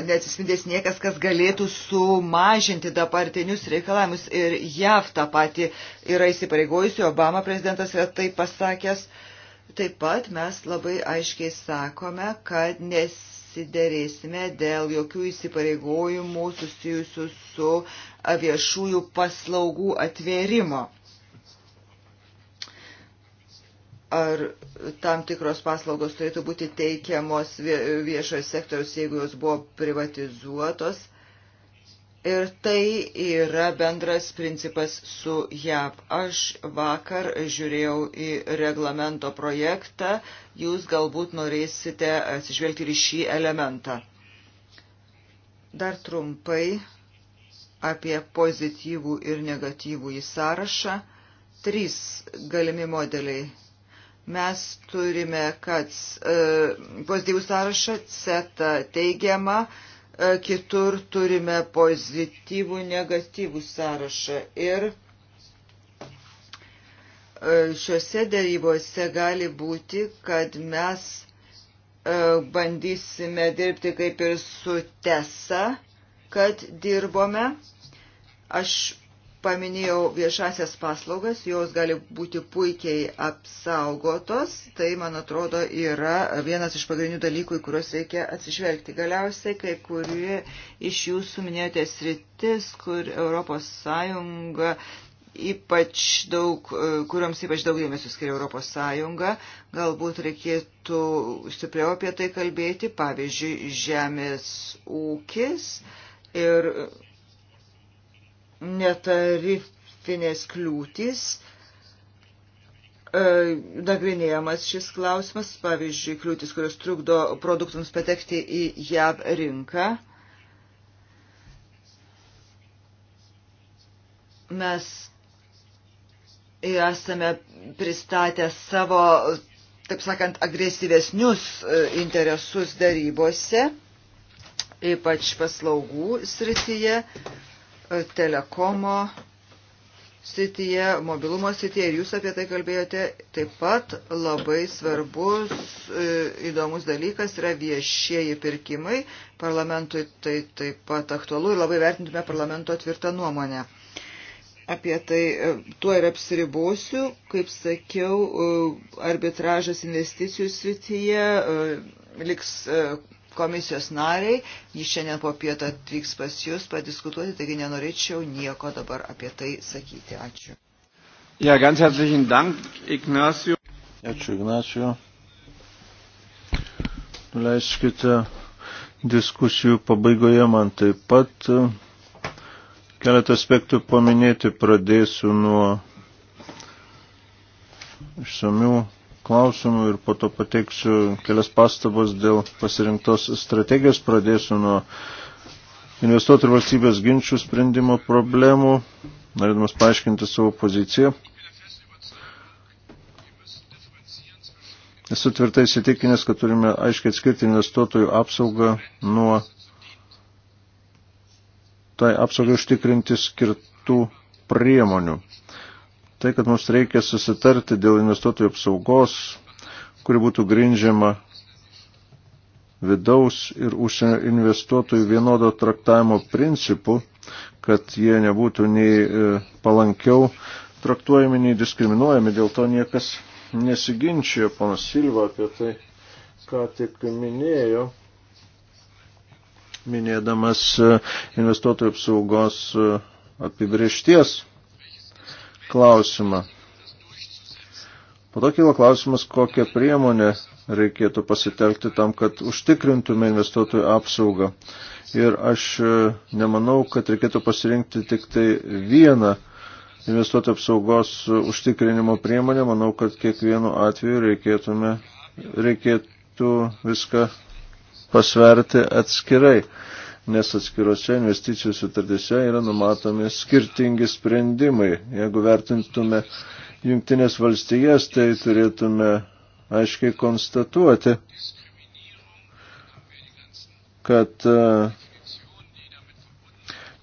neatsispindės niekas, kas galėtų sumažinti dabartinius reikalavimus. Ir JAV tą patį yra įsipareigojusi, Obama prezidentas yra tai pasakęs. Taip pat mes labai aiškiai sakome, kad nes nesiderėsime dėl jokių įsipareigojimų susijusių su viešųjų paslaugų atvėrimo. Ar tam tikros paslaugos turėtų būti teikiamos viešojo sektoriaus, jeigu jos buvo privatizuotos – Ir tai yra bendras principas su JAV. Aš vakar žiūrėjau į reglamento projektą, jūs galbūt norėsite atsižvelgti ir šį elementą. Dar trumpai apie pozityvų ir negatyvų į sąrašą. Trys galimi modeliai. Mes turime, kad e, pozityvų sąrašą CETA teigiama, e, E, kitur turime pozityvų, negatyvų sąrašą. Ir e, šiuose dėrybose gali būti, kad mes e, bandysime dirbti kaip ir su TESA, kad dirbome. Aš paminėjau viešasias paslaugas, jos gali būti puikiai apsaugotos. Tai, man atrodo, yra vienas iš pagrindinių dalykų, į kuriuos reikia atsižvelgti. Galiausiai, kai kurie iš jūsų minėjote sritis, kur Europos Sąjunga ypač daug, kuriuoms ypač daug dėmesio skiria Europos Sąjunga, galbūt reikėtų stipriau apie tai kalbėti, pavyzdžiui, žemės ūkis ir netarifinės kliūtis, e, nagrinėjamas šis klausimas, pavyzdžiui, kliūtis, kurios trukdo produktams patekti į JAV rinką. Mes esame pristatę savo, taip sakant, agresyvesnius e, interesus darybose, ypač paslaugų srityje telekomo srityje, mobilumo srityje ir jūs apie tai kalbėjote, taip pat labai svarbus e, įdomus dalykas yra viešieji pirkimai. Parlamentui tai taip pat aktualu ir labai vertintume parlamento tvirtą nuomonę. Apie tai e, tuo ir apsiribosiu, kaip sakiau, e, arbitražas investicijų srityje liks komisijos nariai. Jis šiandien po pietą atvyks pas jūs padiskutuoti, taigi nenorėčiau nieko dabar apie tai sakyti. Ačiū. Ja, ganz herzlichen Dank, Ignacio. Ačiū, Ignacio. Leiskite diskusijų pabaigoje man taip pat keletą aspektų paminėti. Pradėsiu nuo išsamių klausimų ir po to pateiksiu kelias pastabas dėl pasirinktos strategijos. Pradėsiu nuo investuotojų valstybės ginčių sprendimo problemų, norėdamas paaiškinti savo poziciją. Esu tvirtai įsitikinęs, kad turime aiškiai atskirti investuotojų apsaugą nuo tai apsaugai užtikrinti skirtų priemonių tai, kad mums reikia susitarti dėl investuotojų apsaugos, kuri būtų grindžiama vidaus ir užsienio investuotojų vienodo traktavimo principų, kad jie nebūtų nei e, palankiau traktuojami, nei diskriminuojami. Dėl to niekas nesiginčia, panas Silva apie tai, ką tik minėjo, minėdamas e, investuotojų apsaugos e, apibriešties klausimą. Po to kilo klausimas, kokią priemonę reikėtų pasitelkti tam, kad užtikrintume investuotojų apsaugą. Ir aš e, nemanau, kad reikėtų pasirinkti tik tai vieną investuotojų apsaugos užtikrinimo priemonę. Manau, kad kiekvienu atveju reikėtume, reikėtų viską pasverti atskirai nes atskirose investicijų sutartise yra numatomi skirtingi sprendimai. Jeigu vertintume jungtinės valstijas, tai turėtume aiškiai konstatuoti, kad e,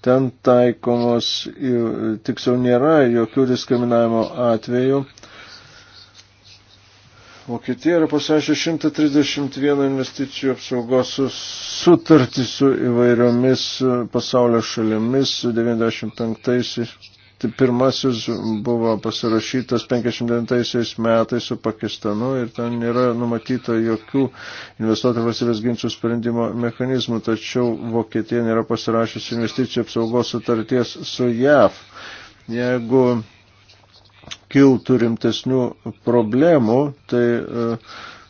ten taikomos, tiksliau nėra jokių diskriminavimo atvejų Vokietija yra pasirašę 131 investicijų apsaugos sutartį su įvairiomis pasaulio šalimis. 95-aisiais tai pirmasis buvo pasirašytas 59-aisiais metais su Pakistanu ir ten nėra numatyta jokių investuotojų valstybės ginčių sprendimo mechanizmų, tačiau Vokietija nėra pasirašęs investicijų apsaugos sutarties su JAV. Jeigu kiltų rimtesnių problemų, tai e,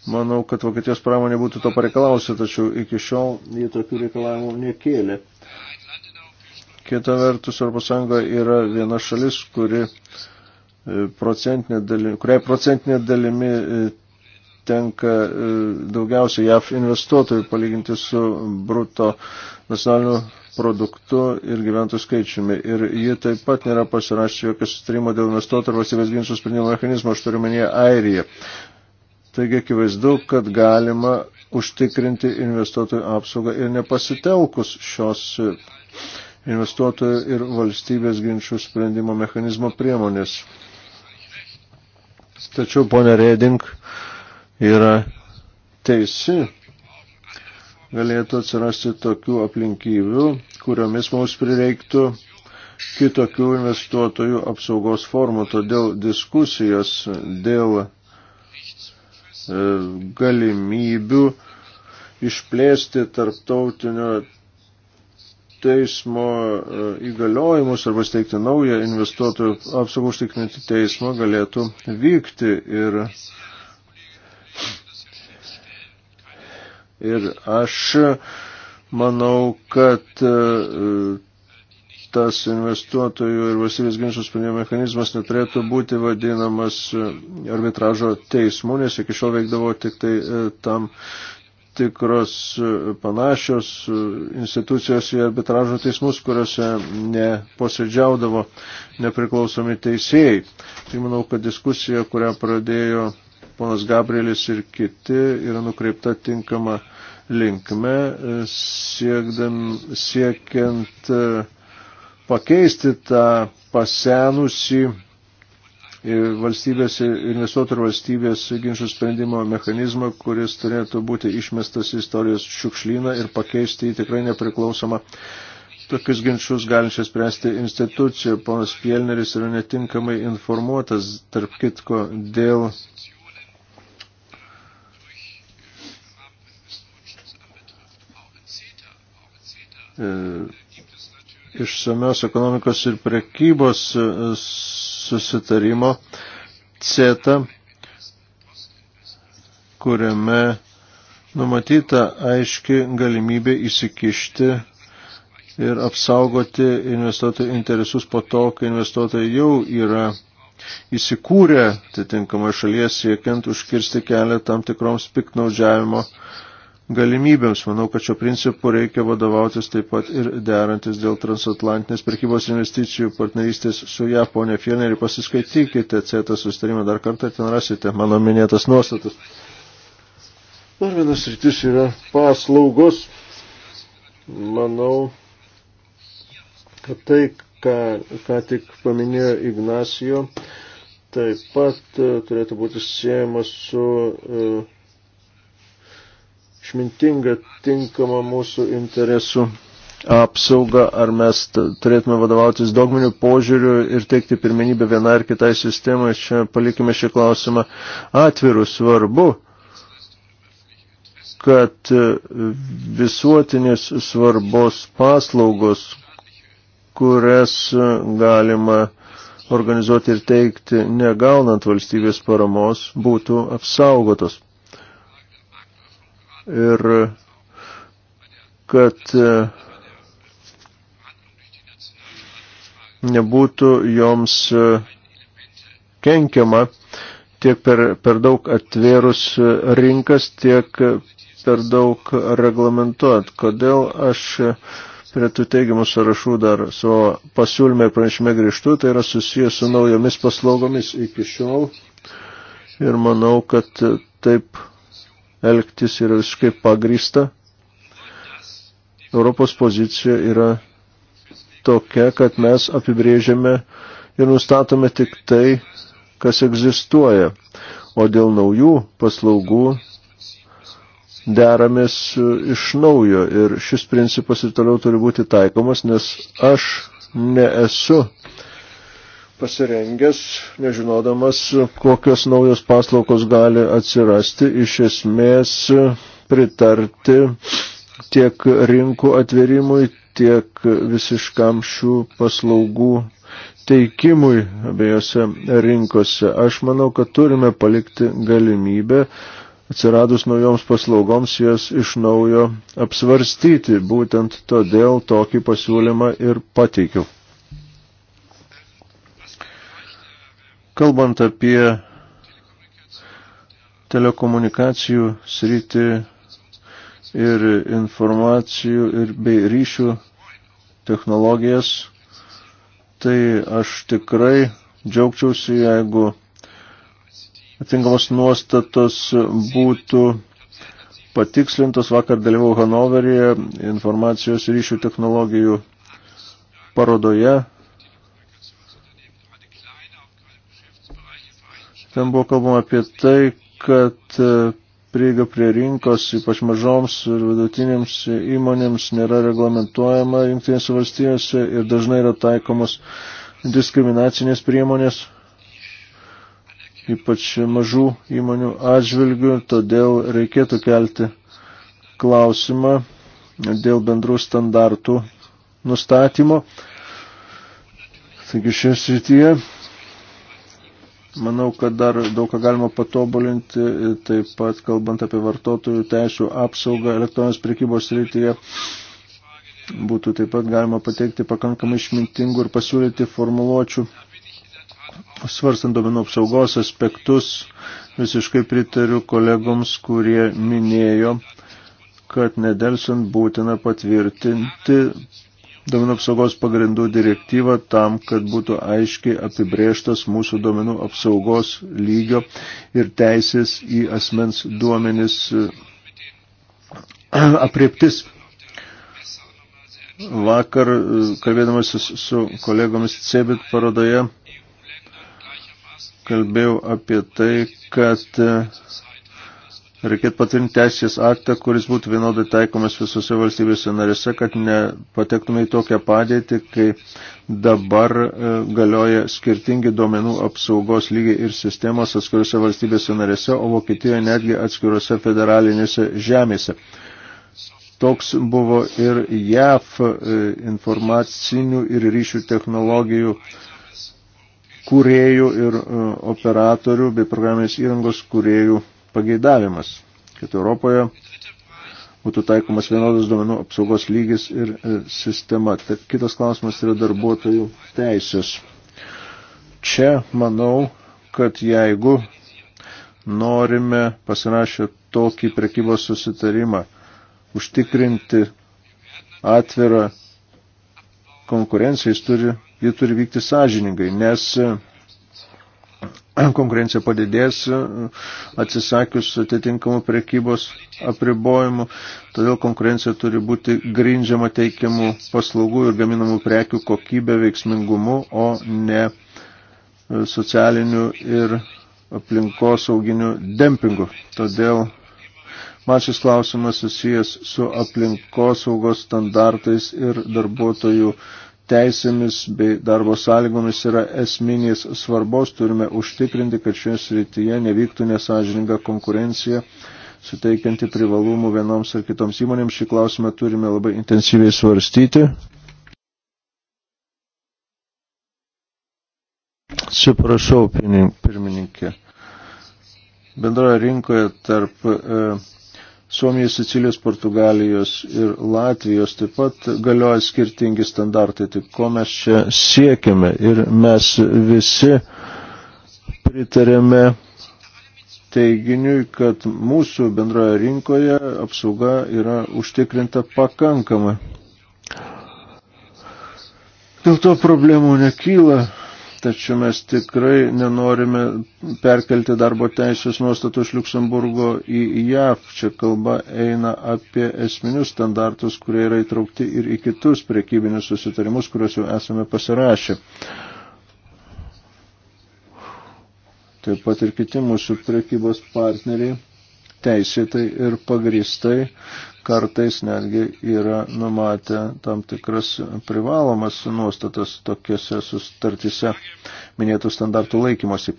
manau, kad Vokietijos pramonė būtų to pareikalavusi, tačiau iki šiol jie tokių reikalavimų nekėlė. Kita vertus, ES yra viena šalis, kuri e, procentinė dalimi, kuriai procentinė dalimi e, tenka e, daugiausiai JAF investuotojų palyginti su bruto nacionaliniu produktu ir gyventojų skaičiumi. Ir ji taip pat nėra pasirašyti jokio sustarimo dėl investuotojų ir valstybės ginčių sprendimo mechanizmo, aš turiu manyje Airiją. Taigi akivaizdu, kad galima užtikrinti investuotojų apsaugą ir nepasitelkus šios investuotojų ir valstybės ginčių sprendimo mechanizmo priemonės. Tačiau, ponė Reding, yra teisi, galėtų atsirasti tokių aplinkybių, kuriomis mums prireiktų kitokių investuotojų apsaugos formų. Todėl diskusijos dėl e, galimybių išplėsti tarptautinio teismo e, įgaliojimus arba steigti naują investuotojų apsaugos tikrinti teismą galėtų vykti ir Ir aš manau, kad e, tas investuotojų ir valstybės ginčių sprendimo mechanizmas neturėtų būti vadinamas e, arbitražo teismu, nes iki šiol veikdavo tik tai e, tam tikros panašios institucijos į arbitražo teismus, kuriuose neposėdžiaudavo nepriklausomi teisėjai. Tai manau, kad diskusija, kurią pradėjo ponas Gabrielis ir kiti, yra nukreipta tinkama linkme, e, siekdam, siekiant e, pakeisti tą pasenusi e, valstybės, investuotojų valstybės ginčių sprendimo mechanizmą, kuris turėtų būti išmestas į istorijos šiukšlyną ir pakeisti į tikrai nepriklausomą tokius ginčius galinčią spręsti institucijų. Ponas Pielneris yra netinkamai informuotas, tarp kitko, dėl E, išsamios ekonomikos ir prekybos e, susitarimo CETA, kuriame numatyta aiški galimybė įsikišti ir apsaugoti investuotojų interesus po to, kai investuotojai jau yra įsikūrę atitinkamą šalies siekiant užkirsti kelią tam tikroms piknaudžiavimo galimybėms. Manau, kad šio principu reikia vadovautis taip pat ir derantis dėl transatlantinės prekybos investicijų partnerystės su JAV. Pone Fielneri, pasiskaitykite CETA sustarimą dar kartą, ten rasite mano minėtas nuostatas. Dar vienas rytis yra paslaugos. Manau, kad tai, ką, ką tik paminėjo Ignacijo, taip pat e, turėtų būti siejama su uh, išmintinga, tinkama mūsų interesų apsaugą, ar mes turėtume vadovautis dogminių požiūrių ir teikti pirmenybę vienai ar kitai sistemai. Čia palikime šį klausimą atvirų svarbu, kad e, visuotinės svarbos paslaugos, kurias e, galima organizuoti ir teikti, negaunant valstybės paramos, būtų apsaugotos ir kad e, nebūtų joms e, kenkiama tiek per, per daug atvėrus e, rinkas, tiek per daug reglamentuot. Kodėl aš prie tų teigiamų sąrašų dar savo pasiūlymę ir pranešime grįžtu, tai yra susijęs su naujomis paslaugomis iki šiol. Ir manau, kad taip elgtis yra visiškai pagrįsta. Europos pozicija yra tokia, kad mes apibrėžiame ir nustatome tik tai, kas egzistuoja. O dėl naujų paslaugų deramės iš naujo ir šis principas ir toliau turi būti taikomas, nes aš neesu uh, pasirengęs, nežinodamas, kokios naujos paslaugos gali atsirasti, iš esmės pritarti tiek rinkų atverimui, tiek visiškam šių paslaugų teikimui abiejose rinkose. Aš manau, kad turime palikti galimybę atsiradus naujoms paslaugoms jas iš naujo apsvarstyti. Būtent todėl tokį pasiūlymą ir pateikiau. Kalbant apie telekomunikacijų sritį ir informacijų ir bei ryšių technologijas, tai aš tikrai džiaugčiausi, jeigu atitinkamos nuostatos būtų patikslintos. Vakar dalyvau Hanoveryje informacijos ryšių technologijų parodoje Ten buvo kalbama apie tai, kad e, prieiga prie rinkos, ypač mažoms ir vidutinėms įmonėms, nėra reglamentuojama jungtinėse valstijose ir dažnai yra taikomos diskriminacinės priemonės, ypač mažų įmonių atžvilgių, todėl reikėtų kelti klausimą dėl bendrų standartų nustatymo. Taigi šioje srityje Manau, kad dar daug ką galima patobulinti, e, taip pat kalbant apie vartotojų teisų apsaugą elektroninės prekybos rytyje. Būtų taip pat galima pateikti pakankamai išmintingų ir pasiūlyti formuluočių, svarstant domenų apsaugos aspektus. Visiškai pritariu kolegoms, kurie minėjo, kad nedelsant būtina patvirtinti duomenų apsaugos pagrindų direktyvą tam, kad būtų aiškiai apibrėžtas mūsų duomenų apsaugos lygio ir teisės į asmens duomenis e, apriptis. Vakar, e, kalbėdamasis su kolegomis Cebit parodoje, kalbėjau apie tai, kad e, Reikėtų patvirtinti teisės aktą, kuris būtų vienodai taikomas visose valstybėse narėse, kad nepatektume į tokią padėtį, kai dabar e, galioja skirtingi duomenų apsaugos lygiai ir sistemos atskiriuose valstybėse narėse, o Vokietijoje netgi atskiriuose federalinėse žemėse. Toks buvo ir JAF e, informacinių ir ryšių technologijų kūrėjų ir e, operatorių bei programinės įrangos kūrėjų pageidavimas, kad Europoje būtų taikomas vienodas duomenų apsaugos lygis ir e, sistema. Tad kitas klausimas yra darbuotojų teisės. Čia manau, kad jeigu norime pasirašę tokį prekybos susitarimą užtikrinti atvirą konkurenciją, jis turi, ji turi vykti sąžiningai, nes konkurencija padidės atsisakius atitinkamų prekybos apribojimų, todėl konkurencija turi būti grindžiama teikiamų paslaugų ir gaminamų prekių kokybė veiksmingumu, o ne e, socialiniu ir aplinkosauginiu dempingu. Todėl man šis klausimas susijęs su aplinkosaugos standartais ir darbuotojų teisėmis bei darbo sąlygomis yra esminės svarbos, turime užtikrinti, kad šioje srityje nevyktų nesažininga konkurencija, suteikianti privalumų vienoms ar kitoms įmonėms. Šį klausimą turime labai intensyviai svarstyti. Atsiprašau, pirmininkė. Bendroje rinkoje tarp e, Suomijos, Sicilijos, Portugalijos ir Latvijos taip pat galioja skirtingi standartai. Tai ko mes čia siekime ir mes visi pritarėme teiginiui, kad mūsų bendroje rinkoje apsauga yra užtikrinta pakankamai. Dėl to problemų nekyla, tačiau mes tikrai nenorime perkelti darbo teisės nuostatų iš Luksemburgo į JAV. Čia kalba eina apie esminius standartus, kurie yra įtraukti ir į kitus priekybinius susitarimus, kuriuos jau esame pasirašę. Taip pat ir kiti mūsų priekybos partneriai teisėtai ir pagristai kartais netgi yra numatę tam tikras privalomas nuostatas tokiuose sustartyse minėtų standartų laikymosi.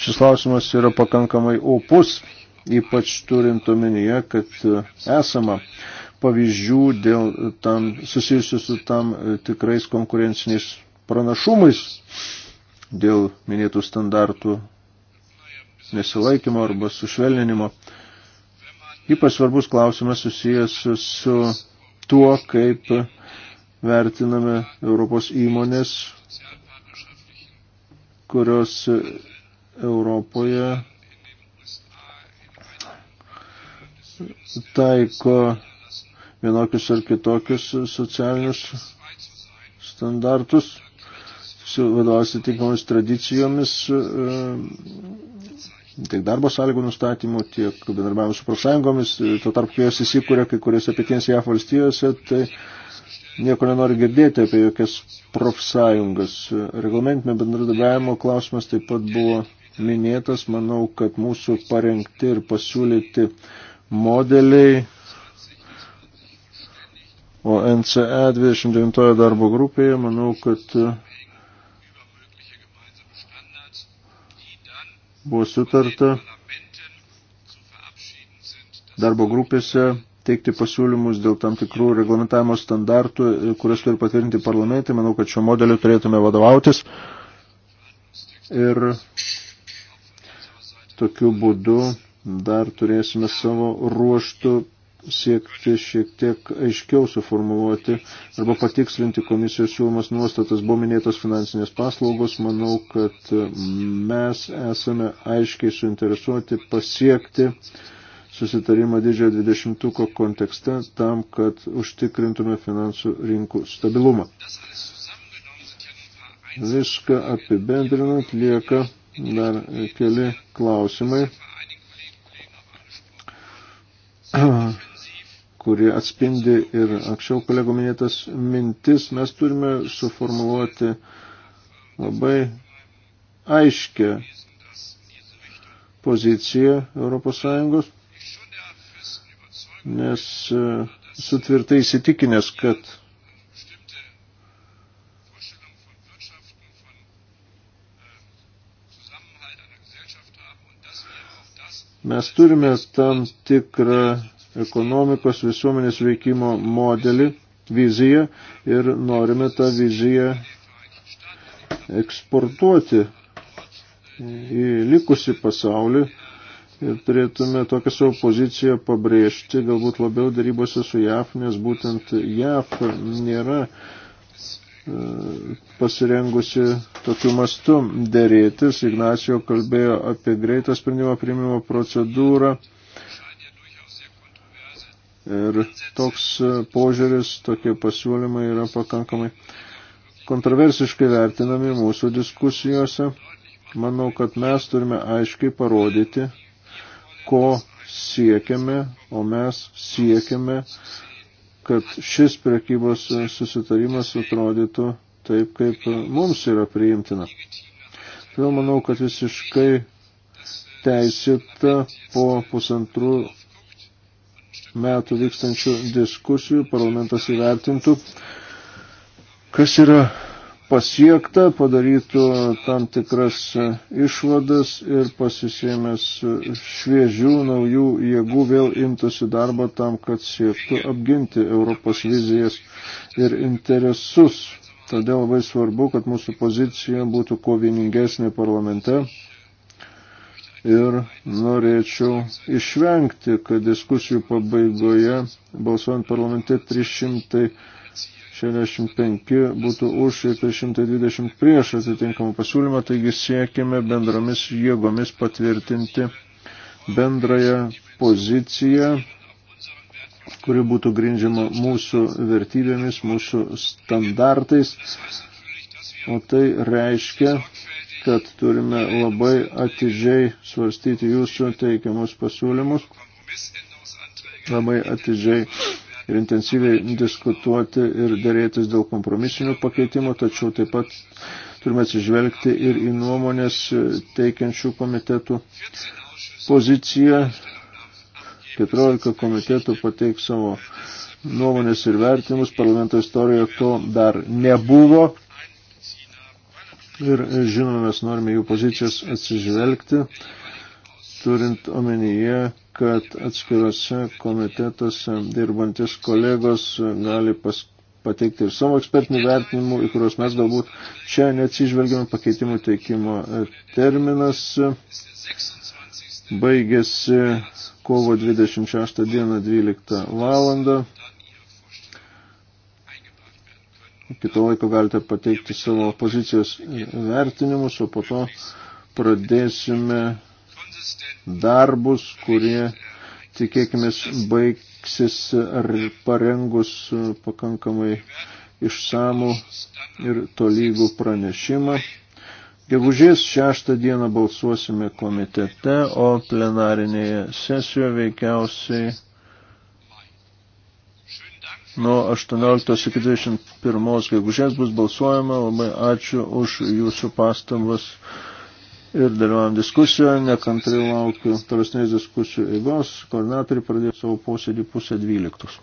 Šis klausimas yra pakankamai opus, ypač turint omenyje, kad esama pavyzdžių dėl tam, susijusių su tam e, tikrais konkurenciniais pranašumais dėl minėtų standartų nesilaikymo arba sušvelninimo. Ypač svarbus klausimas susijęs su tuo, kaip vertiname Europos įmonės, kurios Europoje taiko vienokius ar kitokius socialinius standartus, vadovaujasi tinkamomis tradicijomis, e, tiek darbo sąlygų nustatymų, tiek bendarbiavimo su profsąjungomis, e, tuo tarp, kai jos įsikūrė kai kuriuose pietinėse JAF valstijose, tai nieko nenori girdėti apie jokias profsąjungas. Reglamentinio bendradarbiavimo klausimas taip pat buvo minėtas. Manau, kad mūsų parengti ir pasiūlyti modeliai O NCE 29 darbo grupėje, manau, kad e, buvo sutarta darbo grupėse teikti pasiūlymus dėl tam tikrų reglamentavimo standartų, e, kurias turi patvirtinti parlamentai. Manau, kad šio modeliu turėtume vadovautis. Ir tokiu būdu dar turėsime savo ruoštų siekti šiek tiek aiškiau suformuoluoti arba patikslinti komisijos siūlomas nuostatas. Buvo minėtos finansinės paslaugos. Manau, kad mes esame aiškiai suinteresuoti pasiekti susitarimą didžiojo dvidešimtuko kontekste tam, kad užtikrintume finansų rinkų stabilumą. Viską apibendrinant lieka dar keli klausimai. kuri atspindi ir anksčiau kolego minėtas mintis, mes turime suformuoluoti labai aiškę poziciją ES, nes e, sutvirtai įsitikinęs, kad mes turime tam tikrą ekonomikos visuomenės veikimo modelį, viziją ir norime tą viziją eksportuoti į likusi pasaulį ir turėtume tokią savo poziciją pabrėžti, galbūt labiau darybose su JAF, nes būtent JAF nėra e, pasirengusi tokiu mastu dėrėtis. Ignacio kalbėjo apie greitą sprendimo priimimo procedūrą Ir toks e, požiūris, tokie pasiūlymai yra pakankamai kontroversiškai vertinami mūsų diskusijose. Manau, kad mes turime aiškiai parodyti, ko siekiame, o mes siekiame, kad šis prekybos susitarimas atrodytų taip, kaip mums yra priimtina. Todėl manau, kad visiškai teisėta po pusantrų metų vykstančių diskusijų parlamentas įvertintų, kas yra pasiekta, padarytų tam tikras išvadas ir pasisėmęs šviežių naujų jėgų vėl imtųsi darbo tam, kad siektų apginti Europos vizijas ir interesus. Todėl labai svarbu, kad mūsų pozicija būtų kuo vieningesnė parlamente ir norėčiau išvengti, kad diskusijų pabaigoje balsuojant parlamente 365 būtų už ir 320 prieš atitinkamą pasiūlymą, taigi siekime bendromis jėgomis patvirtinti bendrąją poziciją kuri būtų grindžiama mūsų vertybėmis, mūsų standartais. O tai reiškia, kad turime labai atidžiai svarstyti jūsų teikiamus pasiūlymus, labai atidžiai ir intensyviai diskutuoti ir dėrėtis dėl kompromisinių pakeitimų, tačiau taip pat turime atsižvelgti ir į nuomonės teikiančių komitetų poziciją. 14 komitetų pateiks savo nuomonės ir vertimus, parlamento istorijoje to dar nebuvo. Ir e, žinoma, mes norime jų pozicijas atsižvelgti, turint omenyje, kad atskiruose komitetuose dirbantis kolegos gali pas, pateikti ir savo ekspertinių vertinimų, į kuriuos mes galbūt čia neatsižvelgiam pakeitimų teikimo e, terminas. Baigėsi kovo 26 dieną 12 valandą. Kitą laiką galite pateikti savo pozicijos vertinimus, o po to pradėsime darbus, kurie, tikėkime, baigsis ar parengus pakankamai išsamų ir tolygų pranešimą. Gegužės 6 dieną balsuosime komitete, o plenarinėje sesijoje veikiausiai nuo 18 iki 21 gegužės bus balsuojama. Labai ačiū už jūsų pastabas ir dalyvavom diskusijoje. Nekantrai laukiu tolesnės diskusijų eigos. Koordinatoriai pradėjo savo posėdį pusę dvyliktus.